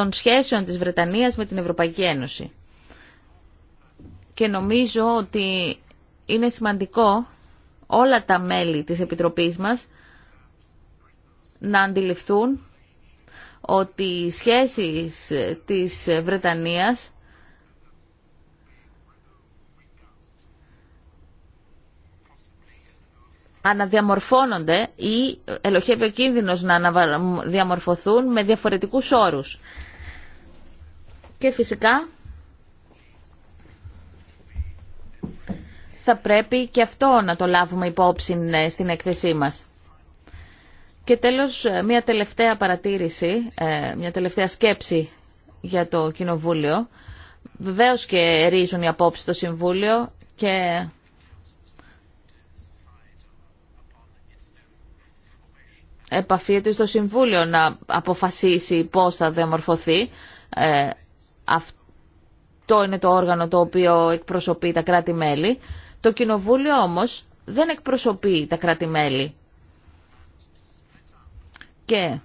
των σχέσεων της Βρετανίας με την Ευρωπαϊκή Ένωση. Και νομίζω ότι είναι σημαντικό όλα τα μέλη της Επιτροπής μας να αντιληφθούν ότι οι σχέσεις της Βρετανίας αναδιαμορφώνονται ή ελοχεύει ο κίνδυνος να αναδιαμορφωθούν με διαφορετικούς όρους. Και φυσικά θα πρέπει και αυτό να το λάβουμε υπόψη ε, στην έκθεσή μας. Και τέλος, ε, μια τελευταία παρατήρηση, ε, μια τελευταία σκέψη για το Κοινοβούλιο. Βεβαίως και ρίζουν οι απόψεις στο Συμβούλιο και επαφίεται στο Συμβούλιο να αποφασίσει πώς θα διαμορφωθεί. Ε, αυτό είναι το όργανο το οποίο εκπροσωπεί τα κράτη-μέλη. Το Κοινοβούλιο όμως δεν εκπροσωπεί τα κράτη-μέλη. Και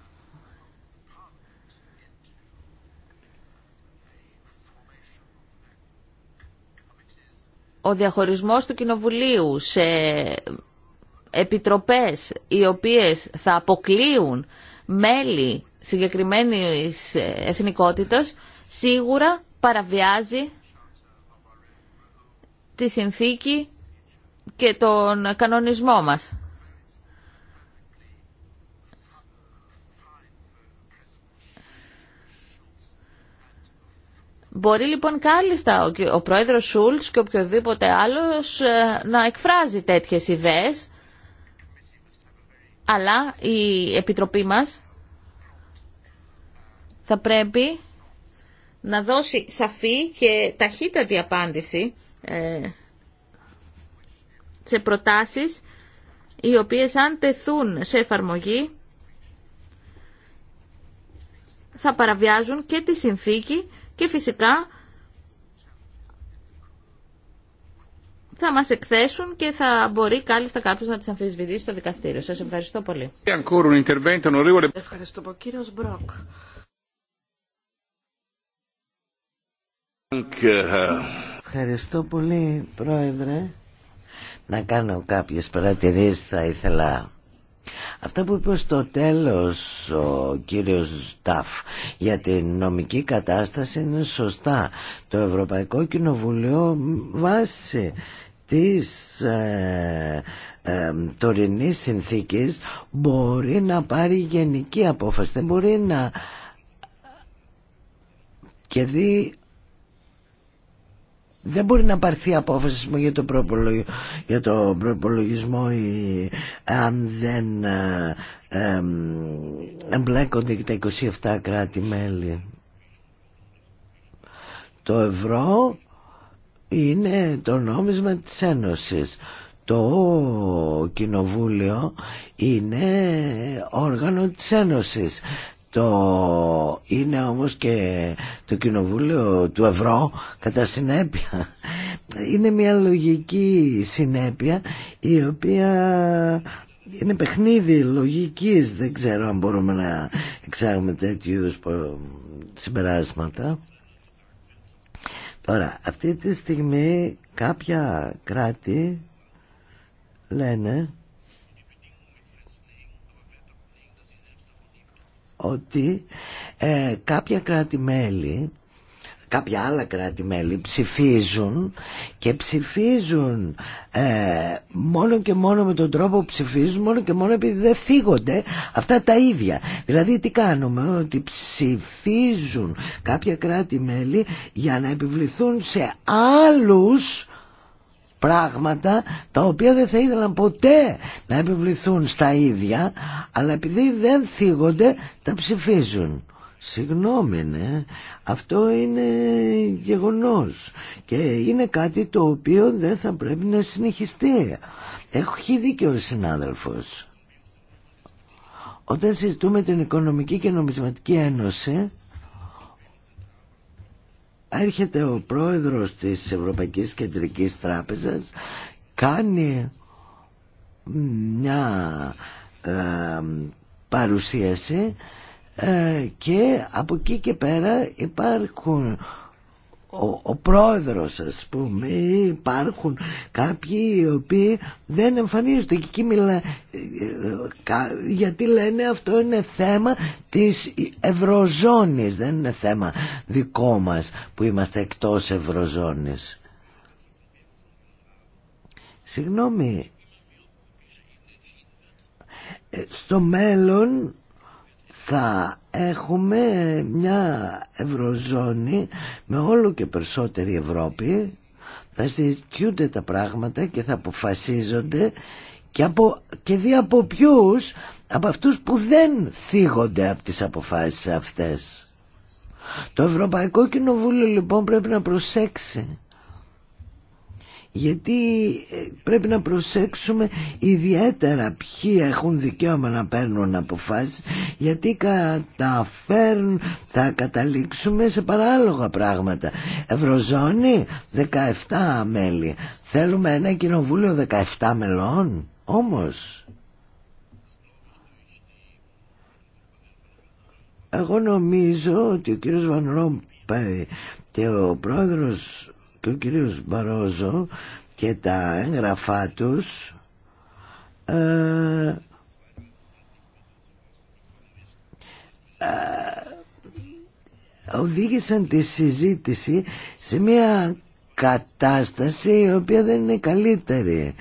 ο διαχωρισμός του Κοινοβουλίου σε επιτροπές οι οποίες θα αποκλείουν μέλη συγκεκριμένης εθνικότητας σίγουρα παραβιάζει τη συνθήκη και τον κανονισμό μας. Μπορεί λοιπόν κάλλιστα ο πρόεδρος Σούλτς και οποιοδήποτε άλλος ε, να εκφράζει τέτοιες ιδέες αλλά η Επιτροπή μας θα πρέπει να δώσει σαφή και ταχύτατη απάντηση ε, σε προτάσεις οι οποίες αν τεθούν σε εφαρμογή θα παραβιάζουν και τη συνθήκη και φυσικά θα μας εκθέσουν και θα μπορεί κάλλιστα κάποιο να τις αμφισβητήσει στο δικαστήριο. Σας ευχαριστώ πολύ. Ευχαριστώ πολύ. Κύριος Μπροκ. Ευχαριστώ πολύ, Πρόεδρε. Να κάνω κάποιες παρατηρήσεις θα ήθελα Αυτά που είπε στο τέλος ο κύριος Σταφ για την νομική κατάσταση είναι σωστά. Το Ευρωπαϊκό Κοινοβουλίο βάσει της ε, ε, τωρινής συνθήκης μπορεί να πάρει γενική απόφαση. Δεν μπορεί να και δει δεν μπορεί να πάρθει απόφαση για το, προπολογισμό, για το προπολογισμό ή, αν δεν ε, ε, εμπλέκονται και τα 27 κράτη-μέλη. Το ευρώ είναι το νόμισμα της Ένωσης. Το Κοινοβούλιο είναι όργανο της Ένωσης. Το είναι όμως και το Κοινοβούλιο του Ευρώ κατά συνέπεια. Είναι μια λογική συνέπεια η οποία είναι παιχνίδι λογικής. Δεν ξέρω αν μπορούμε να εξάγουμε τέτοιους συμπεράσματα. Τώρα, αυτή τη στιγμή κάποια κράτη λένε ότι ε, κάποια κράτη-μέλη κάποια άλλα κράτη-μέλη ψηφίζουν και ψηφίζουν ε, μόνο και μόνο με τον τρόπο που ψηφίζουν, μόνο και μόνο επειδή δεν φύγονται αυτά τα ίδια. Δηλαδή τι κάνουμε, ότι ψηφίζουν κάποια κράτη-μέλη για να επιβληθούν σε άλλους πράγματα τα οποία δεν θα ήθελαν ποτέ να επιβληθούν στα ίδια αλλά επειδή δεν φύγονται τα ψηφίζουν. Συγγνώμη, ναι. Αυτό είναι γεγονός και είναι κάτι το οποίο δεν θα πρέπει να συνεχιστεί. Έχει δίκιο ο συνάδελφος. Όταν συζητούμε την Οικονομική και Νομισματική Ένωση, έρχεται ο πρόεδρος της Ευρωπαϊκής Κεντρικής Τράπεζας, κάνει μια ε, παρουσίαση ε, και από εκεί και πέρα υπάρχουν ο, ο πρόεδρος ας πούμε υπάρχουν κάποιοι οι οποίοι δεν εμφανίζονται εκεί μιλά, ε, γιατί λένε αυτό είναι θέμα της Ευρωζώνης δεν είναι θέμα δικό μας που είμαστε εκτός Ευρωζώνης Συγγνώμη ε, στο μέλλον θα έχουμε μια ευρωζώνη με όλο και περισσότερη Ευρώπη θα συζητιούνται τα πράγματα και θα αποφασίζονται και, από, δι' από ποιους από αυτούς που δεν θίγονται από τις αποφάσεις αυτές το Ευρωπαϊκό Κοινοβούλιο λοιπόν πρέπει να προσέξει γιατί ε, πρέπει να προσέξουμε ιδιαίτερα ποιοι έχουν δικαίωμα να παίρνουν αποφάσεις γιατί καταφέρουν θα καταλήξουμε σε παράλογα πράγματα Ευρωζώνη 17 μέλη θέλουμε ένα κοινοβούλιο 17 μελών όμως εγώ νομίζω ότι ο κύριος Βαν και ο πρόεδρος και ο κύριος Μπαρόζο και τα έγγραφά τους ε, ε, οδήγησαν τη συζήτηση σε μια κατάσταση η οποία δεν είναι καλύτερη.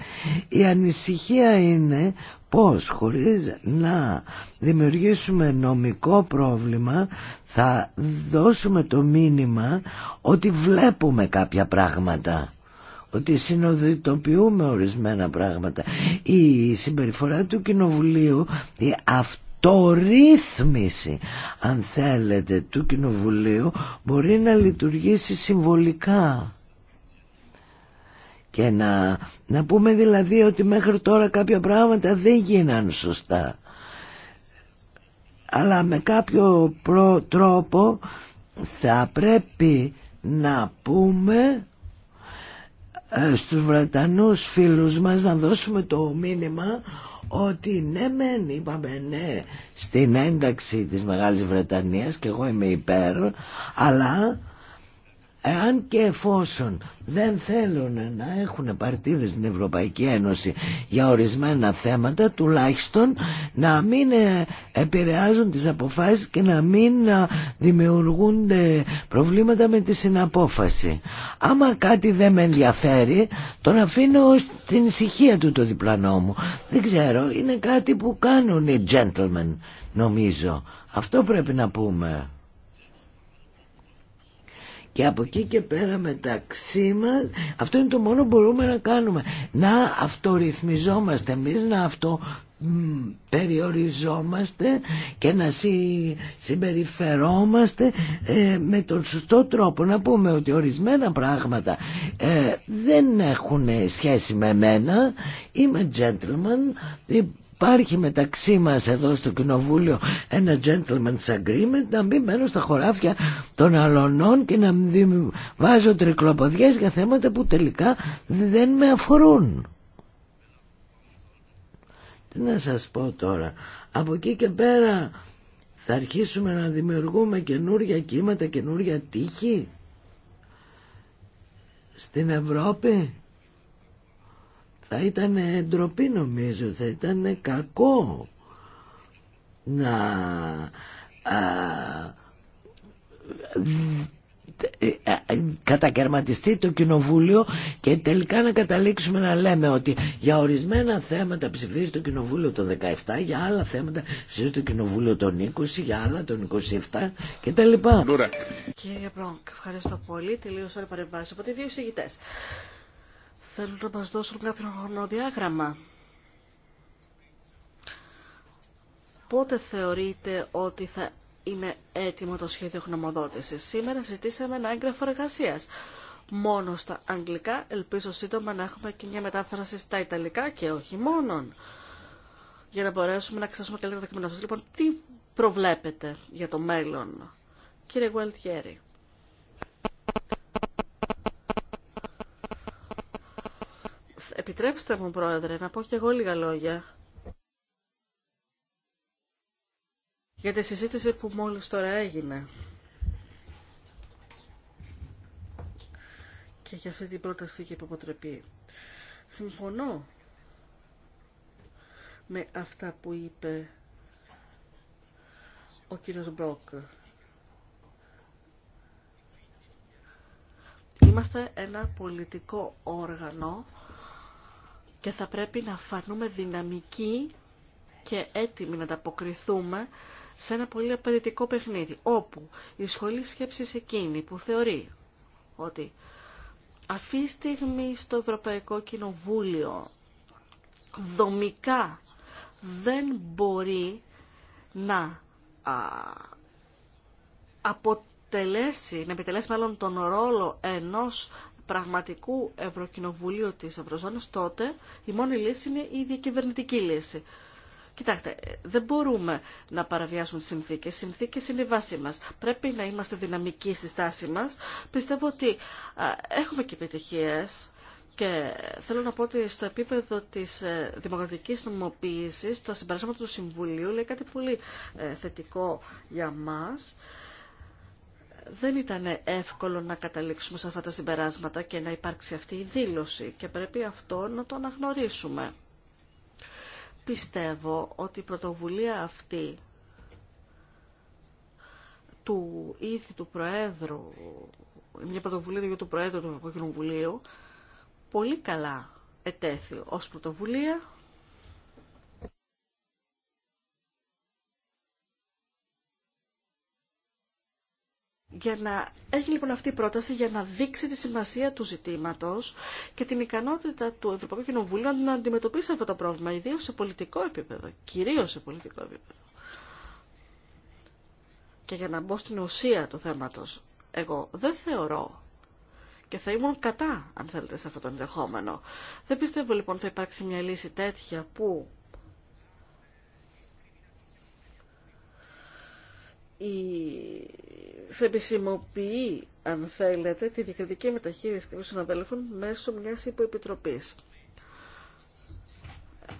Η ανησυχία είναι πως χωρίς να δημιουργήσουμε νομικό πρόβλημα θα δώσουμε το μήνυμα ότι βλέπουμε κάποια πράγματα ότι συνοδητοποιούμε ορισμένα πράγματα η συμπεριφορά του κοινοβουλίου η αυτορύθμιση αν θέλετε του κοινοβουλίου μπορεί να λειτουργήσει συμβολικά και να, να πούμε δηλαδή ότι μέχρι τώρα κάποια πράγματα δεν γίναν σωστά αλλά με κάποιο τρόπο θα πρέπει να πούμε ε, στους Βρετανούς φίλους μας να δώσουμε το μήνυμα ότι ναι μεν είπαμε ναι στην ένταξη της Μεγάλης Βρετανίας και εγώ είμαι υπέρ αλλά εάν και εφόσον δεν θέλουν να έχουν παρτίδες στην Ευρωπαϊκή Ένωση για ορισμένα θέματα τουλάχιστον να μην ε, επηρεάζουν τις αποφάσεις και να μην ε, δημιουργούνται προβλήματα με τη συναπόφαση άμα κάτι δεν με ενδιαφέρει τον αφήνω στην ησυχία του το διπλανό μου δεν ξέρω είναι κάτι που κάνουν οι gentlemen νομίζω αυτό πρέπει να πούμε και από εκεί και πέρα μεταξύ μα αυτό είναι το μόνο που μπορούμε να κάνουμε. Να αυτορυθμιζόμαστε εμεί, να αυτό περιοριζόμαστε και να συμπεριφερόμαστε ε, με τον σωστό τρόπο να πούμε ότι ορισμένα πράγματα ε, δεν έχουν σχέση με μένα είμαι gentleman ε, υπάρχει μεταξύ μας εδώ στο Κοινοβούλιο ένα gentleman's agreement να μην μένω στα χωράφια των αλωνών και να βάζω τρικλοποδιές για θέματα που τελικά δεν με αφορούν. Τι να σας πω τώρα. Από εκεί και πέρα θα αρχίσουμε να δημιουργούμε καινούρια κύματα, καινούρια τείχη στην Ευρώπη θα ήταν ντροπή νομίζω, θα ήταν κακό να α, κατακαιρματιστεί το κοινοβούλιο και τελικά να καταλήξουμε να λέμε ότι για ορισμένα θέματα ψηφίζει το κοινοβούλιο το 17, για άλλα θέματα ψηφίζει το κοινοβούλιο το 20, για άλλα το 27 κτλ. Κύριε Πρόγκ, ευχαριστώ πολύ. Τελείωσα η παρεμβάση από δύο θέλουν να μας δώσουν κάποιο χρονοδιάγραμμα. Πότε θεωρείτε ότι θα είναι έτοιμο το σχέδιο γνωμοδότησης. Σήμερα ζητήσαμε ένα έγγραφο εργασία. Μόνο στα αγγλικά, ελπίζω σύντομα να έχουμε και μια μετάφραση στα ιταλικά και όχι μόνον. Για να μπορέσουμε να ξέσουμε καλύτερα τα κείμενα σα. Λοιπόν, τι προβλέπετε για το μέλλον, κύριε Γουαλτιέρη. Επιτρέψτε μου, Πρόεδρε, να πω και εγώ λίγα λόγια. Για τη συζήτηση που μόλις τώρα έγινε. Και για αυτή την πρόταση και υποποτρεπή. Συμφωνώ με αυτά που είπε ο κύριος Μπρόκ. Είμαστε ένα πολιτικό όργανο και θα πρέπει να φανούμε δυναμικοί και έτοιμοι να ανταποκριθούμε σε ένα πολύ απαιτητικό παιχνίδι, όπου η σχολή σκέψης εκείνη που θεωρεί ότι αυτή τη στιγμή στο Ευρωπαϊκό Κοινοβούλιο δομικά δεν μπορεί να αποτελέσει, να επιτελέσει μάλλον τον ρόλο ενός πραγματικού Ευρωκοινοβουλίου της Ευρωζώνης, τότε η μόνη λύση είναι η διακυβερνητική λύση. Κοιτάξτε, δεν μπορούμε να παραβιάσουμε τις συνθήκες. Οι συνθήκες είναι η βάση μας. Πρέπει να είμαστε δυναμικοί στη στάση μας. Πιστεύω ότι έχουμε και επιτυχίες. Και θέλω να πω ότι στο επίπεδο της ε, δημοκρατικής νομοποίησης, το συμπεράσμα του Συμβουλίου λέει κάτι πολύ ε, θετικό για μας δεν ήταν εύκολο να καταλήξουμε σε αυτά τα συμπεράσματα και να υπάρξει αυτή η δήλωση και πρέπει αυτό να το αναγνωρίσουμε. Πιστεύω ότι η πρωτοβουλία αυτή του ίδιου του Προέδρου, μια πρωτοβουλία του ίδιου του Προέδρου του Ευρωπαϊκού Κοινοβουλίου, πολύ καλά ετέθη ως πρωτοβουλία Για να έχει λοιπόν αυτή η πρόταση για να δείξει τη σημασία του ζητήματος και την ικανότητα του Ευρωπαϊκού Κοινοβουλίου να αντιμετωπίσει αυτό το πρόβλημα, ιδίως σε πολιτικό επίπεδο, κυρίως σε πολιτικό επίπεδο. Και για να μπω στην ουσία του θέματος, εγώ δεν θεωρώ και θα ήμουν κατά, αν θέλετε, σε αυτό το ενδεχόμενο. Δεν πιστεύω λοιπόν θα υπάρξει μια λύση τέτοια που η... επισημοποιεί, αν θέλετε, τη διακριτική μεταχείριση κάποιων συναδέλφων μέσω μιας υποεπιτροπής.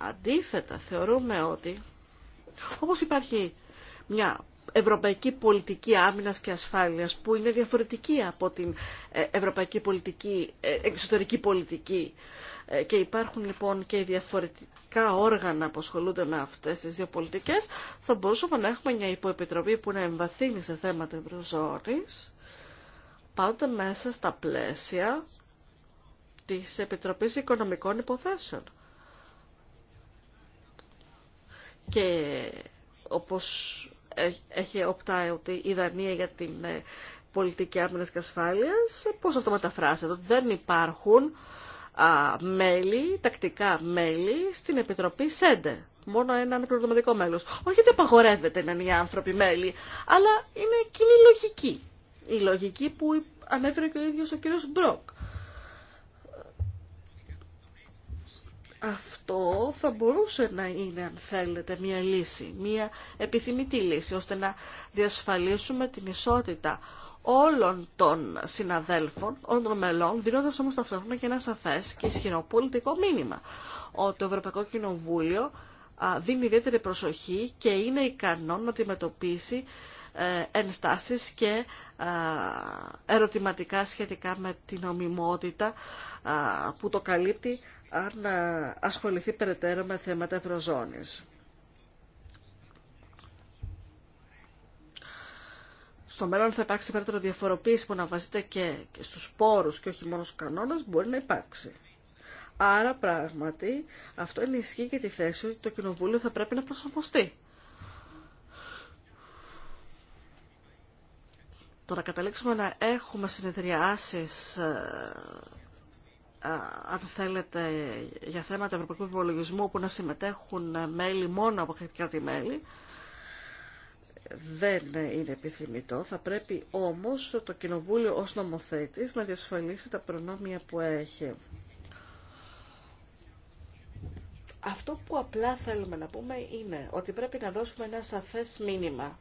Αντίθετα, θεωρούμε ότι όπως υπάρχει μια ευρωπαϊκή πολιτική άμυνας και ασφάλειας που είναι διαφορετική από την ε, ευρωπαϊκή πολιτική, ε, εξωτερική πολιτική ε, και υπάρχουν λοιπόν και διαφορετικά όργανα που ασχολούνται με αυτές τις δύο πολιτικές θα μπορούσαμε να έχουμε μια υποεπιτροπή που να εμβαθύνει σε θέματα ευρωζώνης πάντα μέσα στα πλαίσια της Επιτροπής Οικονομικών Υποθέσεων. Και όπως εχει οπτάει ότι η Δανία για την ε, πολιτική άμυνας και ασφάλεια. πώς αυτό μεταφράζεται, ότι δεν υπάρχουν μέλη, τακτικά μέλη στην Επιτροπή ΣΕΝΤΕ. Μόνο ένα αναπληρωματικό μέλος. Όχι ότι απαγορεύεται να είναι οι άνθρωποι μέλη, αλλά είναι κοινή λογική. Η λογική που ανέφερε και ο ίδιος ο κύριος Μπροκ. Αυτό θα μπορούσε να είναι, αν θέλετε, μια λύση, μια επιθυμητή λύση, ώστε να διασφαλίσουμε την ισότητα όλων των συναδέλφων, όλων των μελών, δίνοντας όμως ταυτόχρονα και ένα σαφές και ισχυρό πολιτικό μήνυμα. Ότι το Ευρωπαϊκό Κοινοβούλιο δίνει ιδιαίτερη προσοχή και είναι ικανό να αντιμετωπίσει ε, ενστάσεις και ερωτηματικά σχετικά με την ομιμότητα που το καλύπτει αν ε, ασχοληθεί περαιτέρω με θέματα ευρωζώνης. στο μέλλον θα υπάρξει περαιτέρω διαφοροποίηση που να βασίζεται και, στους πόρους και όχι μόνο στους κανόνες, μπορεί να υπάρξει. Άρα πράγματι αυτό ενισχύει και τη θέση ότι το Κοινοβούλιο θα πρέπει να προσαρμοστεί. Τώρα καταλήξουμε να έχουμε συνεδριάσεις ε, αν θέλετε, για θέματα ευρωπαϊκού υπολογισμού που να συμμετέχουν μέλη μόνο από κάποια μέλη, δεν είναι επιθυμητό. Θα πρέπει όμως το Κοινοβούλιο ως νομοθέτης να διασφαλίσει τα προνόμια που έχει. Αυτό που απλά θέλουμε να πούμε είναι ότι πρέπει να δώσουμε ένα σαφές μήνυμα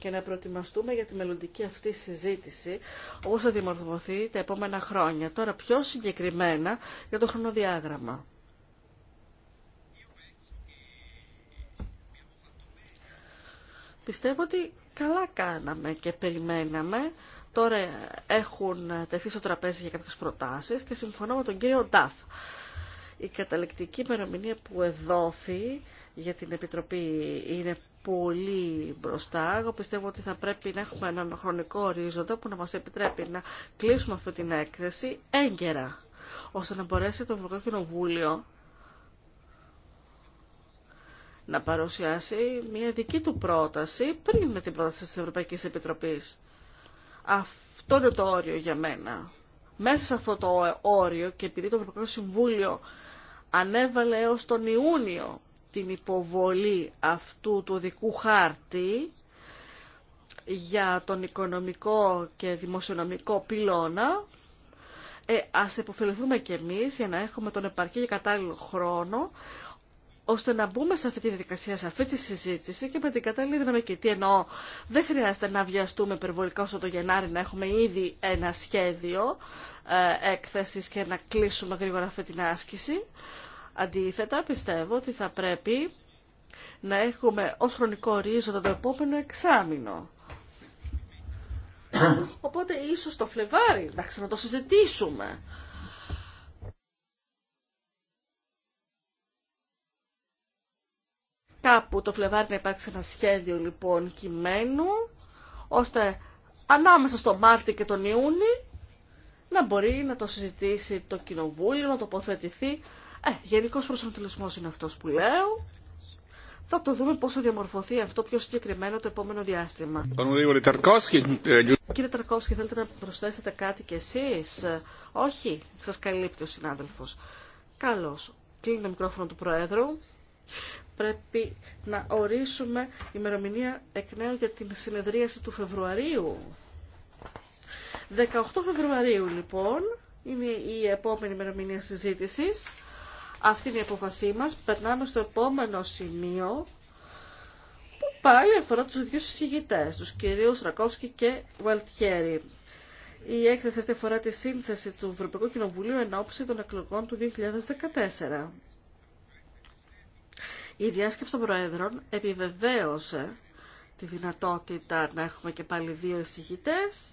και να προετοιμαστούμε για τη μελλοντική αυτή συζήτηση όπως θα δημορφωθεί τα επόμενα χρόνια. Τώρα πιο συγκεκριμένα για το χρονοδιάγραμμα. Πιστεύω ότι καλά κάναμε και περιμέναμε. Τώρα έχουν τεθεί στο τραπέζι για κάποιες προτάσεις και συμφωνώ με τον κύριο Νταφ. Η καταληκτική ημερομηνία που εδόθη για την Επιτροπή είναι πολύ μπροστά. Εγώ πιστεύω ότι θα πρέπει να έχουμε έναν χρονικό ορίζοντα που να μας επιτρέπει να κλείσουμε αυτή την έκθεση έγκαιρα, ώστε να μπορέσει το Ευρωπαϊκό Κοινοβούλιο να παρουσιάσει μια δική του πρόταση πριν με την πρόταση της Ευρωπαϊκής Επιτροπής. Αυτό είναι το όριο για μένα. Μέσα σε αυτό το όριο και επειδή το Ευρωπαϊκό Συμβούλιο ανέβαλε έως τον Ιούνιο την υποβολή αυτού του δικού χάρτη για τον οικονομικό και δημοσιονομικό πυλώνα, ε, ας επωφεληθούμε κι εμείς για να έχουμε τον επαρκή και κατάλληλο χρόνο, ώστε να μπούμε σε αυτή τη διαδικασία, σε αυτή τη συζήτηση και με την κατάλληλη δυναμική. Τι εννοώ, δεν χρειάζεται να βιαστούμε περιβολικά όσο το Γενάρη να έχουμε ήδη ένα σχέδιο ε, έκθεσης και να κλείσουμε γρήγορα αυτή την άσκηση. Αντίθετα, πιστεύω ότι θα πρέπει να έχουμε ως χρονικό ορίζοντα το επόμενο εξάμεινο. Οπότε ίσως το Φλεβάρι, εντάξει, να το συζητήσουμε. Κάπου το Φλεβάρι να υπάρξει ένα σχέδιο λοιπόν κειμένου, ώστε ανάμεσα στο Μάρτιο και τον Ιούνι να μπορεί να το συζητήσει το Κοινοβούλιο, να τοποθετηθεί ε, γενικός προσανατολισμός είναι αυτός που λέω. Θα το δούμε πώς θα διαμορφωθεί αυτό πιο συγκεκριμένο το επόμενο διάστημα. Ε, Κύριε Ταρκόφσκι, θέλετε να προσθέσετε κάτι κι εσείς. Ε, όχι, σας καλύπτει ο συνάδελφος. Καλώς. Κλείνει το μικρόφωνο του Προέδρου. Πρέπει να ορίσουμε ημερομηνία εκ νέου για την συνεδρίαση του Φεβρουαρίου. 18 Φεβρουαρίου λοιπόν είναι η επόμενη ημερομηνία συζήτησης. Αυτή είναι η απόφασή μας. Περνάμε στο επόμενο σημείο που πάλι αφορά τους δύο συζητητές, τους κυρίους Ρακόφσκι και Βαλτιέρη. Η έκθεση αυτή αφορά τη σύνθεση του Ευρωπαϊκού Κοινοβουλίου εν ώψη των εκλογών του 2014. Η διάσκεψη των Προέδρων επιβεβαίωσε τη δυνατότητα να έχουμε και πάλι δύο εισηγητές.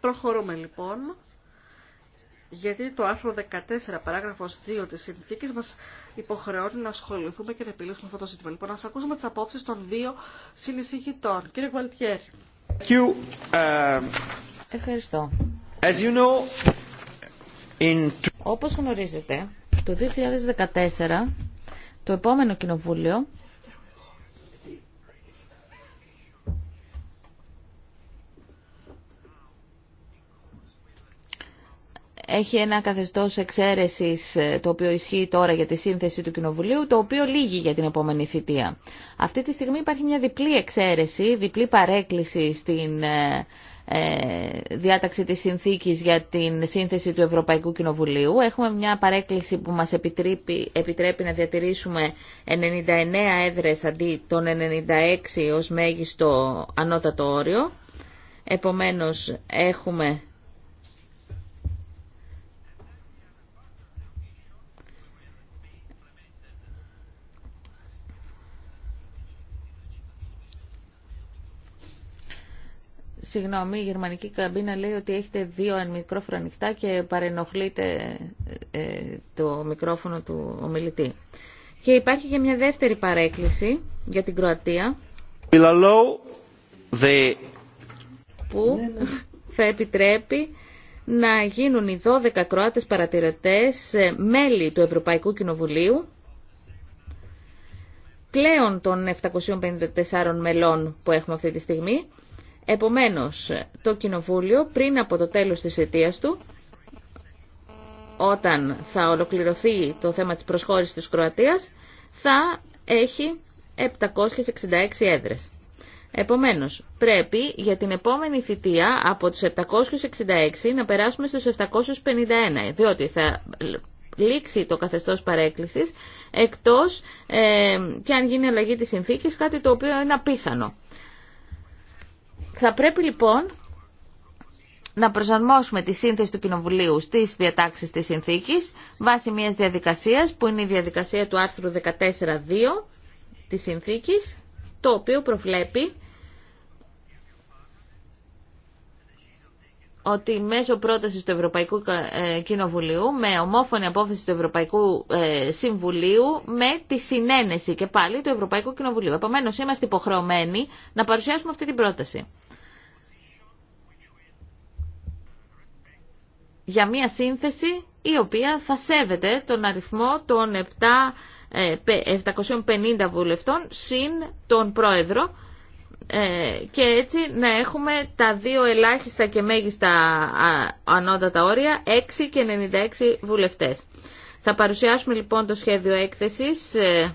Προχωρούμε λοιπόν γιατί το άρθρο 14 παράγραφος 2 της συνθήκης μας υποχρεώνει να ασχοληθούμε και να επιλύσουμε αυτό το ζήτημα. Λοιπόν, ας ακούσουμε τις απόψεις των δύο συνεισυχητών. Κύριε Γουαλτιέρ. Uh, Ευχαριστώ. As you know, in... Όπως γνωρίζετε, το 2014 το επόμενο κοινοβούλιο έχει ένα καθεστώς εξαίρεσης ε, το οποίο ισχύει τώρα για τη σύνθεση του Κοινοβουλίου, το οποίο λύγει για την επόμενη θητεία. Αυτή τη στιγμή υπάρχει μια διπλή εξαίρεση, διπλή παρέκκληση στην ε, ε, διάταξη της συνθήκης για την σύνθεση του Ευρωπαϊκού Κοινοβουλίου. Έχουμε μια παρέκκληση που μας επιτρέπει, επιτρέπει να διατηρήσουμε 99 έδρες αντί των 96 ως μέγιστο ανώτατο όριο. Επομένως έχουμε Συγγνώμη, η γερμανική καμπίνα λέει ότι έχετε δύο μικρόφωνα ανοιχτά και παρενοχλείτε ε, το μικρόφωνο του ομιλητή. Και υπάρχει και μια δεύτερη παρέκκληση για την Κροατία που θα επιτρέπει να γίνουν οι 12 Κροάτες παρατηρητές ε, μέλη του Ευρωπαϊκού Κοινοβουλίου πλέον των 754 μελών που έχουμε αυτή τη στιγμή Επομένως, το Κοινοβούλιο πριν από το τέλος της αιτίας του, όταν θα ολοκληρωθεί το θέμα της προσχώρησης της Κροατίας, θα έχει 766 έδρες. Επομένως, πρέπει για την επόμενη θητεία από τους 766 να περάσουμε στους 751, διότι θα λήξει το καθεστώς παρέκκλησης, εκτός ε, και αν γίνει αλλαγή της συνθήκης, κάτι το οποίο είναι απίθανο. Θα πρέπει λοιπόν να προσαρμόσουμε τη σύνθεση του Κοινοβουλίου στις διατάξεις της συνθήκης βάσει μιας διαδικασίας που είναι η διαδικασία του άρθρου 14.2 της συνθήκης το οποίο προβλέπει ότι μέσω πρότασης του Ευρωπαϊκού ε, Κοινοβουλίου, με ομόφωνη απόφαση του Ευρωπαϊκού ε, Συμβουλίου, με τη συνένεση και πάλι του Ευρωπαϊκού Κοινοβουλίου. Επομένω, είμαστε υποχρεωμένοι να παρουσιάσουμε αυτή την πρόταση. για μια σύνθεση η οποία θα σέβεται τον αριθμό των 7, 750 ε, βουλευτών συν τον πρόεδρο ε, και έτσι να έχουμε τα δύο ελάχιστα και μέγιστα ανώτατα όρια, 6 και 96 βουλευτές. Θα παρουσιάσουμε λοιπόν το σχέδιο έκθεσης ε,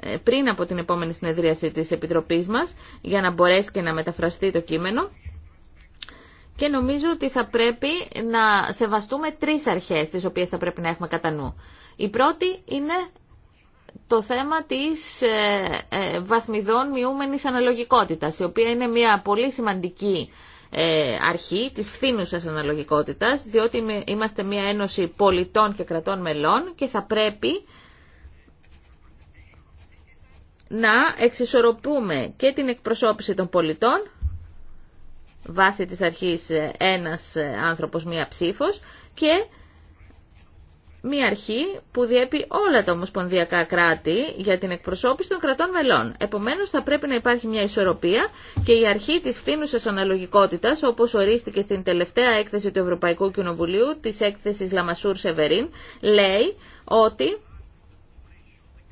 ε, πριν από την επόμενη συνεδρίαση της Επιτροπής μας για να μπορέσει και να μεταφραστεί το κείμενο και νομίζω ότι θα πρέπει να σεβαστούμε τρεις αρχές τις οποίες θα πρέπει να έχουμε κατά νου. Η πρώτη είναι το θέμα της ε, ε, βαθμιδών μειούμενης αναλογικότητας, η οποία είναι μια πολύ σημαντική ε, αρχή της φθήνουσας αναλογικότητας, διότι είμαστε μια ένωση πολιτών και κρατών μελών και θα πρέπει να εξισορροπούμε και την εκπροσώπηση των πολιτών βάσει της αρχής ένας άνθρωπος μία ψήφος και Μία αρχή που διέπει όλα τα ομοσπονδιακά κράτη για την εκπροσώπηση των κρατών μελών. Επομένως θα πρέπει να υπάρχει μια ισορροπία και η αρχή της φθήνουσας αναλογικότητας όπως ορίστηκε στην τελευταία έκθεση του Ευρωπαϊκού Κοινοβουλίου της έκθεσης Λαμασούρ Σεβερίν λέει ότι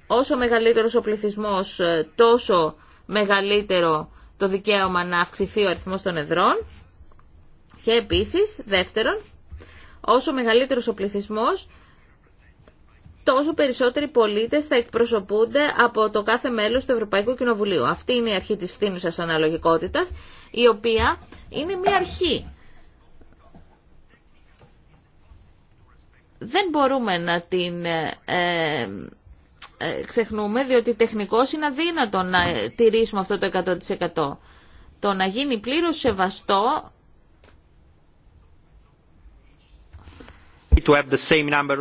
όσο μεγαλύτερος ο πληθυσμός ε, τόσο μεγαλύτερο το δικαίωμα να αυξηθεί ο αριθμός των εδρών και επίσης δεύτερον όσο μεγαλύτερος ο πληθυσμός τόσο περισσότεροι πολίτες θα εκπροσωπούνται από το κάθε μέλος του Ευρωπαϊκού Κοινοβουλίου. Αυτή είναι η αρχή της φθήνουσας αναλογικότητας, η οποία είναι μια αρχή. Δεν μπορούμε να την ε, ε, ε, ξεχνούμε, διότι τεχνικώς είναι αδύνατο να τηρήσουμε αυτό το 100%. Το να γίνει πλήρως σεβαστό to have the same number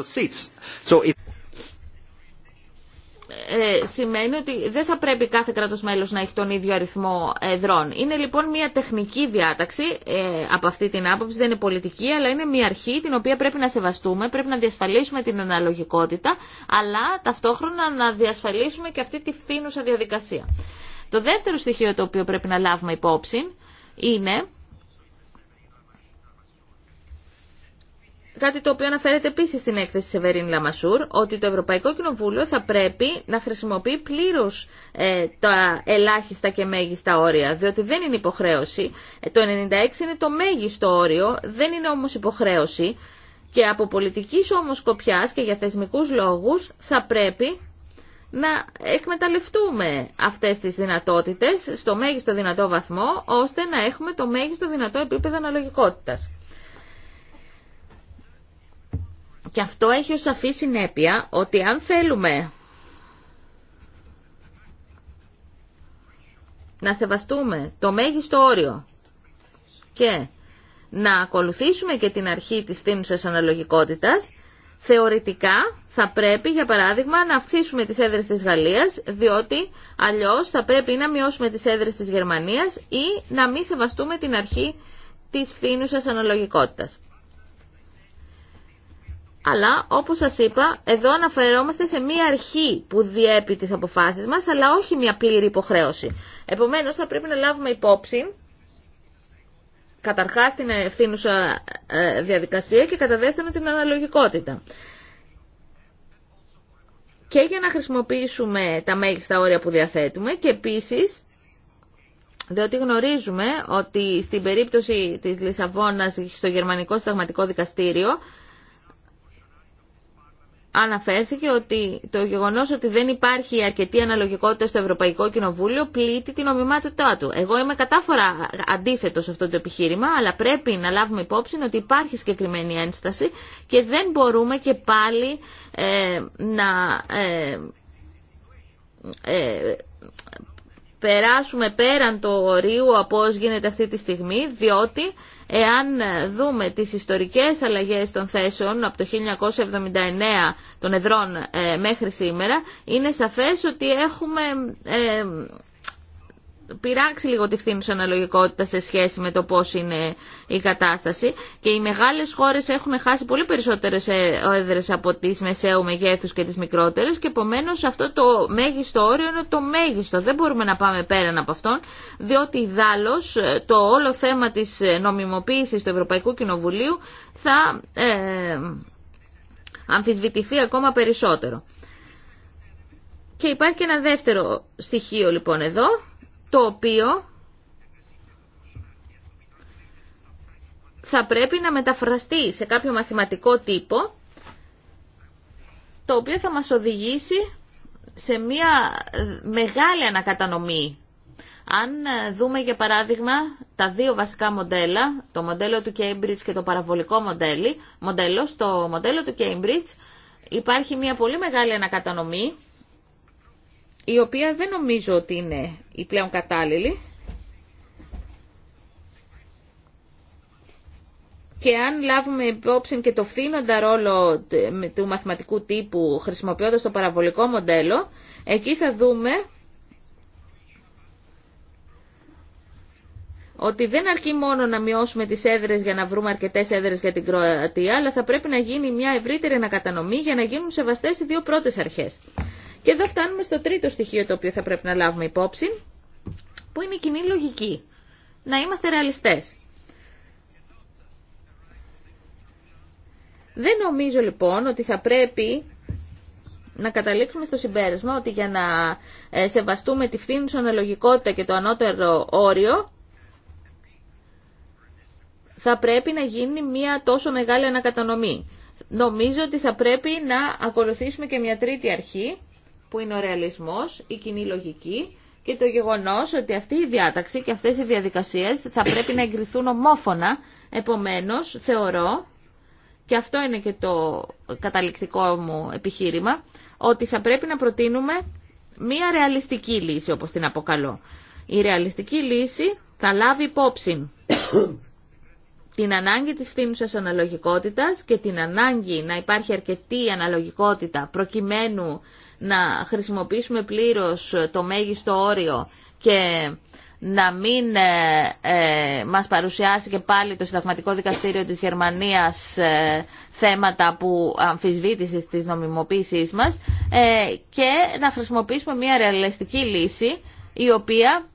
ε, σημαίνει ότι δεν θα πρέπει κάθε κράτος μέλος να έχει τον ίδιο αριθμό εδρών. Είναι λοιπόν μια τεχνική διάταξη, ε, από αυτή την άποψη δεν είναι πολιτική, αλλά είναι μια αρχή την οποία πρέπει να σεβαστούμε, πρέπει να διασφαλίσουμε την αναλογικότητα, αλλά ταυτόχρονα να διασφαλίσουμε και αυτή τη φθήνουσα διαδικασία. Το δεύτερο στοιχείο το οποίο πρέπει να λάβουμε υπόψη είναι κάτι το οποίο αναφέρεται επίση στην έκθεση Σεβερίν Λαμασούρ, ότι το Ευρωπαϊκό Κοινοβούλιο θα πρέπει να χρησιμοποιεί πλήρω ε, τα ελάχιστα και μέγιστα όρια, διότι δεν είναι υποχρέωση. Ε, το 96 είναι το μέγιστο όριο, δεν είναι όμω υποχρέωση. Και από πολιτική όμως σκοπιά και για θεσμικούς λόγους θα πρέπει να εκμεταλλευτούμε αυτές τις δυνατότητες στο μέγιστο δυνατό βαθμό, ώστε να έχουμε το μέγιστο δυνατό επίπεδο αναλογικότητας. Και αυτό έχει ως σαφή συνέπεια ότι αν θέλουμε να σεβαστούμε το μέγιστο όριο και να ακολουθήσουμε και την αρχή της φθήνουσας αναλογικότητας, θεωρητικά θα πρέπει, για παράδειγμα, να αυξήσουμε τις έδρες της Γαλλίας, διότι αλλιώς θα πρέπει να μειώσουμε τις έδρες της Γερμανίας ή να μην σεβαστούμε την αρχή της φθήνουσας αναλογικότητας αλλά όπως σας είπα, εδώ αναφερόμαστε σε μία αρχή που διέπει τις αποφάσεις μας, αλλά όχι μία πλήρη υποχρέωση. Επομένως, θα πρέπει να λάβουμε υπόψη καταρχάς την ευθύνουσα ε, διαδικασία και κατά δεύτερον την αναλογικότητα. Και για να χρησιμοποιήσουμε τα μέγιστα όρια που διαθέτουμε και επίσης διότι γνωρίζουμε ότι στην περίπτωση της Λισαβόνας στο Γερμανικό Σταγματικό Δικαστήριο αναφέρθηκε ότι το γεγονός ότι δεν υπάρχει αρκετή αναλογικότητα στο Ευρωπαϊκό Κοινοβούλιο πλήττει την ομιμάτωτά του. Εγώ είμαι κατάφορα αντίθετο σε αυτό το επιχείρημα, αλλά πρέπει να λάβουμε υπόψη ότι υπάρχει συγκεκριμένη ένσταση και δεν μπορούμε και πάλι ε, να... Ε, ε, περάσουμε πέραν το ορίου από όσο γίνεται αυτή τη στιγμή, διότι Εάν δούμε τις ιστορικές αλλαγές των θέσεων από το 1979 των εδρών ε, μέχρι σήμερα, είναι σαφές ότι έχουμε ε, πειράξει λίγο τη φθήνουσα αναλογικότητα σε σχέση με το πώ είναι η κατάσταση και οι μεγάλε χώρε έχουν χάσει πολύ περισσότερε ε, έδρε από τι μεσαίου μεγέθου και τι μικρότερε. και επομένω αυτό το μέγιστο όριο είναι το μέγιστο. Δεν μπορούμε να πάμε πέραν από αυτόν διότι δάλο ε, το όλο θέμα τη ε, νομιμοποίηση του Ευρωπαϊκού Κοινοβουλίου θα ε, αμφισβητηθεί ακόμα περισσότερο. Και υπάρχει και ένα δεύτερο στοιχείο λοιπόν εδώ, το οποίο θα πρέπει να μεταφραστεί σε κάποιο μαθηματικό τύπο, το οποίο θα μας οδηγήσει σε μια μεγάλη ανακατανομή. Αν ε, δούμε για παράδειγμα τα δύο βασικά μοντέλα, το μοντέλο του Cambridge και το παραβολικό μοντέλο, στο μοντέλο του Cambridge υπάρχει μια πολύ μεγάλη ανακατανομή η οποία δεν νομίζω ότι είναι η πλέον κατάλληλη. Και αν λάβουμε υπόψη και το φθήνοντα ρόλο του μαθηματικού τύπου χρησιμοποιώντας το παραβολικό μοντέλο, εκεί θα δούμε ότι δεν αρκεί μόνο να μειώσουμε τις έδρες για να βρούμε αρκετές έδρες για την Κροατία, αλλά θα πρέπει να γίνει μια ευρύτερη ανακατανομή για να γίνουν σεβαστές οι δύο πρώτες αρχές. Και εδώ φτάνουμε στο τρίτο στοιχείο το οποίο θα πρέπει να λάβουμε υπόψη, που είναι η κοινή λογική. Να είμαστε ρεαλιστές. Δεν νομίζω λοιπόν ότι θα πρέπει να καταλήξουμε στο συμπέρασμα ότι για να ε, σεβαστούμε τη φθήνουσα αναλογικότητα και το ανώτερο όριο θα πρέπει να γίνει μια τόσο μεγάλη ανακατανομή. Νομίζω ότι θα πρέπει να ακολουθήσουμε και μια τρίτη αρχή που είναι ο ρεαλισμός, η κοινή λογική και το γεγονός ότι αυτή η διάταξη και αυτές οι διαδικασίες θα πρέπει να εγκριθούν ομόφωνα. Επομένως, θεωρώ, και αυτό είναι και το καταληκτικό μου επιχείρημα, ότι θα πρέπει να προτείνουμε μία ρεαλιστική λύση, όπως την αποκαλώ. Η ρεαλιστική λύση θα λάβει υπόψη την ανάγκη της φθήνουσας αναλογικότητας και την ανάγκη να υπάρχει αρκετή αναλογικότητα προκειμένου να χρησιμοποιήσουμε πλήρως το μέγιστο όριο και να μην ε, ε, μας παρουσιάσει και πάλι το Συνταγματικό Δικαστήριο της Γερμανίας ε, θέματα που αμφισβήτησης της νομιμοποίησής μας και να χρησιμοποιήσουμε μια ρεαλιστική λύση η οποία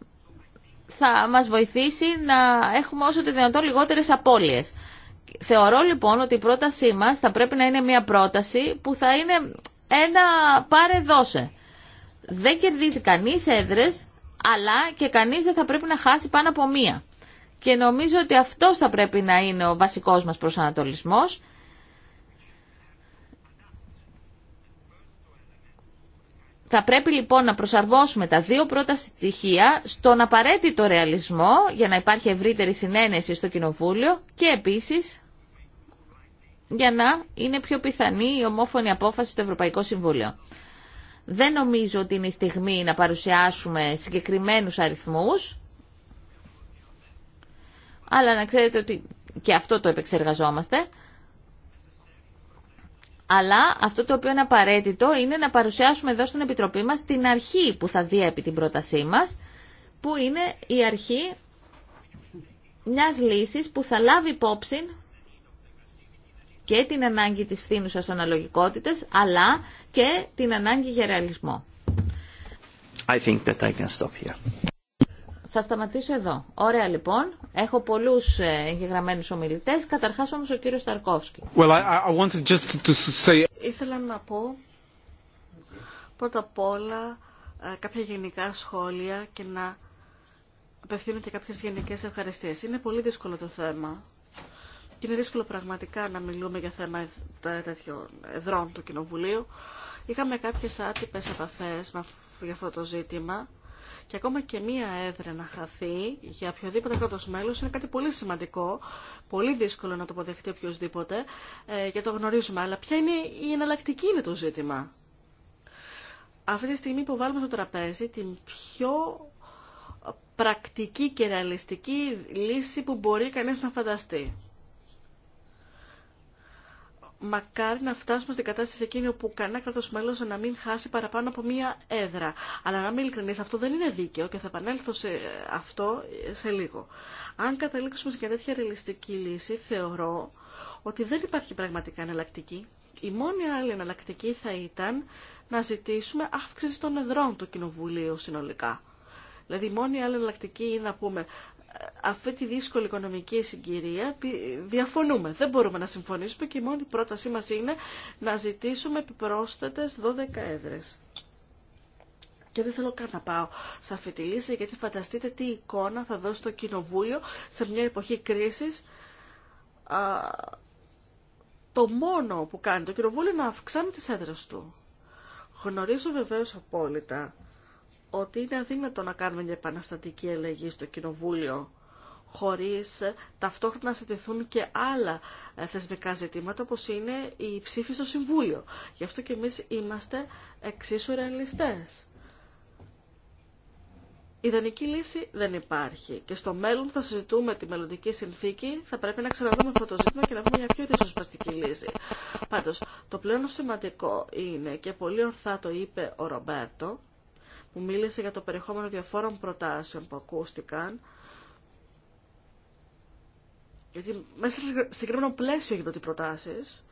θα μας βοηθήσει να έχουμε όσο το δυνατόν λιγότερες απώλειες. Θεωρώ λοιπόν ότι η πρότασή μας θα πρέπει να είναι μια πρόταση που θα είναι ένα πάρε δώσε. Δεν κερδίζει κανεί έδρες, αλλά και κανείς δεν θα πρέπει να χάσει πάνω από μία. Και νομίζω ότι αυτό θα πρέπει να είναι ο βασικός μας προσανατολισμός. Θα πρέπει λοιπόν να προσαρμόσουμε τα δύο πρώτα στοιχεία στον απαραίτητο ρεαλισμό για να υπάρχει ευρύτερη συνένεση στο Κοινοβούλιο και επίσης για να είναι πιο πιθανή η ομόφωνη απόφαση στο Ευρωπαϊκό Συμβούλιο. Δεν νομίζω ότι είναι η στιγμή να παρουσιάσουμε συγκεκριμένους αριθμούς, αλλά να ξέρετε ότι και αυτό το επεξεργαζόμαστε. Αλλά αυτό το οποίο είναι απαραίτητο είναι να παρουσιάσουμε εδώ στην Επιτροπή μας την αρχή που θα διέπει την πρότασή μας, που είναι η αρχή μιας λύσης που θα λάβει υπόψη και την ανάγκη της φθήνουσας αναλογικότητας, αλλά και την ανάγκη για ρεαλισμό. I think that I can stop here. Θα σταματήσω εδώ. Ωραία λοιπόν. Έχω πολλούς ε, εγγεγραμμένους ομιλητές. Καταρχάς όμως ο κύριος Σταρκόφσκι. Well, I, I just to say... Ήθελα να πω πρώτα απ' όλα ε, κάποια γενικά σχόλια και να απευθύνω και κάποιες γενικές ευχαριστίες. Είναι πολύ δύσκολο το θέμα και είναι δύσκολο πραγματικά να μιλούμε για θέμα τέτοιων εδρών του Κοινοβουλίου. Είχαμε κάποιε άτυπε επαφέ για αυτό το ζήτημα και ακόμα και μία έδρα να χαθεί για οποιοδήποτε κράτο μέλο είναι κάτι πολύ σημαντικό, πολύ δύσκολο να το αποδεχτεί οποιοδήποτε ε, και το γνωρίζουμε. Αλλά ποια είναι η εναλλακτική είναι το ζήτημα. Αυτή τη στιγμή που βάλουμε στο τραπέζι την πιο πρακτική και ρεαλιστική λύση που μπορεί κανείς να φανταστεί μακάρι να φτάσουμε στην κατάσταση εκείνη όπου κανένα κράτο μέλο να μην χάσει παραπάνω από μία έδρα. Αλλά να είμαι ειλικρινή, αυτό δεν είναι δίκαιο και θα επανέλθω σε αυτό σε λίγο. Αν καταλήξουμε σε μια τέτοια ρεαλιστική λύση, θεωρώ ότι δεν υπάρχει πραγματικά εναλλακτική. Η μόνη άλλη εναλλακτική θα ήταν να ζητήσουμε αύξηση των εδρών του Κοινοβουλίου συνολικά. Δηλαδή, η μόνη άλλη εναλλακτική είναι να πούμε αυτή τη δύσκολη οικονομική συγκυρία διαφωνούμε. Δεν μπορούμε να συμφωνήσουμε και η μόνη πρότασή μας είναι να ζητήσουμε επιπρόσθετες 12 έδρες. Και δεν θέλω καν να πάω σε αυτή τη λύση, γιατί φανταστείτε τι εικόνα θα δώσει το Κοινοβούλιο σε μια εποχή κρίσης. το μόνο που κάνει το Κοινοβούλιο είναι να αυξάνει τις έδρες του. Γνωρίζω βεβαίως απόλυτα ότι είναι αδύνατο να κάνουμε μια επαναστατική ελεγγύη στο Κοινοβούλιο χωρίς ταυτόχρονα να συντηθούν και άλλα ε, θεσμικά ζητήματα όπως είναι η ψήφη στο Συμβούλιο. Γι' αυτό και εμείς είμαστε εξίσου ρεαλιστές. Ιδανική λύση δεν υπάρχει και στο μέλλον θα συζητούμε τη μελλοντική συνθήκη, θα πρέπει να ξαναδούμε αυτό το ζήτημα και να βρούμε μια πιο ριζοσπαστική λύση. Πάντως, το πλέον σημαντικό είναι και πολύ ορθά το είπε ο Ρομπέρτο, που μίλησε για το περιεχόμενο διαφόρων προτάσεων που ακούστηκαν. Γιατί μέσα σε συγκεκριμένο πλαίσιο γίνονται οι προτάσεις.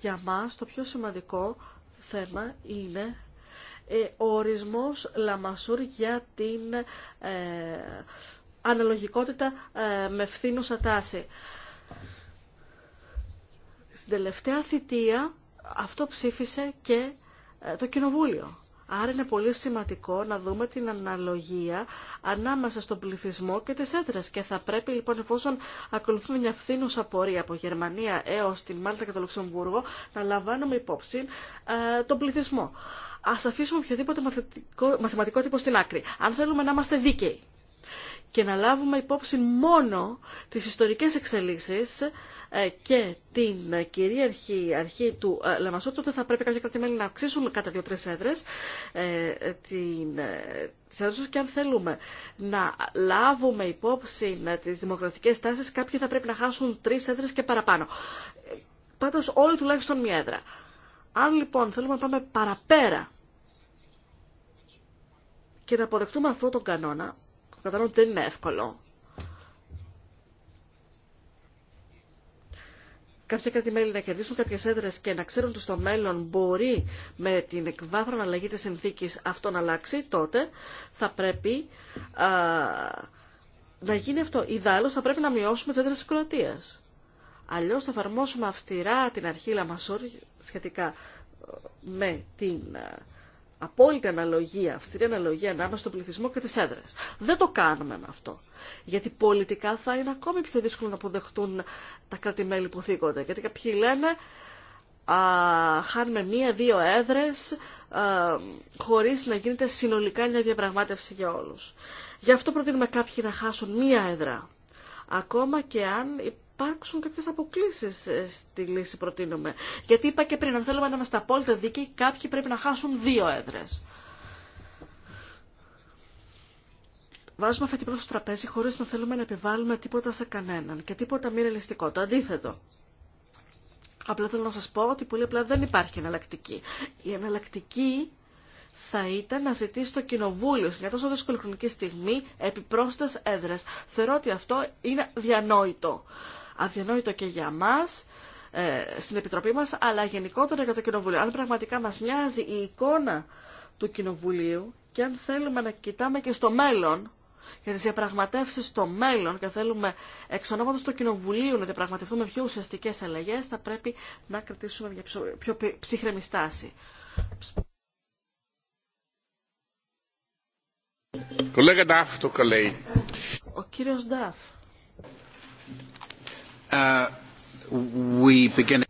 Για μας το πιο σημαντικό θέμα είναι ε, ο ορισμός Λαμασούρ για την ε, αναλογικότητα ε, με φθήνουσα τάση. Στην τελευταία θητεία αυτό ψήφισε και ε, το Κοινοβούλιο. Άρα είναι πολύ σημαντικό να δούμε την αναλογία ανάμεσα στον πληθυσμό και τις έντρες. Και θα πρέπει λοιπόν εφόσον ακολουθούμε μια φθήνουσα πορεία από Γερμανία έως την Μάλτα και το Λουξεμβούργο να λαμβάνουμε υπόψη ε, τον πληθυσμό. Ας αφήσουμε οποιοδήποτε μαθηματικό, μαθηματικό τύπο στην άκρη. Αν θέλουμε να είμαστε δίκαιοι και να λάβουμε υπόψη μόνο τις ιστορικές εξελίξεις ε, και την ε, κυρίαρχη αρχή του ε, Λαμασού, τότε θα πρέπει κάποια κρατημέλη να αυξήσουν κατά δύο-τρεις έδρες την, τις έδρες και αν θέλουμε να λάβουμε υπόψη τις δημοκρατικές τάσεις, κάποιοι θα πρέπει να χάσουν τρεις έδρες και παραπάνω. Πάντως όλοι τουλάχιστον μία έδρα. Αν λοιπόν θέλουμε να πάμε παραπέρα και να αποδεχτούμε αυτό τον κανόνα, το κανόνα δεν είναι εύκολο, κάποια κράτη-μέλη να κερδίσουν κάποιε έδρε και να ξέρουν ότι στο μέλλον μπορεί με την εκβάθρον αλλαγή τη συνθήκη αυτό να αλλάξει, τότε θα πρέπει α, να γίνει αυτό. Ιδάλω θα πρέπει να μειώσουμε τι έδρε τη Κροατία. Αλλιώ θα εφαρμόσουμε αυστηρά την αρχή Λαμασόρ σχετικά με την απόλυτη αναλογία, αυστηρή αναλογία ανάμεσα στον πληθυσμό και τις έδρες. Δεν το κάνουμε με αυτό. Γιατί πολιτικά θα είναι ακόμη πιο δύσκολο να αποδεχτούν τα κράτη-μέλη που θίγονται. Γιατί κάποιοι λένε α, χάνουμε μία-δύο έδρες α, χωρίς να γίνεται συνολικά μια διαπραγμάτευση για όλους. προτείνουμε κάποιοι προτείνουμε κάποιοι να χάσουν μία έδρα. Ακόμα και αν υπάρξουν κάποιες αποκλήσεις ε, στη λύση προτείνουμε. Γιατί είπα και πριν, αν θέλουμε να είμαστε απόλυτα δίκαιοι, κάποιοι πρέπει να χάσουν δύο έδρες. βάζουμε αυτή την στο τραπέζι χωρίς να θέλουμε να επιβάλλουμε τίποτα σε κανέναν και τίποτα μη ρελιστικό. Το αντίθετο. Απλά θέλω να σας πω ότι πολύ απλά δεν υπάρχει εναλλακτική. Η εναλλακτική θα ήταν να ζητήσει το κοινοβούλιο σε μια τόσο δύσκολη χρονική στιγμή επιπρόσθετε έδρες. Θεωρώ ότι αυτό είναι διανόητο. Αδιανόητο και για μας, ε, στην Επιτροπή μας, αλλά γενικότερα για το Κοινοβούλιο. Αν πραγματικά μας νοιάζει η εικόνα του Κοινοβουλίου και αν θέλουμε να κοιτάμε και στο μέλλον, για τις διαπραγματεύσεις στο μέλλον και θέλουμε εξ ονόματος του Κοινοβουλίου να διαπραγματευτούμε πιο ουσιαστικές αλλαγές, θα πρέπει να κρατήσουμε μια πιο ψυχρεμη στάση. Ο κύριος Νταφ. Uh, we begin...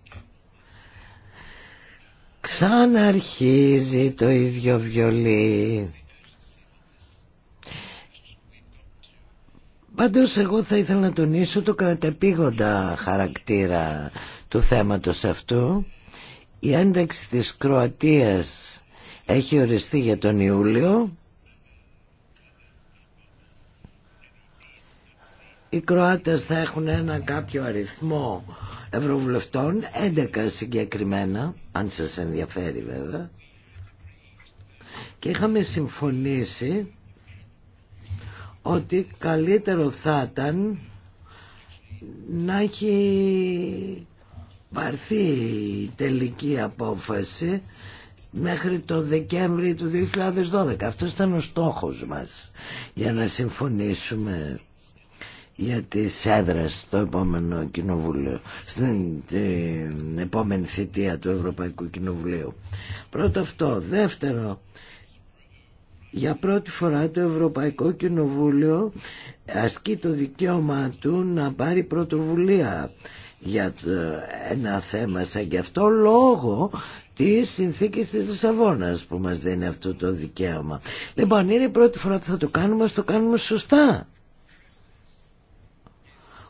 Ξαναρχίζει το ίδιο βιολί Πάντως εγώ θα ήθελα να τονίσω το κατεπήγοντα χαρακτήρα του θέματος αυτού. Η ένταξη της Κροατίας έχει οριστεί για τον Ιούλιο. Οι Κροάτες θα έχουν ένα κάποιο αριθμό ευρωβουλευτών, 11 συγκεκριμένα, αν σας ενδιαφέρει βέβαια. Και είχαμε συμφωνήσει ότι καλύτερο θα ήταν να έχει πάρθει η τελική απόφαση μέχρι το Δεκέμβρη του 2012. Αυτό ήταν ο στόχος μας για να συμφωνήσουμε για τις έδρες στο επόμενο κοινοβουλίο, στην επόμενη θητεία του Ευρωπαϊκού Κοινοβουλίου. Πρώτο αυτό. Δεύτερο, για πρώτη φορά το Ευρωπαϊκό Κοινοβούλιο ασκεί το δικαίωμα του να πάρει πρωτοβουλία για ένα θέμα σαν και αυτό λόγω της συνθήκης της Λισαβόνας που μας δίνει αυτό το δικαίωμα. Λοιπόν, είναι η πρώτη φορά που θα το κάνουμε, ας το κάνουμε σωστά.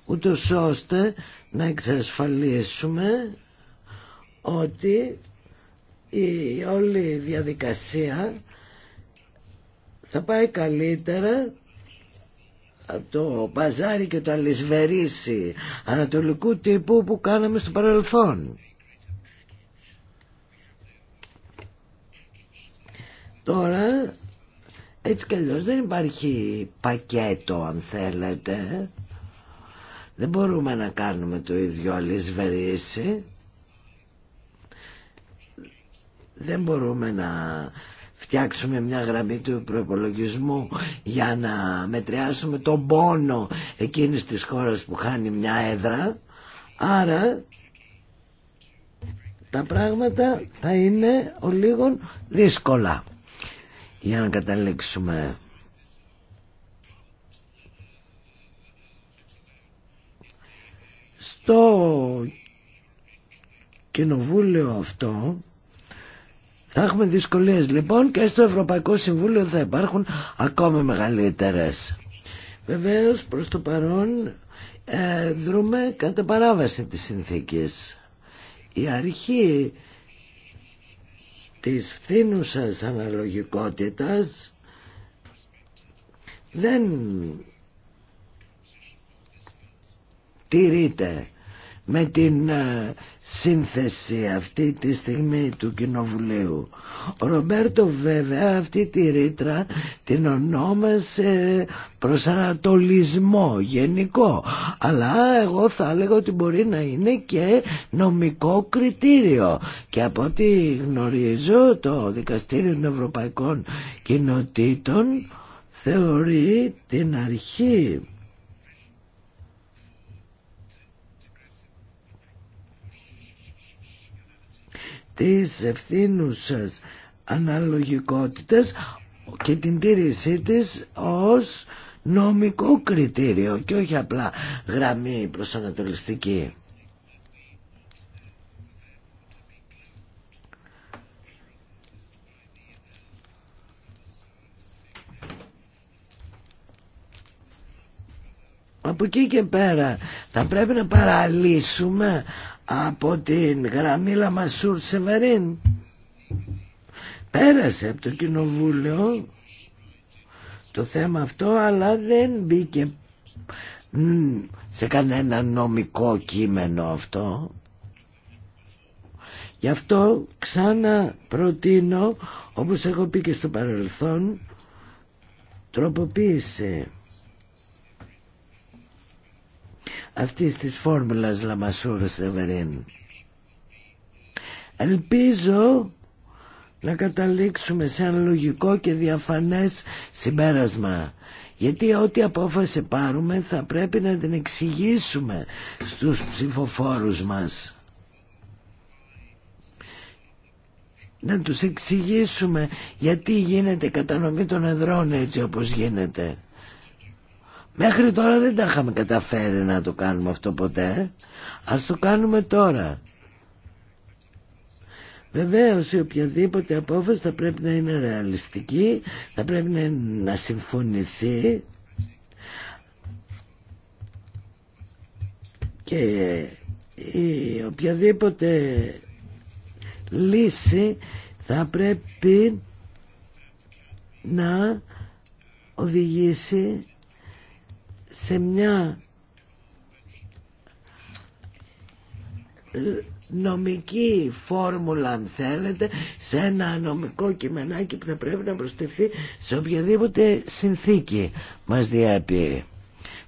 Ούτως ώστε να εξασφαλίσουμε ότι η όλη διαδικασία θα πάει καλύτερα από το παζάρι και το αλυσβερίσι ανατολικού τύπου που κάναμε στο παρελθόν. Τώρα έτσι κι αλλιώς δεν υπάρχει πακέτο αν θέλετε. Δεν μπορούμε να κάνουμε το ίδιο αλυσβερίσι. Δεν μπορούμε να φτιάξουμε μια γραμμή του προπολογισμού για να μετριάσουμε τον πόνο εκείνης της χώρας που χάνει μια έδρα. Άρα τα πράγματα θα είναι ο δύσκολα για να καταλήξουμε. Στο κοινοβούλιο αυτό θα Έχουμε δυσκολίες λοιπόν και στο Ευρωπαϊκό Συμβούλιο θα υπάρχουν ακόμη μεγαλύτερες. Βεβαίως προς το παρόν ε, δρούμε κατά παράβαση της συνθήκης. Η αρχή της φθήνουσας αναλογικότητας δεν τηρείται με την ε, σύνθεση αυτή τη στιγμή του Κοινοβουλίου. Ο Ρομπέρτο βέβαια αυτή τη ρήτρα την ονόμασε προσανατολισμό γενικό αλλά εγώ θα έλεγα ότι μπορεί να είναι και νομικό κριτήριο και από ό,τι γνωρίζω το Δικαστήριο των Ευρωπαϊκών Κοινοτήτων θεωρεί την αρχή της ευθύνουσας αναλογικότητας και την τήρησή της ως νομικό κριτήριο και όχι απλά γραμμή προσανατολιστική. Από εκεί και πέρα θα πρέπει να παραλύσουμε από την γραμμή Λαμασούρ Σεβερίν πέρασε από το κοινοβούλιο το θέμα αυτό αλλά δεν μπήκε σε κανένα νομικό κείμενο αυτό γι' αυτό ξανά προτείνω όπως έχω πει και στο παρελθόν τροποποίησε αυτής της φόρμουλας Λαμασούρα Σεβερίν. Ελπίζω να καταλήξουμε σε ένα λογικό και διαφανές συμπέρασμα. Γιατί ό,τι απόφαση πάρουμε θα πρέπει να την εξηγήσουμε στους ψηφοφόρους μας. Να τους εξηγήσουμε γιατί γίνεται κατανομή των εδρών έτσι όπως γίνεται. Μέχρι τώρα δεν τα είχαμε καταφέρει να το κάνουμε αυτό ποτέ. Ας το κάνουμε τώρα. Βεβαίως η οποιαδήποτε απόφαση θα πρέπει να είναι ρεαλιστική, θα πρέπει να, να συμφωνηθεί και η οποιαδήποτε λύση θα πρέπει να οδηγήσει σε μια ε, νομική φόρμουλα αν θέλετε σε ένα νομικό κειμενάκι που θα πρέπει να προστεθεί σε οποιαδήποτε συνθήκη μας διέπει.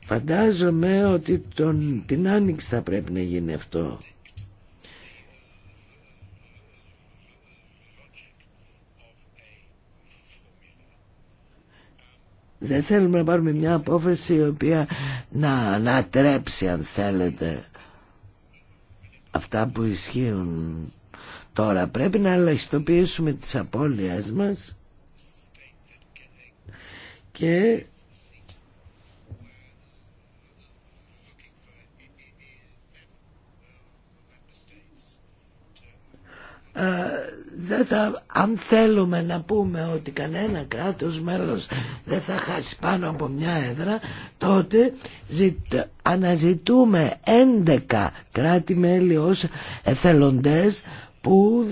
Φαντάζομαι ότι τον, την άνοιξη θα πρέπει να γίνει αυτό. Δεν θέλουμε να πάρουμε μια απόφαση η οποία να ανατρέψει αν θέλετε αυτά που ισχύουν τώρα. Πρέπει να ελαχιστοποιήσουμε τις απώλειές μας και Ε, θα, αν θέλουμε να πούμε ότι κανένα κράτος μέλος δεν θα χάσει πάνω από μια έδρα τότε αναζητούμε 11 κράτη-μέλη ως εθελοντές που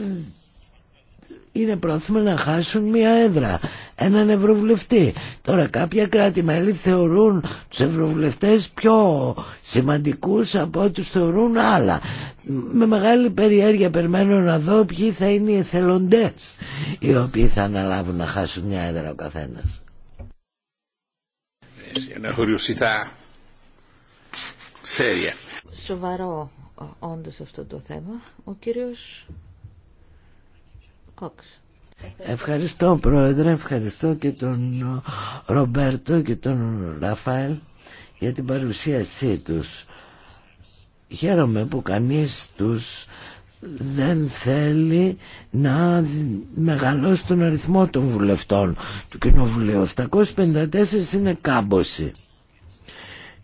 είναι πρόθυμα να χάσουν μια έδρα, έναν ευρωβουλευτή. Τώρα κάποια κράτη-μέλη θεωρούν τους ευρωβουλευτές πιο σημαντικούς από ό,τι τους θεωρούν άλλα. Με μεγάλη περιέργεια περιμένω να δω ποιοι θα είναι οι εθελοντές οι οποίοι θα αναλάβουν να χάσουν μια έδρα ο καθένας. Σοβαρό όντως αυτό το θέμα. Ο κύριος Ευχαριστώ Πρόεδρε, ευχαριστώ και τον ε, Ρομπέρτο και τον Ραφαέλ για την παρουσίασή τους. Χαίρομαι που κανείς τους δεν θέλει να μεγαλώσει τον αριθμό των βουλευτών του Κοινοβουλίου. 754 είναι κάμποση.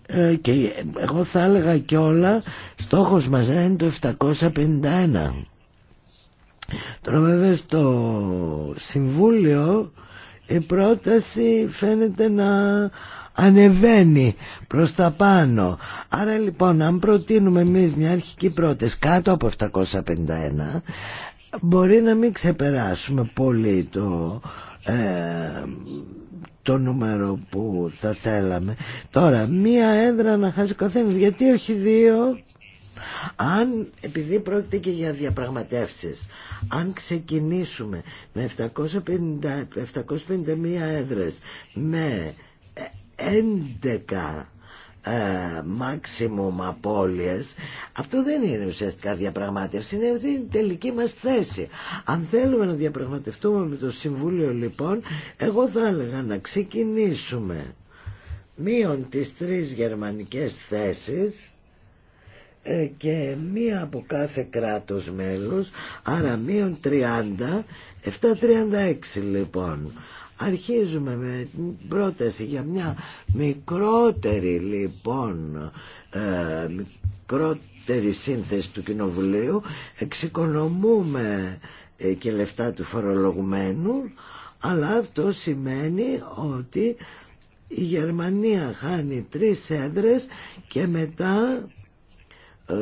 Ε, και εγώ θα έλεγα κιόλα στόχος μας είναι το 751. Τώρα βέβαια στο Συμβούλιο η πρόταση φαίνεται να ανεβαίνει προς τα πάνω. Άρα λοιπόν αν προτείνουμε εμείς μια αρχική πρόταση κάτω από 751 μπορεί να μην ξεπεράσουμε πολύ το, ε, το νούμερο που θα θέλαμε. Τώρα μία έδρα να χάσει ο γιατί όχι δύο αν, επειδή πρόκειται και για διαπραγματεύσεις, αν ξεκινήσουμε με 750, 751 έδρες, με 11 ε, ε, maximum απώλειες αυτό δεν είναι ουσιαστικά διαπραγμάτευση είναι αυτή η τελική μας θέση αν θέλουμε να διαπραγματευτούμε με το Συμβούλιο λοιπόν εγώ θα έλεγα να ξεκινήσουμε μείον τις τρεις γερμανικές θέσεις ε, και μία από κάθε κράτος μέλος άρα μείον 30 7.36 λοιπόν αρχίζουμε με την πρόταση για μια μικρότερη λοιπόν ε, μικρότερη σύνθεση του κοινοβουλίου εξοικονομούμε ε, και λεφτά του φορολογουμένου αλλά αυτό σημαίνει ότι η Γερμανία χάνει τρεις έδρες και μετά ε,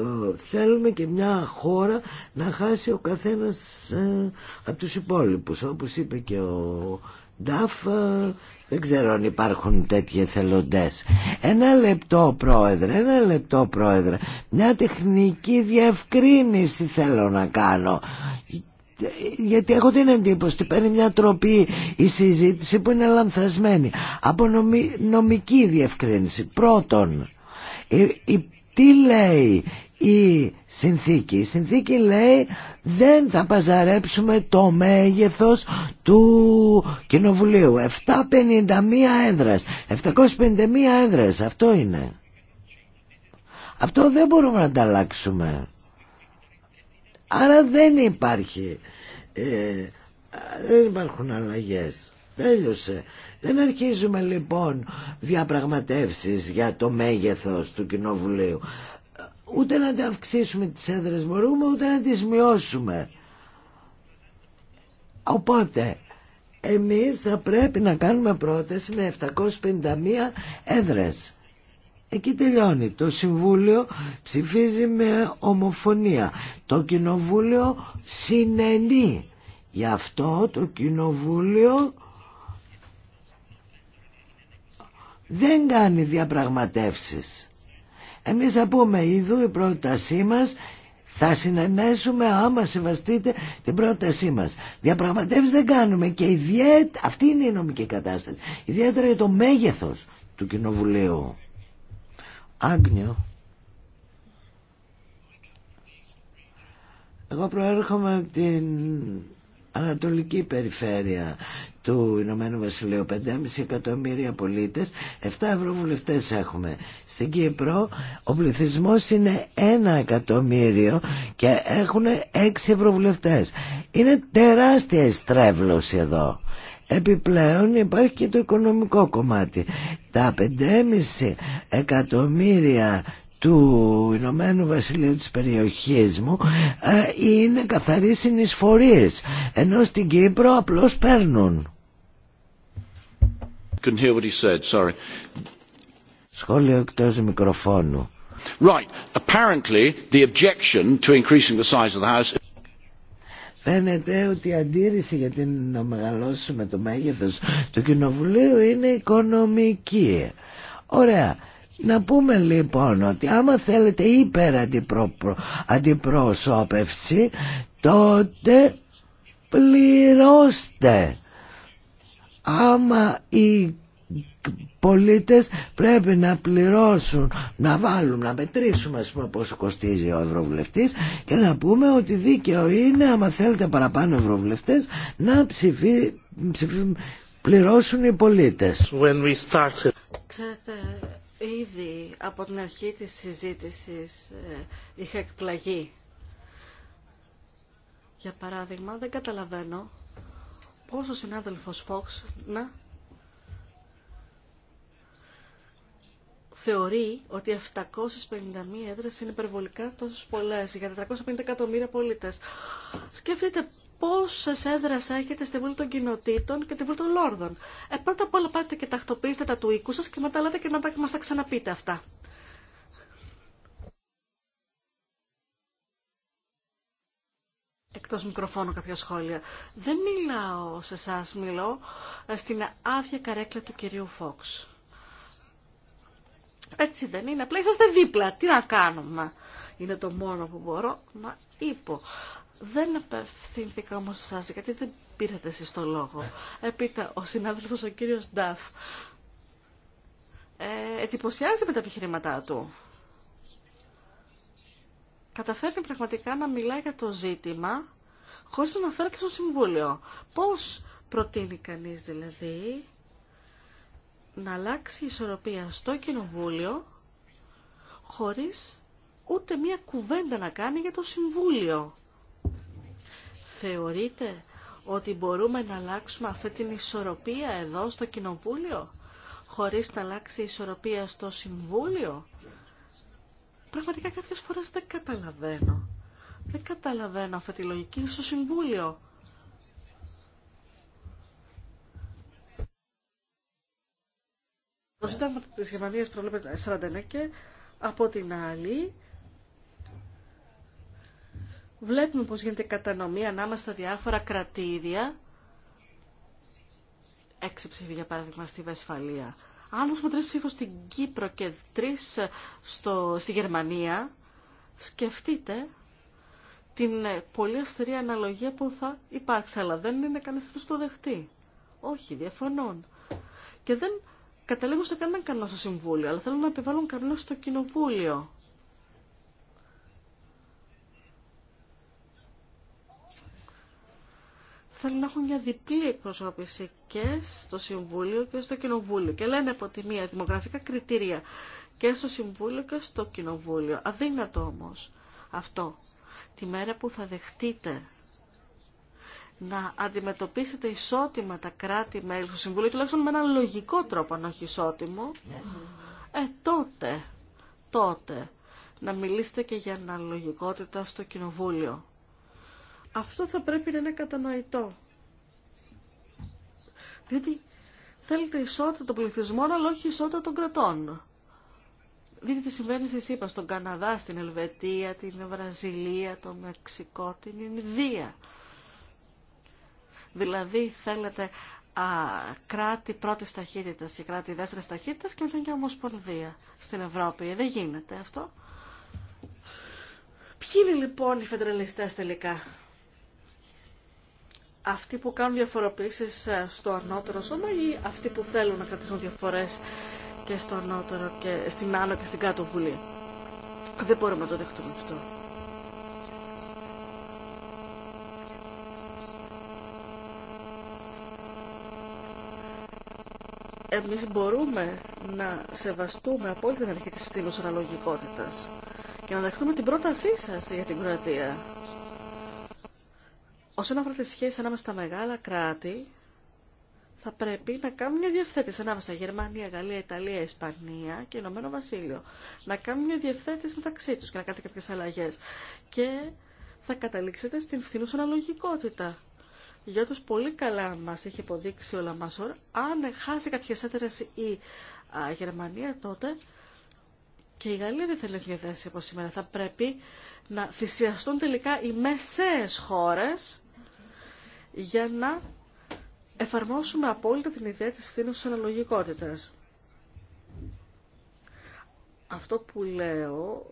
θέλουμε και μια χώρα να χάσει ο καθένας ε, από τους υπόλοιπους όπως είπε και ο Νταφ ε, δεν ξέρω αν υπάρχουν τέτοιοι εθελοντές ένα λεπτό πρόεδρε ένα λεπτό πρόεδρε μια τεχνική διευκρίνηση θέλω να κάνω γιατί έχω την εντύπωση ότι παίρνει μια τροπή η συζήτηση που είναι λανθασμένη από νομική διευκρίνηση πρώτον τι λέει η συνθήκη. Η συνθήκη λέει δεν θα παζαρέψουμε το μέγεθος του κοινοβουλίου. 751 έδρας. 751 έδρας. Αυτό είναι. Αυτό δεν μπορούμε να τα αλλάξουμε. Άρα δεν υπάρχει. Ε, δεν υπάρχουν αλλαγές. Τέλειωσε. Δεν αρχίζουμε λοιπόν διαπραγματεύσεις για το μέγεθος του Κοινοβουλίου. Ούτε να τα αυξήσουμε τις έδρες μπορούμε, ούτε να τις μειώσουμε. Οπότε, εμείς θα πρέπει να κάνουμε πρόταση με 751 έδρες. Εκεί τελειώνει. Το Συμβούλιο ψηφίζει με ομοφωνία. Το Κοινοβούλιο συνενεί. Γι' αυτό το Κοινοβούλιο δεν κάνει διαπραγματεύσεις. Εμείς θα πούμε ειδού η πρότασή μας θα συνενέσουμε άμα σεβαστείτε την πρότασή μας. Διαπραγματεύσεις δεν κάνουμε και ιδιαίτερα, αυτή είναι η νομική κατάσταση. Ιδιαίτερα για το μέγεθος του Κοινοβουλίου. Άγνιο. Εγώ προέρχομαι από την ανατολική περιφέρεια του Ηνωμένου Βασιλείου 5,5 εκατομμύρια πολίτες 7 ευρωβουλευτές έχουμε στην Κύπρο ο πληθυσμός είναι 1 εκατομμύριο και έχουν 6 ευρωβουλευτές είναι τεράστια η στρέβλωση εδώ Επιπλέον υπάρχει και το οικονομικό κομμάτι. Τα 5,5 εκατομμύρια του Ηνωμένου Βασιλείου της περιοχής μου ε, είναι καθαρή συνεισφορίες ενώ στην Κύπρο απλώς παίρνουν hear what he said, sorry. Σχόλιο εκτός μικροφώνου Right, apparently the objection to increasing the size of the house Φαίνεται ότι η αντίρρηση για την να μεγαλώσουμε το μέγεθος του κοινοβουλίου είναι οικονομική. Ωραία. Να πούμε λοιπόν ότι άμα θέλετε υπερ αντιπροσώπευση τότε πληρώστε. Άμα οι πολίτες πρέπει να πληρώσουν, να βάλουν, να μετρήσουμε ας πούμε πόσο κοστίζει ο ευρωβουλευτής και να πούμε ότι δίκαιο είναι άμα θέλετε παραπάνω ευρωβουλευτές να ψηφί, πληρώσουν οι πολίτες. Ήδη από την αρχή της συζήτησης ε, είχα εκπλαγεί. Για παράδειγμα, δεν καταλαβαίνω πώς ο συνάδελφος Φόξ να θεωρεί ότι 751 έδρες είναι υπερβολικά τόσες πολλές για 450 εκατομμύρια πολίτες. Σκεφτείτε πόσε έδρε έχετε στη Βουλή των Κοινοτήτων και τη Βουλή των Λόρδων. Ε, πρώτα απ' όλα πάτε και τακτοποιήστε τα του οίκου σα και μετά λέτε και να τα, μας τα ξαναπείτε αυτά. Εκτός μικροφώνου κάποια σχόλια. Δεν μιλάω σε εσά, μιλώ ε, στην άδεια καρέκλα του κυρίου Φόξ. Έτσι δεν είναι. Απλά είσαστε δίπλα. Τι να κάνουμε. είναι το μόνο που μπορώ να είπω. Δεν απευθύνθηκα όμω σε γιατί δεν πήρατε εσεί το λόγο. Επίτα, ο συνάδελφος ο κύριος Νταφ ε, εντυπωσιάζει με τα επιχειρήματά του. Καταφέρνει πραγματικά να μιλάει για το ζήτημα χωρίς να αναφέρεται στο Συμβούλιο. Πώς προτείνει κανείς δηλαδή να αλλάξει η ισορροπία στο Κοινοβούλιο χωρίς ούτε μία κουβέντα να κάνει για το Συμβούλιο. Θεωρείτε ότι μπορούμε να αλλάξουμε αυτή την ισορροπία εδώ στο Κοινοβούλιο, χωρίς να αλλάξει η ισορροπία στο Συμβούλιο. Πραγματικά κάποιες φορές δεν καταλαβαίνω. Δεν καταλαβαίνω αυτή τη λογική στο Συμβούλιο. Το Σύνταγμα της Γερμανίας προβλέπεται 49 και από την άλλη Βλέπουμε πώς γίνεται κατανομή ανάμεσα στα διάφορα κρατήδια. Έξι ψήφοι, για παράδειγμα, στη Βεσφαλία. Αν δώσουμε τρεις ψήφους στην Κύπρο και τρεις στο, στη Γερμανία, σκεφτείτε την πολύ αυστηρή αναλογία που θα υπάρξει. Αλλά δεν είναι κανείς που το δεχτεί. Όχι, διαφωνών. Και δεν καταλήγουν σε κανέναν κανόνα στο Συμβούλιο, αλλά θέλουν να επιβάλλουν κανόνα στο Κοινοβούλιο. θέλουν να έχουν μια διπλή εκπροσώπηση και στο Συμβούλιο και στο Κοινοβούλιο. Και λένε από τη μία δημογραφικά κριτήρια και στο Συμβούλιο και στο Κοινοβούλιο. Αδύνατο όμως αυτό. Τη μέρα που θα δεχτείτε να αντιμετωπίσετε ισότιμα τα κράτη-μέλη στο Συμβούλιο, τουλάχιστον με έναν λογικό τρόπο, αν όχι ισότιμο, ε, τότε, τότε, να μιλήσετε και για αναλογικότητα στο Κοινοβούλιο. Αυτό θα πρέπει να είναι κατανοητό. Διότι θέλετε ισότητα των πληθυσμών, αλλά όχι ισότητα των κρατών. Δείτε τι συμβαίνει στη ΣΥΠΑ, στον Καναδά, στην Ελβετία, την Βραζιλία, το Μεξικό, την Ινδία. Δηλαδή θέλετε κράτη πρώτης ταχύτητας και κράτη δεύτερης ταχύτητας και και ομοσπονδία στην Ευρώπη. Δεν γίνεται αυτό. Ποιοι είναι λοιπόν οι φεντρελιστές τελικά αυτοί που κάνουν διαφοροποιήσεις ε, στο ανώτερο σώμα ή αυτοί που θέλουν να κρατήσουν διαφορές και στο ανώτερο και στην άνω και στην κάτω βουλή. Δεν μπορούμε να το δεχτούμε αυτό. Εμείς μπορούμε να σεβαστούμε απόλυτα την αρχή της ευθύνους αναλογικότητας και να δεχτούμε την πρότασή σας για την Κροατία. Όσον αφορά τις σχέσεις ανάμεσα στα μεγάλα κράτη, θα πρέπει να κάνουν μια διευθέτηση ανάμεσα Γερμανία, Γαλλία, Ιταλία, Ισπανία και Ηνωμένο Βασίλειο. Να κάνουν μια διευθέτηση μεταξύ τους και να κάνετε κάποιες αλλαγές. Και θα καταλήξετε στην φθηνούς αναλογικότητα. Για τους πολύ καλά μας έχει αποδείξει ο Λαμάσορ, αν χάσει κάποιε έτερες η Γερμανία τότε και η Γαλλία δεν θέλει διαθέσει από σήμερα. Θα πρέπει να θυσιαστούν τελικά οι μεσαίες χώρες για να εφαρμόσουμε απόλυτα την ιδέα της φθήνωσης αναλογικότητας. Αυτό που λέω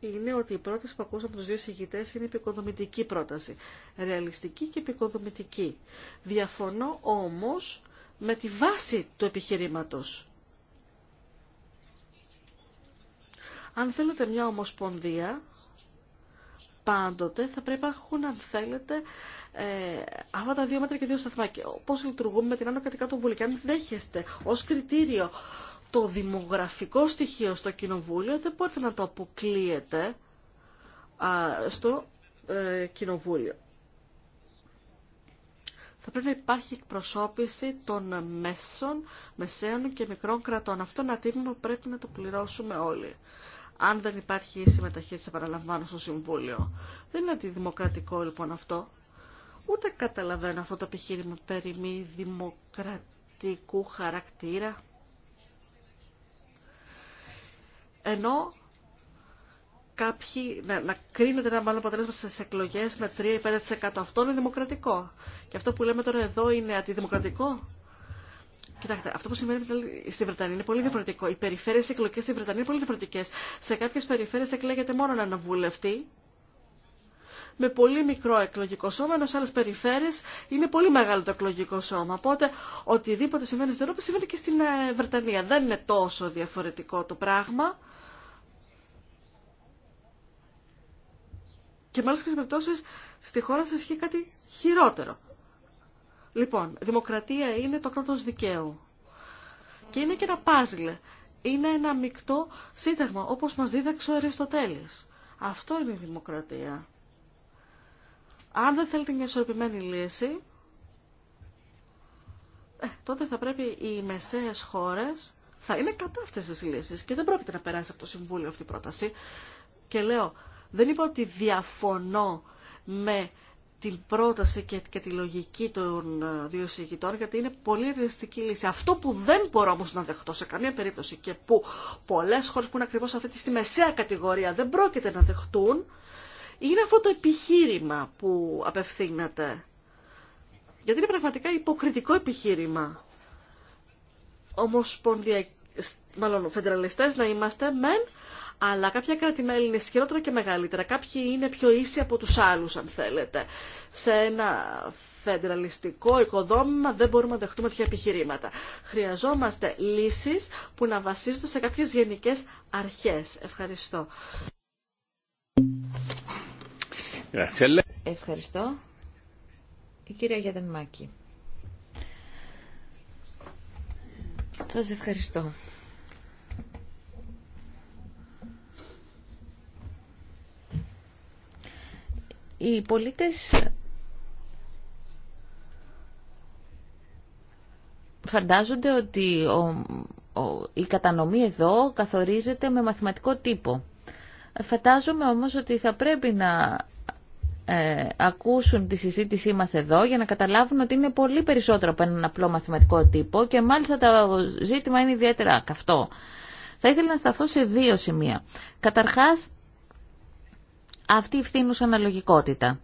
είναι ότι η πρόταση που ακούσαμε από τους δύο συγγητές είναι επικοδομητική πρόταση. Ρεαλιστική και επικοδομητική. Διαφωνώ όμως με τη βάση του επιχειρήματος. Αν θέλετε μια ομοσπονδία, πάντοτε θα πρέπει να έχουν, αν θέλετε, ε, αυτά τα δύο μέτρα και δύο σταθμά και πώς λειτουργούμε με την άνω Βουλή. και αν δέχεστε ω κριτήριο το δημογραφικό στοιχείο στο κοινοβούλιο δεν μπορείτε να το αποκλείετε α, στο ε, κοινοβούλιο. Θα πρέπει να υπάρχει εκπροσώπηση των μέσων, μεσαίων και μικρών κρατών. Αυτό είναι ατύπημα που πρέπει να το πληρώσουμε όλοι. Αν δεν υπάρχει συμμεταχείριση, επαναλαμβάνω, στο Συμβούλιο. Δεν είναι αντιδημοκρατικό λοιπόν αυτό. Ούτε καταλαβαίνω αυτό το επιχείρημα περί μη δημοκρατικού χαρακτήρα. Ενώ κάποιοι να, να κρίνεται ένα μάλλον αποτέλεσμα στι εκλογέ με 3-5%. Αυτό είναι δημοκρατικό. Και αυτό που λέμε τώρα εδώ είναι αντιδημοκρατικό. Κοιτάξτε, αυτό που σημαίνει δηλαδή στη Βρετανία είναι πολύ διαφορετικό. Οι περιφέρειε εκλογέ στη Βρετανία είναι πολύ διαφορετικέ. Σε κάποιε περιφέρειε εκλέγεται μόνο έναν βουλευτή με πολύ μικρό εκλογικό σώμα, ενώ σε άλλε περιφέρειε είναι πολύ μεγάλο το εκλογικό σώμα. Οπότε οτιδήποτε συμβαίνει στην Ευρώπη συμβαίνει και στην ε, Βρετανία. Δεν είναι τόσο διαφορετικό το πράγμα. Και μάλιστα σε περιπτώσει στη χώρα σα είχε κάτι χειρότερο. Λοιπόν, δημοκρατία είναι το κράτο δικαίου. Και είναι και ένα πάζλ. Είναι ένα μεικτό σύνταγμα, όπως μας δίδαξε ο Αριστοτέλης. Αυτό είναι η δημοκρατία. Αν δεν θέλετε μια ισορροπημένη λύση, ε, τότε θα πρέπει οι μεσαίες χώρες θα είναι κατά αυτές τις λύσεις και δεν πρόκειται να περάσει από το Συμβούλιο αυτή η πρόταση. Και λέω, δεν είπα ότι διαφωνώ με την πρόταση και, τη λογική των ε, δύο συγκητών, γιατί είναι πολύ ρευστική λύση. Αυτό που δεν μπορώ όμω να δεχτώ σε καμία περίπτωση και που πολλέ χώρε που είναι ακριβώ αυτή τη μεσαία κατηγορία δεν πρόκειται να δεχτούν, είναι αυτό το επιχείρημα που απευθύνεται. Γιατί είναι πραγματικά υποκριτικό επιχείρημα. Όμω, Μάλλον φεντεραλιστές να είμαστε, μεν, αλλά κάποια κράτη-μέλη είναι ισχυρότερα και μεγαλύτερα. Κάποιοι είναι πιο ίσοι από τους άλλους, αν θέλετε. Σε ένα φεντεραλιστικό οικοδόμημα δεν μπορούμε να δεχτούμε τέτοια επιχειρήματα. Χρειαζόμαστε λύσεις που να βασίζονται σε κάποιες γενικές αρχές. Ευχαριστώ. Ευχαριστώ. Η κυρία Γιαδενμάκη. Σας ευχαριστώ. Οι πολίτες φαντάζονται ότι η κατανομή εδώ καθορίζεται με μαθηματικό τύπο. Φαντάζομαι όμως ότι θα πρέπει να ε, ακούσουν τη συζήτησή μας εδώ για να καταλάβουν ότι είναι πολύ περισσότερο από έναν απλό μαθηματικό τύπο και μάλιστα το ζήτημα είναι ιδιαίτερα καυτό. Θα ήθελα να σταθώ σε δύο σημεία. Καταρχάς, αυτή η φθήνουσα αναλογικότητα,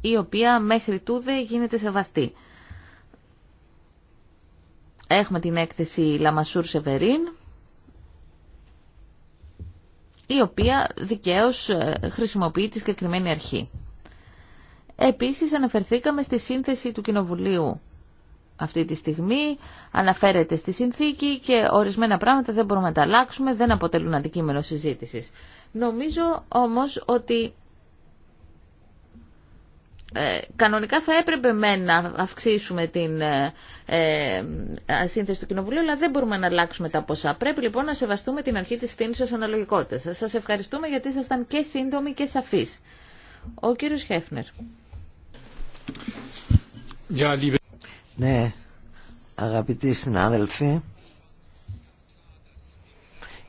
η οποία μέχρι τούδε γίνεται σεβαστή. Έχουμε την έκθεση Λαμασούρ Σεβερίν, η οποία δικαίως ε, χρησιμοποιεί τη συγκεκριμένη αρχή. Επίσης αναφερθήκαμε στη σύνθεση του Κοινοβουλίου. Αυτή τη στιγμή αναφέρεται στη συνθήκη και ορισμένα πράγματα δεν μπορούμε να τα αλλάξουμε, δεν αποτελούν αντικείμενο συζήτησης. Νομίζω όμως ότι ε, κανονικά θα έπρεπε με να αυξήσουμε την ε, ε, σύνθεση του Κοινοβουλίου, αλλά δεν μπορούμε να αλλάξουμε τα ποσά. Πρέπει λοιπόν να σεβαστούμε την αρχή της φθήνης ως αναλογικότητας. Σας ευχαριστούμε γιατί ήσασταν και σύντομοι και σαφείς. Ο κύριος Χέφνερ. Ναι, αγαπητοί συνάδελφοι,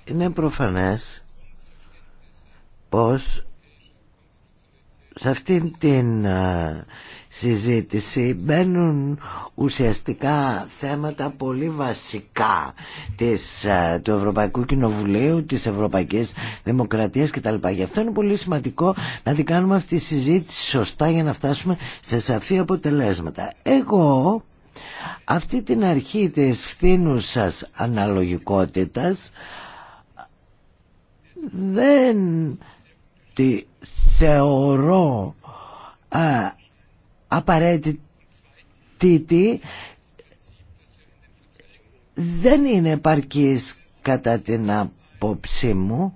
είναι προφανές πως σε αυτήν την ε, συζήτηση μπαίνουν ουσιαστικά θέματα πολύ βασικά της, ε, του Ευρωπαϊκού Κοινοβουλίου, της Ευρωπαϊκής Δημοκρατίας κτλ. Γι' αυτό είναι πολύ σημαντικό να την κάνουμε αυτή τη συζήτηση σωστά για να φτάσουμε σε σαφή αποτελέσματα. Εγώ αυτή την αρχή της φθήνουσας αναλογικότητας δεν ότι θεωρώ ε, απαραίτητη δεν είναι επαρκής κατά την απόψή μου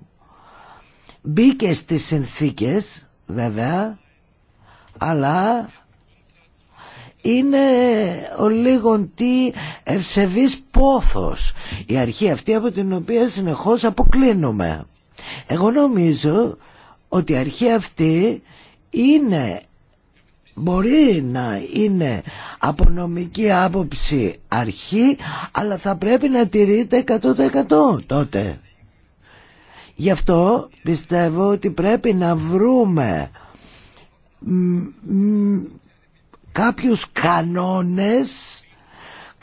μπήκε στις συνθήκες βέβαια αλλά είναι ο λίγον τι ευσεβής πόθος η αρχή αυτή από την οποία συνεχώς αποκλίνουμε εγώ νομίζω ότι η αρχή αυτή είναι μπορεί να είναι από νομική άποψη αρχή αλλά θα πρέπει να τηρείται 100% τότε γι' αυτό πιστεύω ότι πρέπει να βρούμε κάποιους κανόνες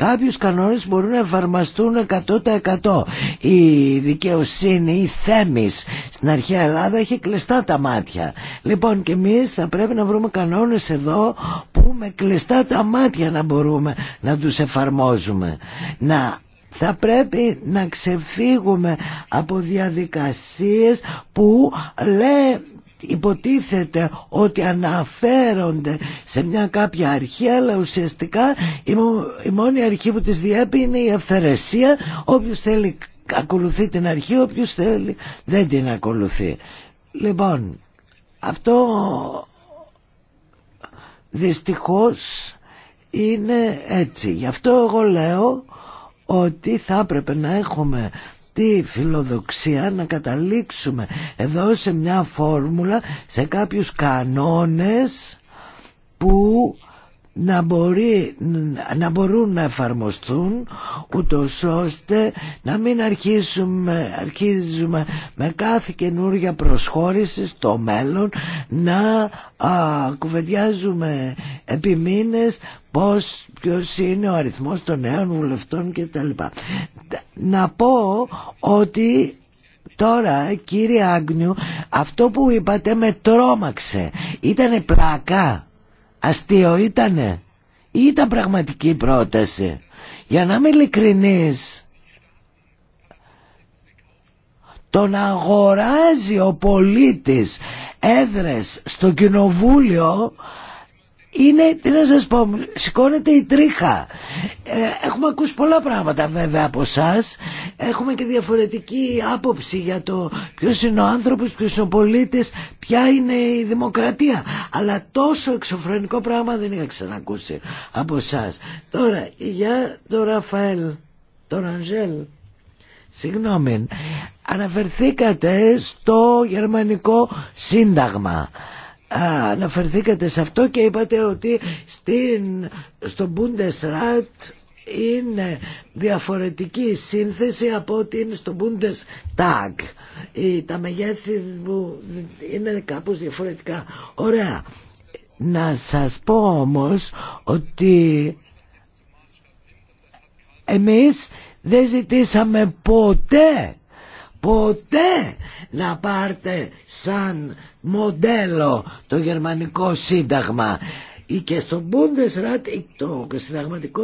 Κάποιους κανόνες μπορούν να εφαρμαστούν 100%. Η δικαιοσύνη, η θέμης στην αρχαία Ελλάδα έχει κλειστά τα μάτια. Λοιπόν και εμείς θα πρέπει να βρούμε κανόνες εδώ που με κλειστά τα μάτια να μπορούμε να τους εφαρμόζουμε. Να θα πρέπει να ξεφύγουμε από διαδικασίες που λέει υποτίθεται ότι αναφέρονται σε μια κάποια αρχή αλλά ουσιαστικά η μόνη αρχή που τις διέπει είναι η αυθαιρεσία όποιος θέλει ακολουθεί την αρχή όποιος θέλει δεν την ακολουθεί λοιπόν αυτό δυστυχώς είναι έτσι γι' αυτό εγώ λέω ότι θα έπρεπε να έχουμε τι φιλοδοξία να καταλήξουμε εδώ σε μια φόρμουλα, σε κάποιους κανόνες που να, μπορεί, να μπορούν να εφαρμοστούν ούτω ώστε να μην αρχίσουμε, αρχίζουμε με κάθε καινούργια προσχώρηση στο μέλλον να α, κουβεντιάζουμε επί μήνες πώς, ποιος είναι ο αριθμός των νέων βουλευτών κτλ. Να πω ότι Τώρα κύριε Άγνιου αυτό που είπατε με τρόμαξε. Ήτανε πλακά. Αστείο ήτανε ή ήταν πραγματική πρόταση. Για να είμαι ειλικρινής, το να αγοράζει ο πολίτης έδρες στο κοινοβούλιο είναι, τι να σας πω, σηκώνεται η τρίχα. Ε, έχουμε ακούσει πολλά πράγματα βέβαια από εσά. Έχουμε και διαφορετική άποψη για το ποιος είναι ο άνθρωπος, ποιος είναι ο πολίτης, ποια είναι η δημοκρατία. Αλλά τόσο εξωφρενικό πράγμα δεν είχα ξανακούσει από εσά. Τώρα, για τον Ραφαέλ, τον Αντζέλ. Συγγνώμη, αναφερθήκατε στο γερμανικό σύνταγμα αναφερθήκατε σε αυτό και είπατε ότι στην, στο Bundesrat είναι διαφορετική σύνθεση από ότι είναι στο Bundestag. Τα μεγέθη που είναι κάπως διαφορετικά. Ωραία. Να σας πω όμως ότι εμείς δεν ζητήσαμε ποτέ ποτέ να πάρτε σαν μοντέλο το γερμανικό σύνταγμα και στο Bundesrat το συνταγματικό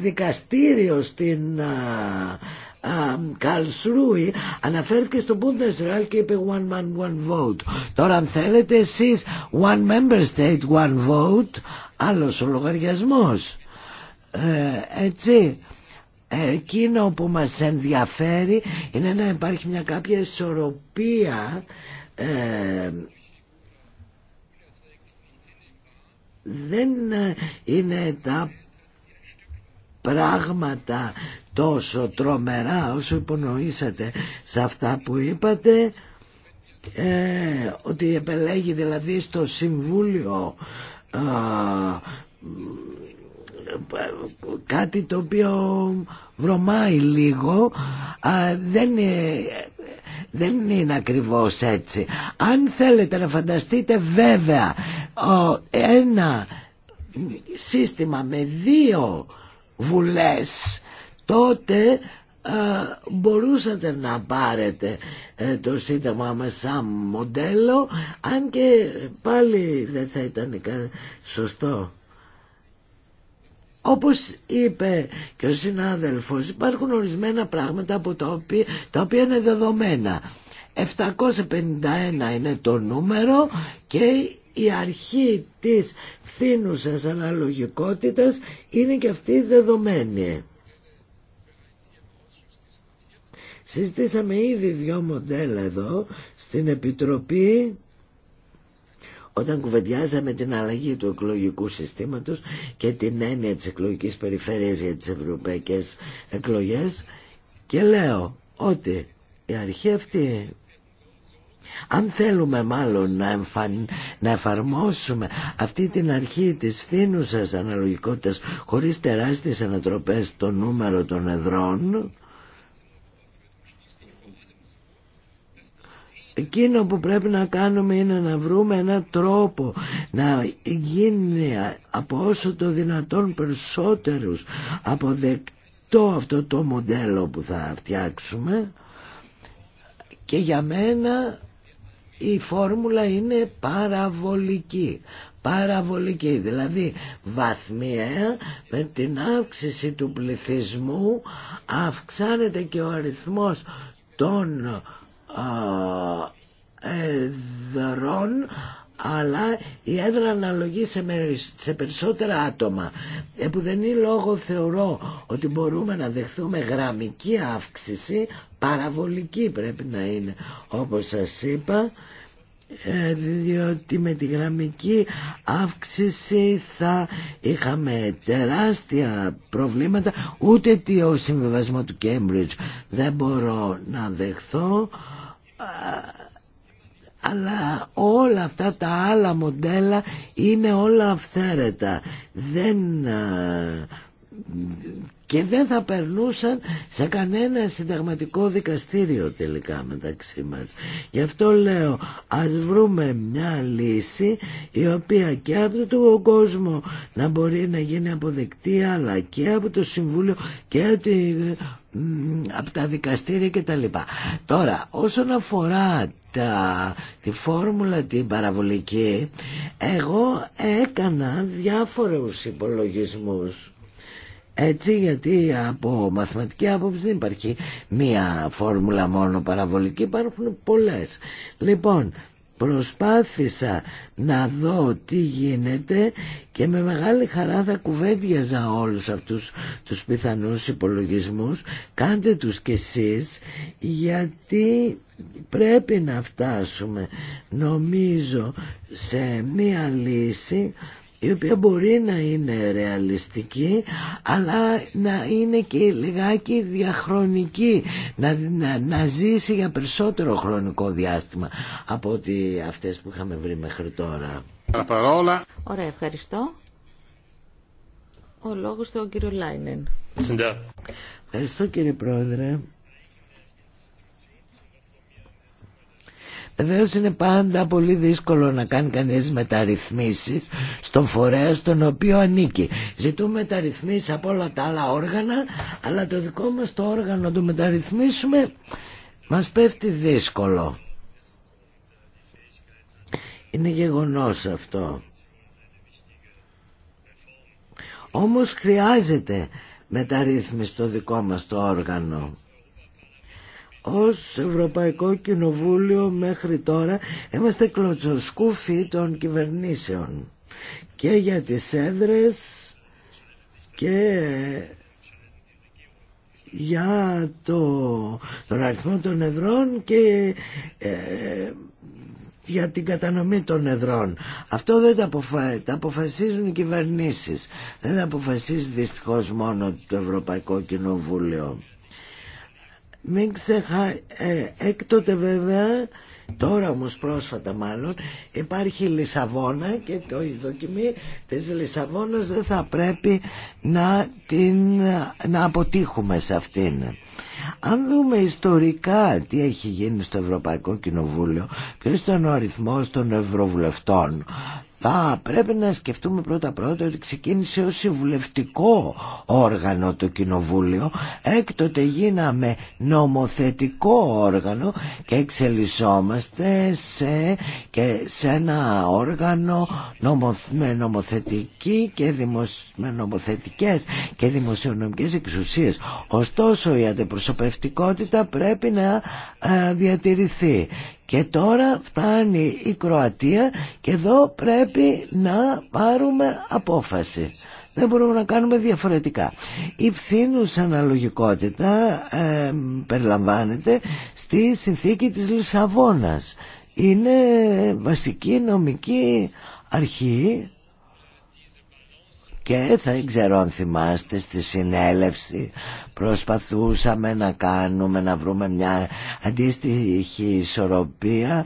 δικαστήριο στην Καλσρούι αναφέρθηκε στο Bundesrat και είπε one man one vote τώρα αν θέλετε εσείς one member state one vote άλλος ο λογαριασμός ε, έτσι ε, εκείνο που μας ενδιαφέρει είναι να υπάρχει μια κάποια ισορροπία ε, δεν ε, είναι τα πράγματα τόσο τρομερά όσο υπονοήσατε σε αυτά που είπατε ε, ότι επελέγει δηλαδή στο Συμβούλιο κάτι το οποίο βρωμάει λίγο, δεν, είναι, δεν είναι ακριβώς έτσι. Αν θέλετε να φανταστείτε βέβαια ο, ένα σύστημα με δύο βουλές, τότε μπορούσατε να πάρετε ε, το σύνταγμα με σαν μοντέλο αν και πάλι δεν θα ήταν σωστό όπως είπε και ο συνάδελφος υπάρχουν ορισμένα πράγματα από τα οποία, τα οποία είναι δεδομένα. 751 είναι το νούμερο και η αρχή της φθήνουσας αναλογικότητας είναι και αυτή δεδομένη. Συζητήσαμε ήδη δυο μοντέλα εδώ στην Επιτροπή όταν κουβεντιάζαμε την αλλαγή του εκλογικού συστήματος και την έννοια της εκλογικής περιφέρειας για τις ευρωπαϊκές εκλογές και λέω ότι η αρχή αυτή αν θέλουμε μάλλον να, εφαρμόσουμε αυτή την αρχή της φθήνουσας αναλογικότητας χωρίς τεράστιες ανατροπές στο νούμερο των εδρών Εκείνο που πρέπει να κάνουμε είναι να βρούμε έναν τρόπο να γίνει από όσο το δυνατόν περισσότερους αποδεκτό αυτό το μοντέλο που θα φτιάξουμε και για μένα η φόρμουλα είναι παραβολική. Παραβολική, δηλαδή βαθμιαία με την αύξηση του πληθυσμού αυξάνεται και ο αριθμός των δωρών αλλά η έδρα αναλογεί σε περισσότερα άτομα. Επουδενή λόγο θεωρώ ότι μπορούμε να δεχθούμε γραμμική αύξηση, παραβολική πρέπει να είναι όπως σας είπα, ε, διότι με τη γραμμική αύξηση θα είχαμε τεράστια προβλήματα, ούτε ο συμβιβασμό του Κέμπριτζ δεν μπορώ να δεχθώ αλλά όλα αυτά τα άλλα μοντέλα είναι όλα αυθαίρετα. Δεν και δεν θα περνούσαν σε κανένα συνταγματικό δικαστήριο τελικά μεταξύ μας. Γι' αυτό λέω ας βρούμε μια λύση η οποία και από τον κόσμο να μπορεί να γίνει αποδεκτή αλλά και από το Συμβούλιο και από από τα δικαστήρια λοιπά Τώρα, όσον αφορά τα, τη φόρμουλα την παραβολική, εγώ έκανα διάφορους υπολογισμούς. Έτσι γιατί από μαθηματική άποψη δεν υπάρχει μία φόρμουλα μόνο παραβολική, υπάρχουν πολλές. Λοιπόν, Προσπάθησα να δω τι γίνεται και με μεγάλη χαρά θα κουβέντιαζα όλους αυτούς τους πιθανούς υπολογισμούς. Κάντε τους κι εσείς γιατί πρέπει να φτάσουμε νομίζω σε μία λύση η οποία μπορεί να είναι ρεαλιστική αλλά να είναι και λιγάκι διαχρονική να, να, ζήσει για περισσότερο χρονικό διάστημα από ότι αυτές που είχαμε βρει μέχρι τώρα. Παρόλα. Ωραία, ευχαριστώ. Ο λόγος του κύριο Λάινεν. Ευχαριστώ κύριε Πρόεδρε. Βεβαίω είναι πάντα πολύ δύσκολο να κάνει κανείς μεταρρυθμίσει στον φορέα στον οποίο ανήκει. Ζητούμε μεταρρυθμίσει από όλα τα άλλα όργανα, αλλά το δικό μας το όργανο να το μεταρρυθμίσουμε μας πέφτει δύσκολο. Είναι γεγονός αυτό. Όμως χρειάζεται μεταρρύθμιση στο δικό μας το όργανο ως Ευρωπαϊκό Κοινοβούλιο μέχρι τώρα είμαστε κλωτσοσκούφοι των κυβερνήσεων και για τις έδρες και για το, τον αριθμό των εδρών και ε, για την κατανομή των εδρών. Αυτό δεν τα, αποφασίζουν οι κυβερνήσεις. Δεν τα αποφασίζει δυστυχώς μόνο το Ευρωπαϊκό Κοινοβούλιο. Μην ξεχά... Ε, έκτοτε βέβαια, τώρα όμω πρόσφατα μάλλον, υπάρχει η Λισαβόνα και το, η δοκιμή της Λισαβόνας δεν θα πρέπει να, την, να αποτύχουμε σε αυτήν. Αν δούμε ιστορικά τι έχει γίνει στο Ευρωπαϊκό Κοινοβούλιο ήταν ο αριθμό των Ευρωβουλευτών, θα πρέπει να σκεφτούμε πρώτα πρώτα ότι ξεκίνησε ως συμβουλευτικό όργανο το κοινοβούλιο έκτοτε γίναμε νομοθετικό όργανο και εξελισσόμαστε σε, και ένα όργανο με, νομοθετική και δημοσ, με νομοθετικές και δημοσιονομικές εξουσίες ωστόσο η αντιπροσωπευτικότητα πρέπει να ε, διατηρηθεί και τώρα φτάνει η Κροατία και εδώ πρέπει να πάρουμε απόφαση. Δεν μπορούμε να κάνουμε διαφορετικά. Η φθήνους αναλογικότητα περιλαμβάνεται στη συνθήκη της Λισαβόνας. Είναι βασική νομική αρχή και θα ξέρω αν θυμάστε στη συνέλευση προσπαθούσαμε να κάνουμε, να βρούμε μια αντίστοιχη ισορροπία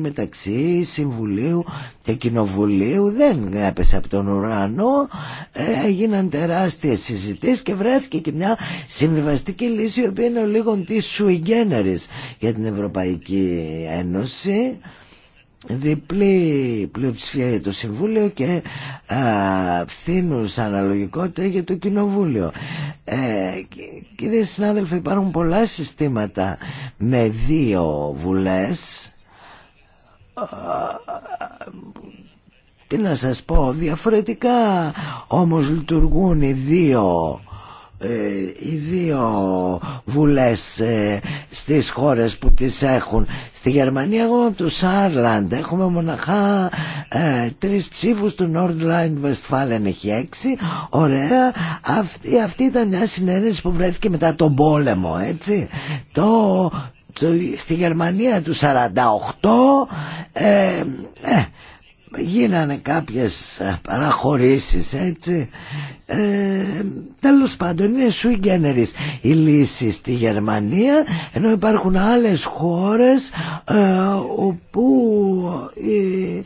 μεταξύ Συμβουλίου και Κοινοβουλίου δεν έπεσε από τον ουρανό ε, έγιναν τεράστιες συζητήσεις και βρέθηκε και μια συμβιβαστική λύση η οποία είναι ο λίγο της για την Ευρωπαϊκή Ένωση διπλή πλειοψηφία για το Συμβούλιο και α, φθήνους αναλογικότητα για το Κοινοβούλιο. Ε, κύριε συνάδελφοι υπάρχουν πολλά συστήματα με δύο βουλές τι να σας πω διαφορετικά όμως λειτουργούν οι δύο ε, οι δύο βουλές ε, στις χώρες που τις έχουν. Στη Γερμανία έχουμε από Σάρλαντ, έχουμε μοναχά ε, τρεις ψήφους του Nordline Westfalen έχει έξι. Ωραία, αυτή, αυτή ήταν μια συνένεση που βρέθηκε μετά τον πόλεμο, έτσι. Το, στη Γερμανία του 48 ε, ε γίνανε κάποιες ε, παραχωρήσεις έτσι ε, τέλος πάντων είναι σου η λύση στη Γερμανία ενώ υπάρχουν άλλες χώρες ε, όπου ε,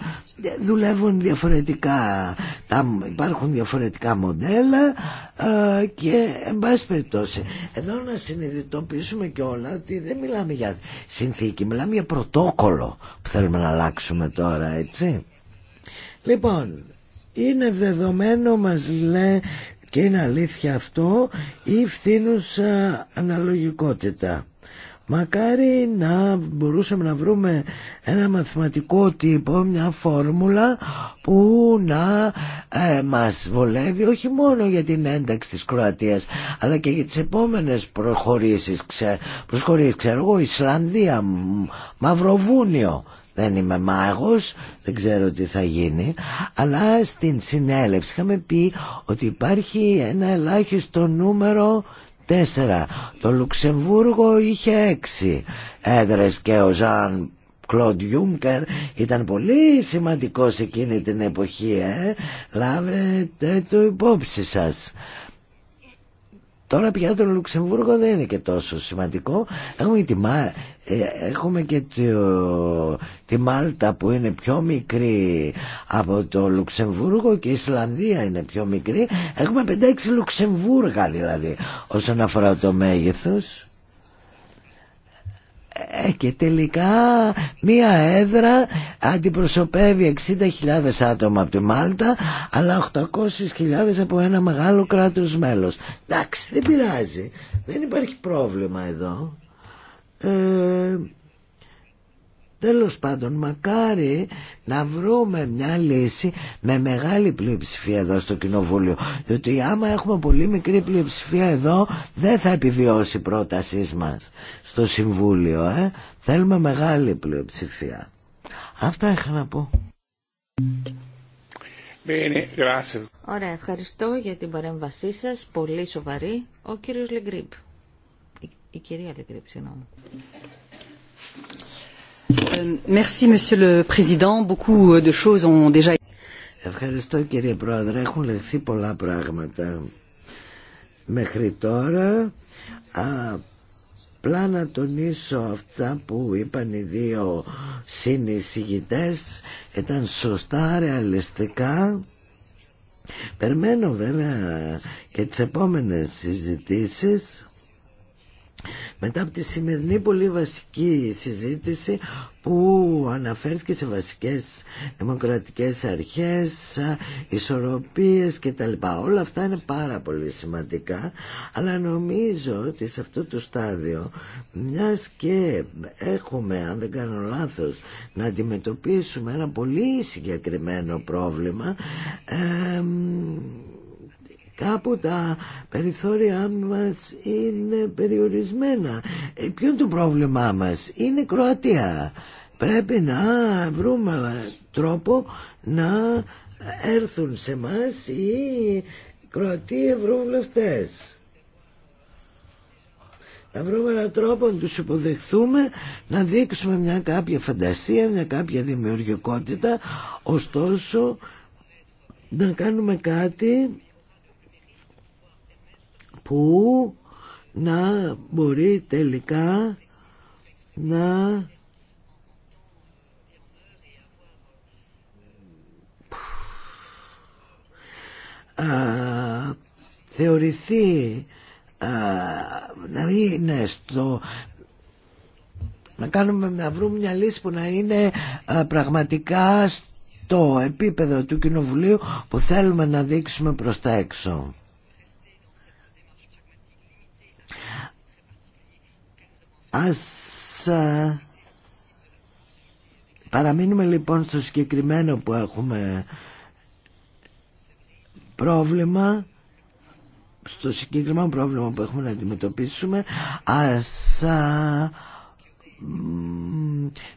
δουλεύουν διαφορετικά υπάρχουν διαφορετικά μοντέλα και εν πάση περιπτώσει εδώ να συνειδητοποιήσουμε και όλα ότι δεν μιλάμε για συνθήκη μιλάμε για πρωτόκολλο που θέλουμε να αλλάξουμε τώρα έτσι Λοιπόν, είναι δεδομένο μας λέει και είναι αλήθεια αυτό η φθήνουσα αναλογικότητα. Μακάρι να μπορούσαμε να βρούμε ένα μαθηματικό τύπο, μια φόρμουλα που να ε, μας βολεύει όχι μόνο για την ένταξη της Κροατίας αλλά και για τις επόμενες προχωρήσεις, ξε, προσχωρήσεις, ξέρω εγώ, Ισλανδία, Μαυροβούνιο δεν είμαι μάγος, δεν ξέρω τι θα γίνει, αλλά στην συνέλευση είχαμε πει ότι υπάρχει ένα ελάχιστο νούμερο 4. Το Λουξεμβούργο είχε 6 έδρες και ο Ζαν Κλοντ γιουμκερ ήταν πολύ σημαντικός εκείνη την εποχή, ε. λάβετε το υπόψη σας. Τώρα πια το Λουξεμβούργο δεν είναι και τόσο σημαντικό. Έχουμε, τη, ε, έχουμε και τη Μάλτα που είναι πιο μικρή από το Λουξεμβούργο και η Ισλανδία είναι πιο μικρή. Έχουμε 5-6 Λουξεμβούργα δηλαδή όσον αφορά το μέγεθος. Ε, και τελικά μία έδρα αντιπροσωπεύει 60.000 άτομα από τη Μάλτα αλλά 800.000 από ένα μεγάλο κράτος μέλος εντάξει δεν πειράζει δεν υπάρχει πρόβλημα εδώ ε, Τέλος πάντων, μακάρι να βρούμε μια λύση με μεγάλη πλειοψηφία εδώ στο Κοινοβούλιο. Διότι άμα έχουμε πολύ μικρή πλειοψηφία εδώ, δεν θα επιβιώσει η πρότασή μας στο Συμβούλιο. Ε. Θέλουμε μεγάλη πλειοψηφία. Αυτά είχα να πω. Ωραία, ευχαριστώ για την παρέμβασή σας. Πολύ σοβαρή. Ο κύριος Λεγκρίπ. Η, η κυρία Λεγκρίπ, συγγνώμη. Ευχαριστώ κύριε Πρόεδρε. Έχουν λεχθεί πολλά πράγματα μέχρι τώρα. Απλά να τονίσω αυτά που είπαν οι δύο συνεισηγητές. Ήταν σωστά, ρεαλιστικά. Περμένω βέβαια και τις επόμενες συζητήσεις μετά από τη σημερινή πολύ βασική συζήτηση που αναφέρθηκε σε βασικές δημοκρατικές αρχές, ισορροπίες κτλ. Όλα αυτά είναι πάρα πολύ σημαντικά, αλλά νομίζω ότι σε αυτό το στάδιο, μιας και έχουμε, αν δεν κάνω λάθος, να αντιμετωπίσουμε ένα πολύ συγκεκριμένο πρόβλημα, Κάπου τα περιθώρια μας είναι περιορισμένα. Ε, ποιο είναι το πρόβλημά μας. Είναι η Κροατία. Πρέπει να βρούμε τρόπο να έρθουν σε μας οι Κροατοί ευρωβουλευτές. Να βρούμε έναν τρόπο να τους υποδεχθούμε, να δείξουμε μια κάποια φαντασία, μια κάποια δημιουργικότητα, ωστόσο να κάνουμε κάτι που να μπορεί τελικά να θεωρηθεί να είναι δηλαδή, στο να, κάνουμε, να βρούμε μια λύση που να είναι α, πραγματικά στο επίπεδο του κοινοβουλίου που θέλουμε να δείξουμε προς τα έξω. Ας α, ε, παραμείνουμε λοιπόν στο συγκεκριμένο που έχουμε πρόβλημα στο συγκεκριμένο πρόβλημα που έχουμε να αντιμετωπίσουμε ας α, ε,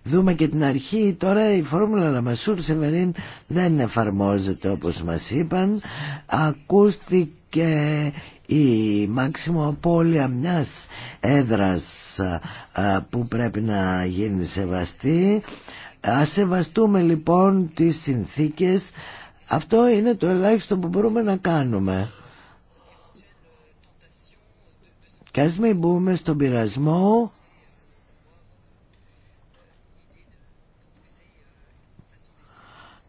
δούμε και την αρχή τώρα η φόρμουλα Λαμασούρ Σεβερίν δεν εφαρμόζεται όπως μας είπαν ακούστηκε η μάξιμο απώλεια μιας έδρας ε, που πρέπει να γίνει σεβαστή. Ας σεβαστούμε λοιπόν τις συνθήκες. Αυτό είναι το ελάχιστο που μπορούμε να κάνουμε. Και ας μην μπούμε στον πειρασμό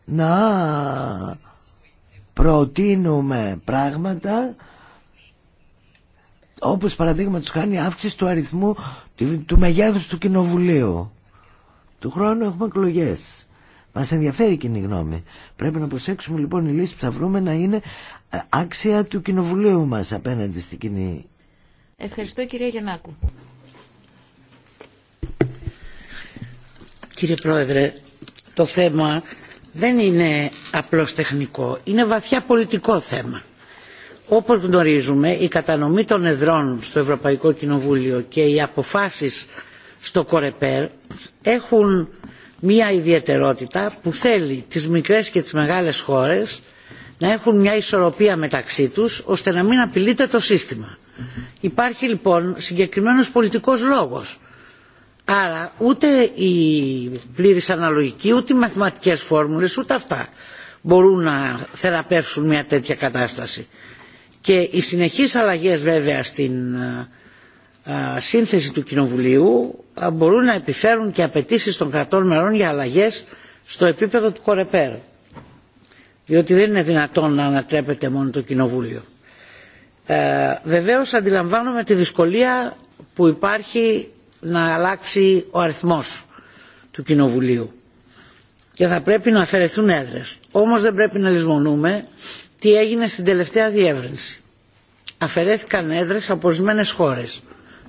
να προτείνουμε πράγματα όπως τους κάνει αύξηση του αριθμού του μεγέθους του κοινοβουλίου. Του χρόνου έχουμε εκλογέ. Μα ενδιαφέρει η κοινή γνώμη. Πρέπει να προσέξουμε λοιπόν η λύση που θα βρούμε να είναι ε, άξια του κοινοβουλίου μα απέναντι στην κοινή. Ευχαριστώ κυρία Γεννάκου. Κύριε Πρόεδρε, το θέμα δεν είναι απλώς τεχνικό, είναι βαθιά πολιτικό θέμα όπως γνωρίζουμε η κατανομή των εδρών στο ευρωπαϊκό κοινοβούλιο και οι αποφάσεις στο κορεπέρ έχουν μια ιδιαιτερότητα που θέλει τις μικρές και τις μεγάλες χώρες να έχουν μια ισορροπία μεταξύ τους ώστε να μην απειλείται το σύστημα. Υπάρχει λοιπόν συγκεκριμένος πολιτικός λόγος. Άρα ούτε η πλήρης αναλογική, ούτε οι μαθηματικές φόρμουλες, ούτε αυτά μπορούν να θεραπεύσουν μια τέτοια κατάσταση και οι συνεχείς αλλαγές βέβαια στην ε, ε, σύνθεση του Κοινοβουλίου ε, μπορούν να επιφέρουν και απαιτήσει των κρατών μερών για αλλαγές στο επίπεδο του Κορεπέρ. Διότι δεν είναι δυνατόν να ανατρέπεται μόνο το Κοινοβούλιο. Ε, βεβαίως αντιλαμβάνομαι τη δυσκολία που υπάρχει να αλλάξει ο αριθμός του Κοινοβουλίου και θα πρέπει να αφαιρεθούν έδρες. Όμως δεν πρέπει να λησμονούμε τι έγινε στην τελευταία διεύρυνση. Αφαιρέθηκαν έδρες από ορισμένε χώρες.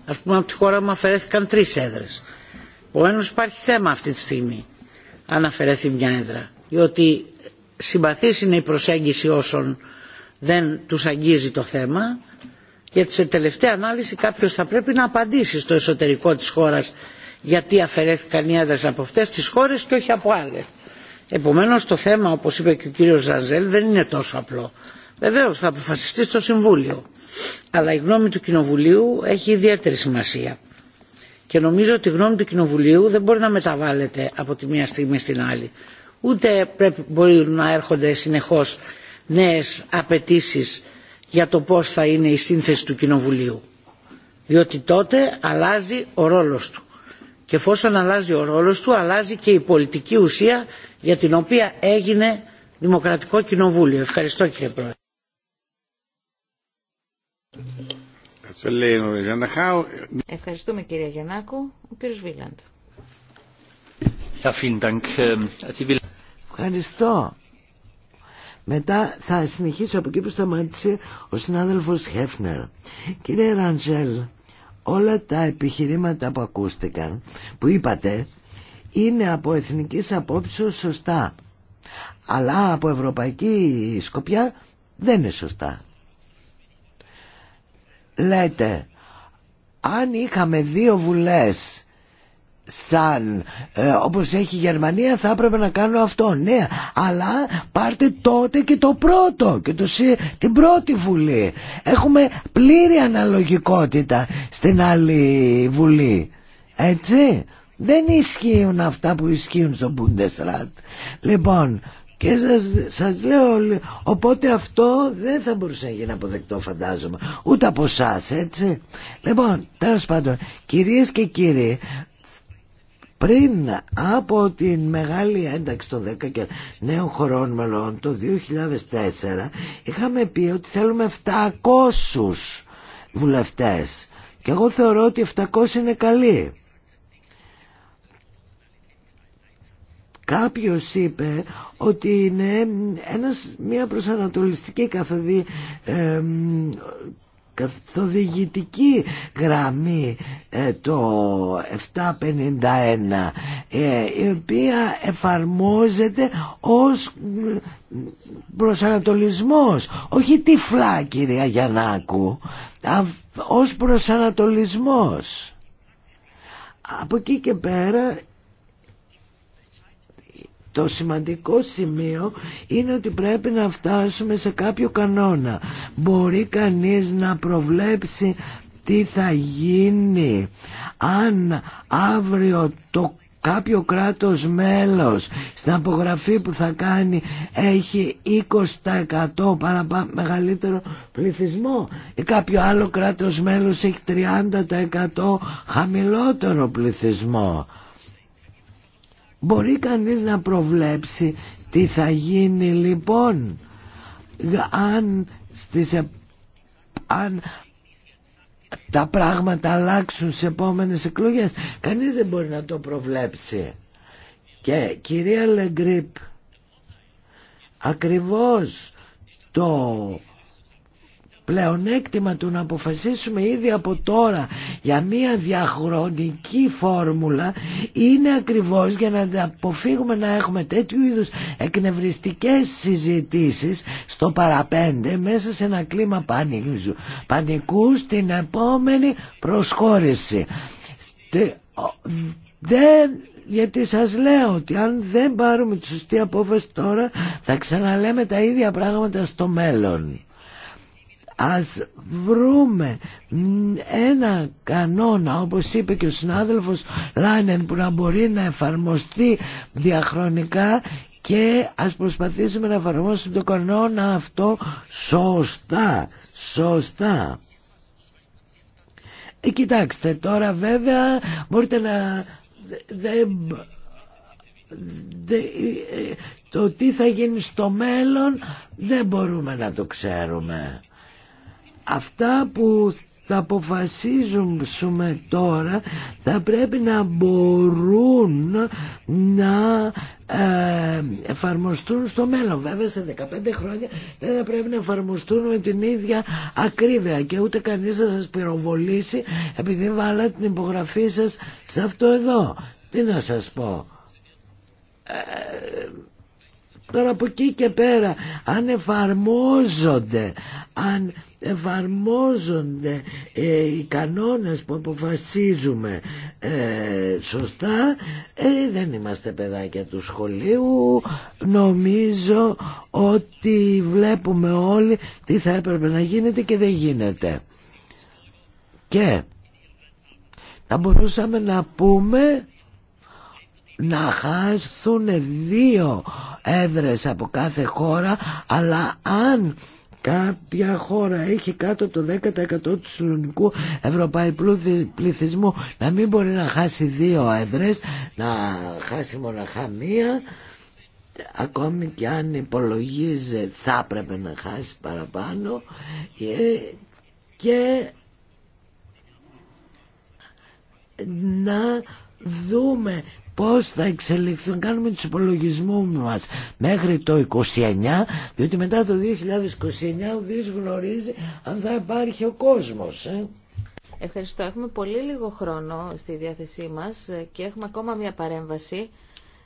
Ας πούμε από τη χώρα μου αφαιρέθηκαν τρεις έδρες. Επομένω υπάρχει θέμα αυτή τη στιγμή αν αφαιρέθει μια έδρα. Διότι συμπαθής είναι η προσέγγιση όσων δεν τους αγγίζει το θέμα γιατί σε τελευταία ανάλυση κάποιος θα πρέπει να απαντήσει στο εσωτερικό της χώρας γιατί αφαιρέθηκαν οι έδρες από αυτές τις χώρες και όχι από άλλες. Επομένως το θέμα, όπως είπε και ο κύριος Ζανζέλ, δεν είναι τόσο απλό. Βεβαίως θα αποφασιστεί στο Συμβούλιο, αλλά η γνώμη του Κοινοβουλίου έχει ιδιαίτερη σημασία. Και νομίζω ότι η γνώμη του Κοινοβουλίου δεν μπορεί να μεταβάλλεται από τη μία στιγμή στην άλλη. Ούτε πρέπει, μπορεί να έρχονται συνεχώς νέες απαιτήσει για το πώς θα είναι η σύνθεση του Κοινοβουλίου. Διότι τότε αλλάζει ο ρόλος του και εφόσον αλλάζει ο ρόλος του αλλάζει και η πολιτική ουσία για την οποία έγινε Δημοκρατικό Κοινοβούλιο. Ευχαριστώ κύριε Πρόεδρε. Ευχαριστούμε κύριε Γιαννάκου. Ο κύριος Βίλαντ. Ähm, Ευχαριστώ. Μετά θα συνεχίσω από εκεί που σταμάτησε ο συνάδελφος Χέφνερ. Κύριε Ραντζέλ, όλα τα επιχειρήματα που ακούστηκαν, που είπατε, είναι από εθνικής απόψεως σωστά. Αλλά από ευρωπαϊκή σκοπιά δεν είναι σωστά. Λέτε, αν είχαμε δύο βουλές σαν ε, όπως έχει η Γερμανία θα έπρεπε να κάνω αυτό ναι αλλά πάρτε τότε και το πρώτο και το, την πρώτη βουλή έχουμε πλήρη αναλογικότητα στην άλλη βουλή έτσι δεν ισχύουν αυτά που ισχύουν στο Bundesrat λοιπόν και σας, σας λέω οπότε αυτό δεν θα μπορούσε να γίνει αποδεκτό φαντάζομαι ούτε από εσά, έτσι λοιπόν τέλος πάντων κυρίες και κύριοι πριν από την μεγάλη ένταξη των 10 και νέων χωρών μελών το 2004 είχαμε πει ότι θέλουμε 700 βουλευτές και εγώ θεωρώ ότι 700 είναι καλοί. Κάποιος είπε ότι είναι ένας, μια προσανατολιστική καθοδή ε, καθοδηγητική γραμμή ε, το 751 ε, η οποία εφαρμόζεται ως προσανατολισμός όχι τυφλά κυρία Γιαννάκου α, ως προσανατολισμός από εκεί και πέρα το σημαντικό σημείο είναι ότι πρέπει να φτάσουμε σε κάποιο κανόνα. Μπορεί κανείς να προβλέψει τι θα γίνει αν αύριο το κάποιο κράτος μέλος στην απογραφή που θα κάνει έχει 20% παραπάνω μεγαλύτερο πληθυσμό ή κάποιο άλλο κράτος μέλος έχει 30% χαμηλότερο πληθυσμό Μπορεί κανείς να προβλέψει τι θα γίνει λοιπόν αν, αν τα πράγματα αλλάξουν σε επόμενες εκλογές. Κανείς δεν μπορεί να το προβλέψει. Και κυρία Λεγκρίπ, ακριβώς το πλεονέκτημα του να αποφασίσουμε ήδη από τώρα για μια διαχρονική φόρμουλα είναι ακριβώς για να αποφύγουμε να έχουμε τέτοιου είδους εκνευριστικές συζητήσεις στο παραπέντε μέσα σε ένα κλίμα πανικού, πανικού στην επόμενη προσχώρηση. Δεν γιατί σας λέω ότι αν δεν πάρουμε τη σωστή απόφαση τώρα θα ξαναλέμε τα ίδια πράγματα στο μέλλον. Ας βρούμε ένα κανόνα, όπως είπε και ο συνάδελφος Λάνεν, που να μπορεί να εφαρμοστεί διαχρονικά και ας προσπαθήσουμε να εφαρμόσουμε το κανόνα αυτό σωστά, σωστά. Ε, κοιτάξτε, τώρα βέβαια μπορείτε να... Ε, ε, το τι θα γίνει στο μέλλον δεν μπορούμε να το ξέρουμε αυτά που θα αποφασίζουμε τώρα θα πρέπει να μπορούν να ε, εφαρμοστούν στο μέλλον. Βέβαια σε 15 χρόνια δεν θα πρέπει να εφαρμοστούν με την ίδια ακρίβεια και ούτε κανείς θα σας πυροβολήσει επειδή βάλατε την υπογραφή σας σε αυτό εδώ. Τι να σας πω. Ε, τώρα από εκεί και πέρα αν εφαρμόζονται, αν εφαρμόζονται ε, οι κανόνες που αποφασίζουμε ε, σωστά ε, δεν είμαστε παιδάκια του σχολείου νομίζω ότι βλέπουμε όλοι τι θα έπρεπε να γίνεται και δεν γίνεται και θα μπορούσαμε να πούμε να χάσουν δύο έδρες από κάθε χώρα αλλά αν κάποια χώρα έχει κάτω από το 10% του συλλογικού ευρωπαϊκού πληθυσμού να μην μπορεί να χάσει δύο έδρες, να χάσει μοναχά μία ακόμη και αν υπολογίζει θα έπρεπε να χάσει παραπάνω ε, και να δούμε πώς θα εξελιχθούν, κάνουμε τους υπολογισμού μας μέχρι το 29, διότι μετά το 2029 ο Δής γνωρίζει αν θα υπάρχει ο κόσμος. Ε. Ευχαριστώ. Έχουμε πολύ λίγο χρόνο στη διάθεσή μας ε, και έχουμε ακόμα μια παρέμβαση.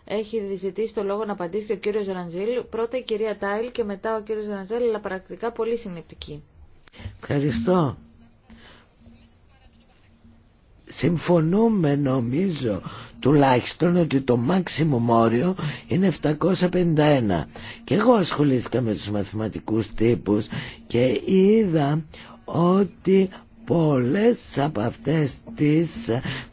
Έχει ζητήσει το λόγο να απαντήσει και ο κύριος Ρανζίλ. Πρώτα η κυρία Τάιλ και μετά ο κύριος Ρανζέλ, αλλά πρακτικά πολύ συνεπτική. Ευχαριστώ συμφωνούμε νομίζω τουλάχιστον ότι το μάξιμο μόριο είναι 751 και εγώ ασχολήθηκα με τους μαθηματικούς τύπους και είδα ότι πολλές από αυτές τις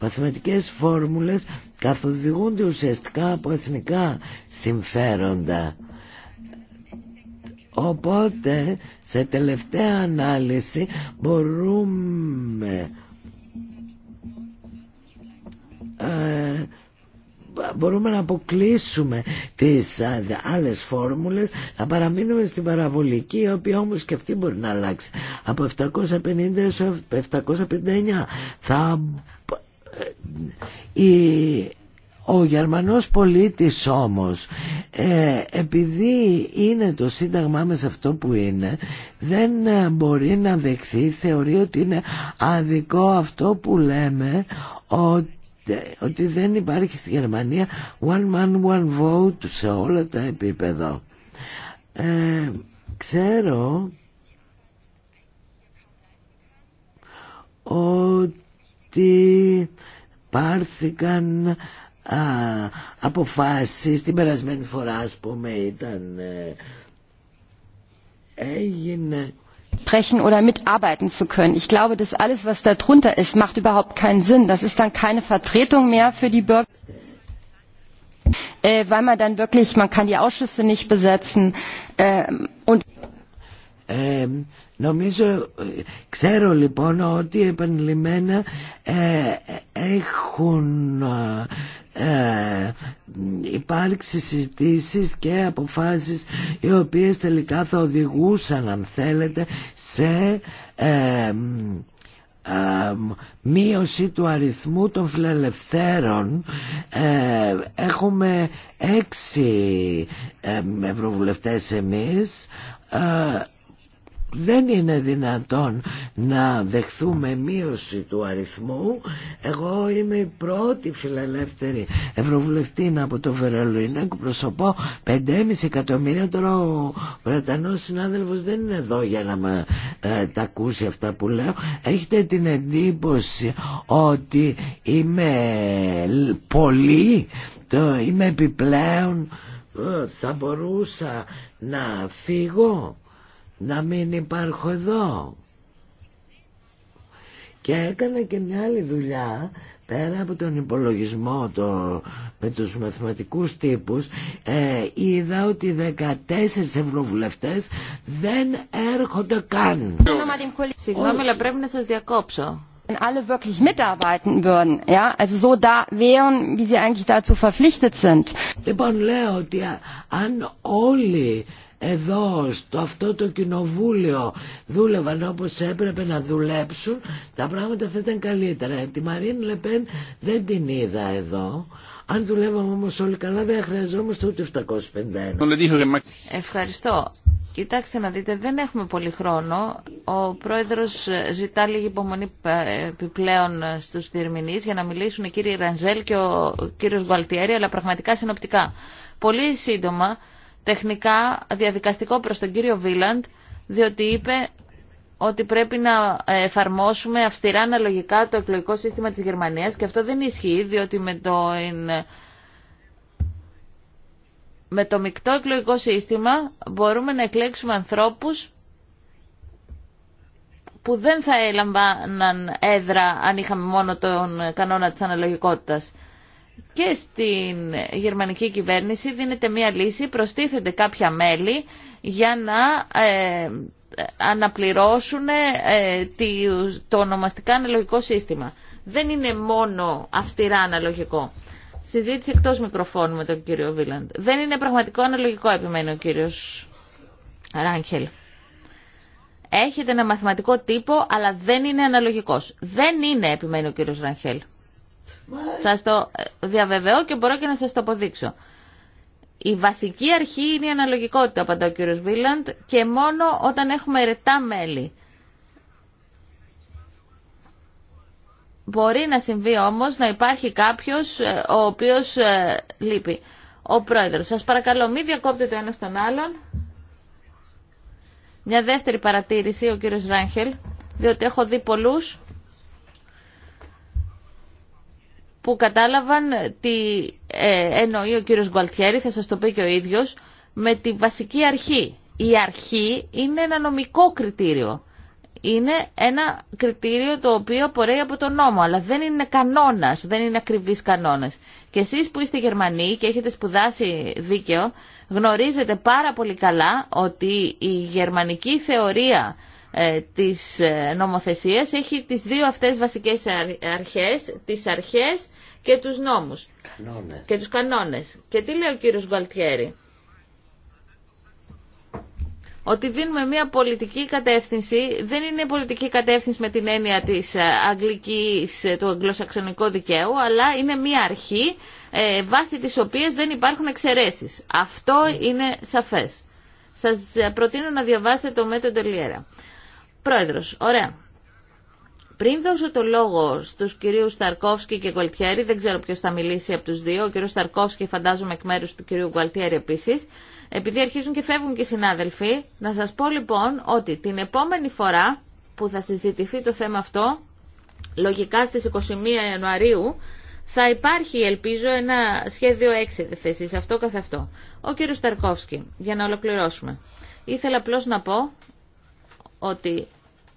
μαθηματικές φόρμουλες καθοδηγούνται ουσιαστικά από εθνικά συμφέροντα οπότε σε τελευταία ανάλυση μπορούμε ε, μπορούμε να αποκλείσουμε τις ε, άλλες φόρμουλες να παραμείνουμε στην παραβολική η οποία όμως και αυτή μπορεί να αλλάξει από 750 έως 759 θα ε, ο Γερμανός πολίτης όμως επειδή είναι το σύνταγμά μας αυτό που είναι δεν μπορεί να δεχθεί θεωρεί ότι είναι αδικό αυτό που λέμε ότι ε, ότι δεν υπάρχει στη Γερμανία one man one vote σε όλα τα επίπεδα. Ε, ξέρω ότι πάρθηκαν α, αποφάσεις την περασμένη φορά ας πούμε ήταν ε, έγινε sprechen oder mitarbeiten zu können. Ich glaube, dass alles, was darunter ist, macht überhaupt keinen Sinn. Das ist dann keine Vertretung mehr für die Bürger, weil man dann wirklich, man kann die Ausschüsse nicht besetzen. Und Νομίζω, ξέρω ε, υπάρξει συζητήσεις και αποφάσεις οι οποίες τελικά θα οδηγούσαν αν θέλετε σε ε, ε μείωση του αριθμού των φιλελευθέρων ε, έχουμε έξι ε, ευρωβουλευτές εμείς ε, δεν είναι δυνατόν να δεχθούμε μείωση του αριθμού. Εγώ είμαι η πρώτη φιλελεύθερη ευρωβουλευτή από το Βερολίνο και προσωπώ 5,5 εκατομμύρια. Τώρα ο Βρετανός συνάδελφος δεν είναι εδώ για να ε, τα ακούσει αυτά που λέω. Έχετε την εντύπωση ότι είμαι πολύ, το, είμαι επιπλέον, ε, θα μπορούσα να φύγω να μην υπάρχω εδώ. Και έκανα και μια άλλη δουλειά πέρα από τον υπολογισμό το, με τους μαθηματικούς τύπους ε, είδα ότι 14 ευρωβουλευτές δεν έρχονται καν. Συγγνώμη, αλλά πρέπει να σας διακόψω. Wenn alle wirklich mitarbeiten würden, ja, also so da wären, wie sie eigentlich dazu verpflichtet sind. Λοιπόν, λέω ότι αν όλοι εδώ στο αυτό το κοινοβούλιο δούλευαν όπως έπρεπε να δουλέψουν τα πράγματα θα ήταν καλύτερα. Τη Μαρίν Λεπέν δεν την είδα εδώ. Αν δουλεύαμε όμως όλοι καλά δεν χρειαζόμαστε ούτε 751. Ευχαριστώ. Κοιτάξτε να δείτε, δεν έχουμε πολύ χρόνο. Ο πρόεδρος ζητά λίγη υπομονή ε, επιπλέον ε, στους διερμηνείς για να μιλήσουν οι κύριοι Ρανζέλ και ο κύριος Γουαλτιέρη, αλλά πραγματικά συνοπτικά. Πολύ σύντομα, τεχνικά διαδικαστικό προς τον κύριο Βίλαντ, διότι είπε ότι πρέπει να εφαρμόσουμε αυστηρά αναλογικά το εκλογικό σύστημα της Γερμανίας και αυτό δεν ισχύει, διότι με το, με μεικτό εκλογικό σύστημα μπορούμε να εκλέξουμε ανθρώπους που δεν θα έλαμβαναν έδρα αν είχαμε μόνο τον κανόνα της αναλογικότητας και στην γερμανική κυβέρνηση δίνεται μία λύση, προστίθενται κάποια μέλη για να ε, αναπληρώσουν ε, το ονομαστικά αναλογικό σύστημα. Δεν είναι μόνο αυστηρά αναλογικό. Συζήτηση εκτός μικροφώνου με τον κύριο Βίλαντ. Δεν είναι πραγματικό αναλογικό, επιμένει ο κύριος Ράνχελ. Έχετε ένα μαθηματικό τύπο, αλλά δεν είναι αναλογικός. Δεν είναι, επιμένει ο κύριος Ράγχελ. Σας το ε, διαβεβαιώ και μπορώ και να σας το αποδείξω. Η βασική αρχή είναι η αναλογικότητα, απαντά ο κύριος Βίλαντ, και μόνο όταν έχουμε ερετά μέλη. Μπορεί να συμβεί όμως να υπάρχει κάποιος ε, ο οποίος ε, λείπει. Ο πρόεδρος, σας παρακαλώ μην διακόπτετε το ένα στον άλλον. Μια δεύτερη παρατήρηση, ο κύριος Ράγχελ, διότι έχω δει πολλούς που κατάλαβαν τι ε, εννοεί ο κύριος Γκουαλτιέρη, θα σας το πει και ο ίδιος, με τη βασική αρχή. Η αρχή είναι ένα νομικό κριτήριο. Είναι ένα κριτήριο το οποίο απορρέει από τον νόμο, αλλά δεν είναι κανόνας, δεν είναι ακριβής κανόνας. Και εσείς που είστε Γερμανοί και έχετε σπουδάσει δίκαιο, γνωρίζετε πάρα πολύ καλά ότι η γερμανική θεωρία ε, της ε, νομοθεσίας έχει τις δύο αυτές βασικές αρχές, τις αρχές και τους νόμους και τους κανόνες. Και τι λέει ο κύριος Γκουαλτιέρη. Ότι δίνουμε μια πολιτική κατεύθυνση, δεν είναι πολιτική κατεύθυνση με την έννοια της ε, αγγλικής, του αγγλοσαξονικού δικαίου, αλλά είναι μια αρχή ε, βάσει της οποίας δεν υπάρχουν εξαιρέσεις. Αυτό είναι σαφές. Σας προτείνω να διαβάσετε το μέτρο τελειέρα Πρόεδρος, ωραία. Πριν δώσω το λόγο στους κύριου Σταρκόφσκι και Γκουαλτιέρη, δεν ξέρω ποιος θα μιλήσει από τους δύο, ο κύριος Σταρκόφσκι φαντάζομαι εκ μέρους του κυρίου Γκουαλτιέρη επίσης, επειδή αρχίζουν και φεύγουν και οι συνάδελφοι, να σας πω λοιπόν ότι την επόμενη φορά που θα συζητηθεί το θέμα αυτό, λογικά στις 21 Ιανουαρίου, θα υπάρχει, ελπίζω, ένα σχέδιο έξιδεθεσης, αυτό καθ' αυτό. Ο κύριος Σταρκόφσκι, για να ολοκληρώσουμε. Ήθελα απλώ να πω ότι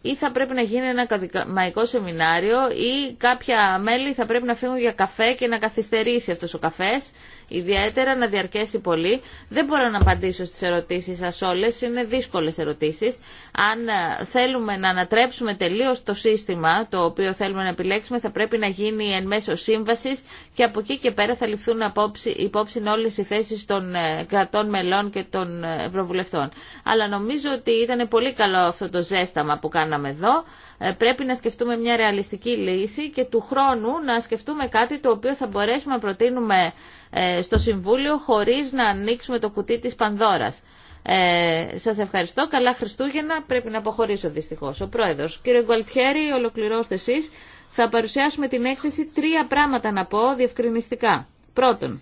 ή θα πρέπει να γίνει ένα καδικαμαικό σεμινάριο ή κάποια μέλη θα πρέπει να φύγουν για καφέ και να καθυστερήσει αυτός ο καφές ιδιαίτερα να διαρκέσει πολύ. Δεν μπορώ να απαντήσω στις ερωτήσεις σας όλες, είναι δύσκολες ερωτήσεις. Αν ε, θέλουμε να ανατρέψουμε τελείως το σύστημα το οποίο θέλουμε να επιλέξουμε θα πρέπει να γίνει εν μέσω σύμβασης και από εκεί και πέρα θα ληφθούν απόψη, υπόψη όλες οι θέσεις των ε, κρατών μελών και των ε, ευρωβουλευτών. Αλλά νομίζω ότι ήταν πολύ καλό αυτό το ζέσταμα που κάναμε εδώ. Πρέπει να σκεφτούμε μια ρεαλιστική λύση και του χρόνου να σκεφτούμε κάτι το οποίο θα μπορέσουμε να προτείνουμε ε, στο Συμβούλιο χωρίς να ανοίξουμε το κουτί της Πανδώρας. Ε, σας ευχαριστώ. Καλά Χριστούγεννα. Πρέπει να αποχωρήσω δυστυχώς. Ο Πρόεδρος. Κύριε Γκουαλτιέρη, ολοκληρώστε εσείς. Θα παρουσιάσουμε την έκθεση τρία πράγματα να πω διευκρινιστικά. Πρώτον,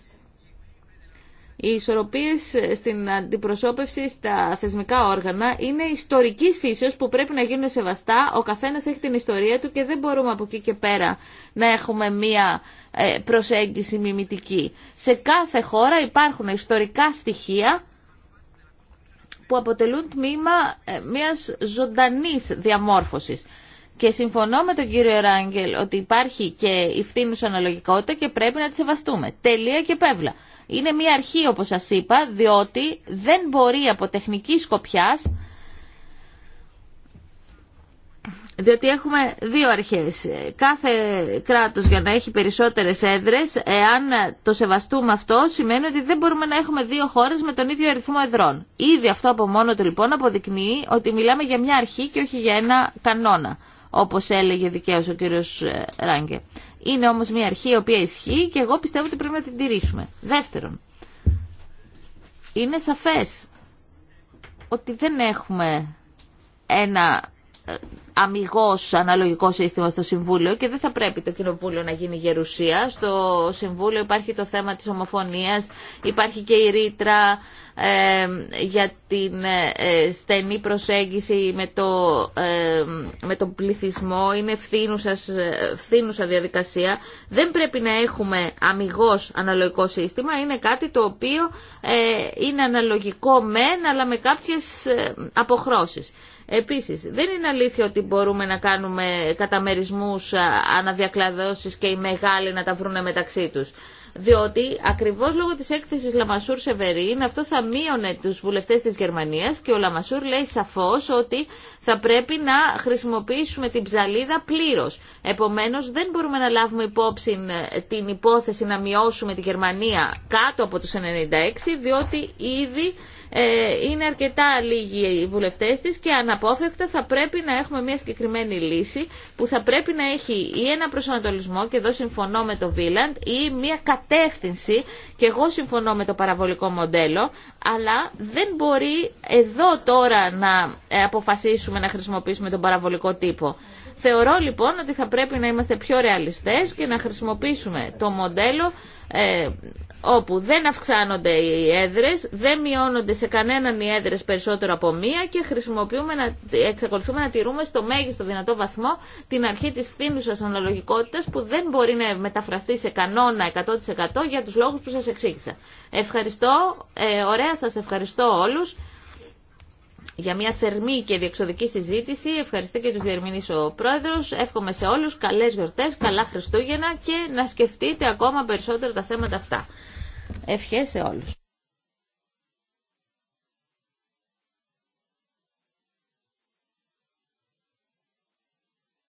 οι ισορροπίες στην αντιπροσώπευση στα θεσμικά όργανα είναι ιστορικής φύσεως που πρέπει να γίνουν σεβαστά. Ο καθένας έχει την ιστορία του και δεν μπορούμε από εκεί και πέρα να έχουμε μία ε, προσέγγιση μιμητική. Σε κάθε χώρα υπάρχουν ιστορικά στοιχεία που αποτελούν τμήμα ε, μιας ζωντανής διαμόρφωσης. Και συμφωνώ με τον κύριο Ράγκελ ότι υπάρχει και η φθήνουσα αναλογικότητα και πρέπει να τη σεβαστούμε. Τελεία και πέβλα. Είναι μια αρχή όπως σας είπα διότι δεν μπορεί από τεχνική σκοπιάς διότι έχουμε δύο αρχές. Κάθε κράτος για να έχει περισσότερες έδρες, εάν το σεβαστούμε αυτό, σημαίνει ότι δεν μπορούμε να έχουμε δύο χώρες με τον ίδιο αριθμό εδρών. Ήδη αυτό από μόνο του λοιπόν αποδεικνύει ότι μιλάμε για μια αρχή και όχι για ένα κανόνα, όπως έλεγε δικαίως ο κύριος ε, Ράγκε. Είναι όμως μια αρχή η οποία ισχύει και εγώ πιστεύω ότι πρέπει να την τηρήσουμε. Δεύτερον, είναι σαφές ότι δεν έχουμε ένα Αμυγό αναλογικό σύστημα στο Συμβούλιο και δεν θα πρέπει το Κοινοβούλιο να γίνει γερουσία. Στο Συμβούλιο υπάρχει το θέμα της ομοφωνίας, υπάρχει και η ρήτρα ε, για την ε, ε, στενή προσέγγιση με, το, με τον πληθυσμό, είναι φθήνουσα διαδικασία. Δεν πρέπει να έχουμε αμυγό αναλογικό σύστημα, είναι κάτι το οποίο είναι αναλογικό μεν, αλλά με κάποιες αποχρώσεις. Επίσης, δεν είναι αλήθεια ότι μπορούμε να κάνουμε καταμερισμούς, αναδιακλαδώσεις και οι μεγάλοι να τα βρούνε μεταξύ τους. Διότι ακριβώς λόγω της έκθεσης Λαμασούρ Σεβερίν αυτό θα μείωνε τους βουλευτές της Γερμανίας και ο Λαμασούρ λέει σαφώς ότι θα πρέπει να χρησιμοποιήσουμε την ψαλίδα πλήρως. Επομένως δεν μπορούμε να λάβουμε υπόψη ε, την υπόθεση να μειώσουμε τη Γερμανία κάτω από τους 96 διότι ήδη ε, είναι αρκετά λίγοι οι βουλευτές της και αναπόφευκτα θα πρέπει να έχουμε μια συγκεκριμένη λύση που θα πρέπει να έχει ή ένα προσανατολισμό και εδώ συμφωνώ με το Βίλαντ ή μια κατεύθυνση και εγώ συμφωνώ με το παραβολικό μοντέλο αλλά δεν μπορεί εδώ τώρα να ε, αποφασίσουμε να χρησιμοποιήσουμε τον παραβολικό τύπο. Θεωρώ λοιπόν ότι θα πρέπει να είμαστε πιο ρεαλιστές και να χρησιμοποιήσουμε το μοντέλο ε, όπου δεν αυξάνονται οι έδρες, δεν μειώνονται σε κανέναν οι έδρες περισσότερο από μία και χρησιμοποιούμε να, εξακολουθούμε να τηρούμε στο μέγιστο δυνατό βαθμό την αρχή της φθήνουσας αναλογικότητας που δεν μπορεί να μεταφραστεί σε κανόνα 100% για τους λόγους που σας εξήγησα. Ευχαριστώ, ε, ωραία σας ευχαριστώ όλους για μια θερμή και διεξοδική συζήτηση. Ευχαριστώ και τους διερμηνείς ο Πρόεδρος. Εύχομαι σε όλους καλές γιορτέ, καλά Χριστούγεννα και να σκεφτείτε ακόμα περισσότερο τα θέματα αυτά. Ευχές σε όλους.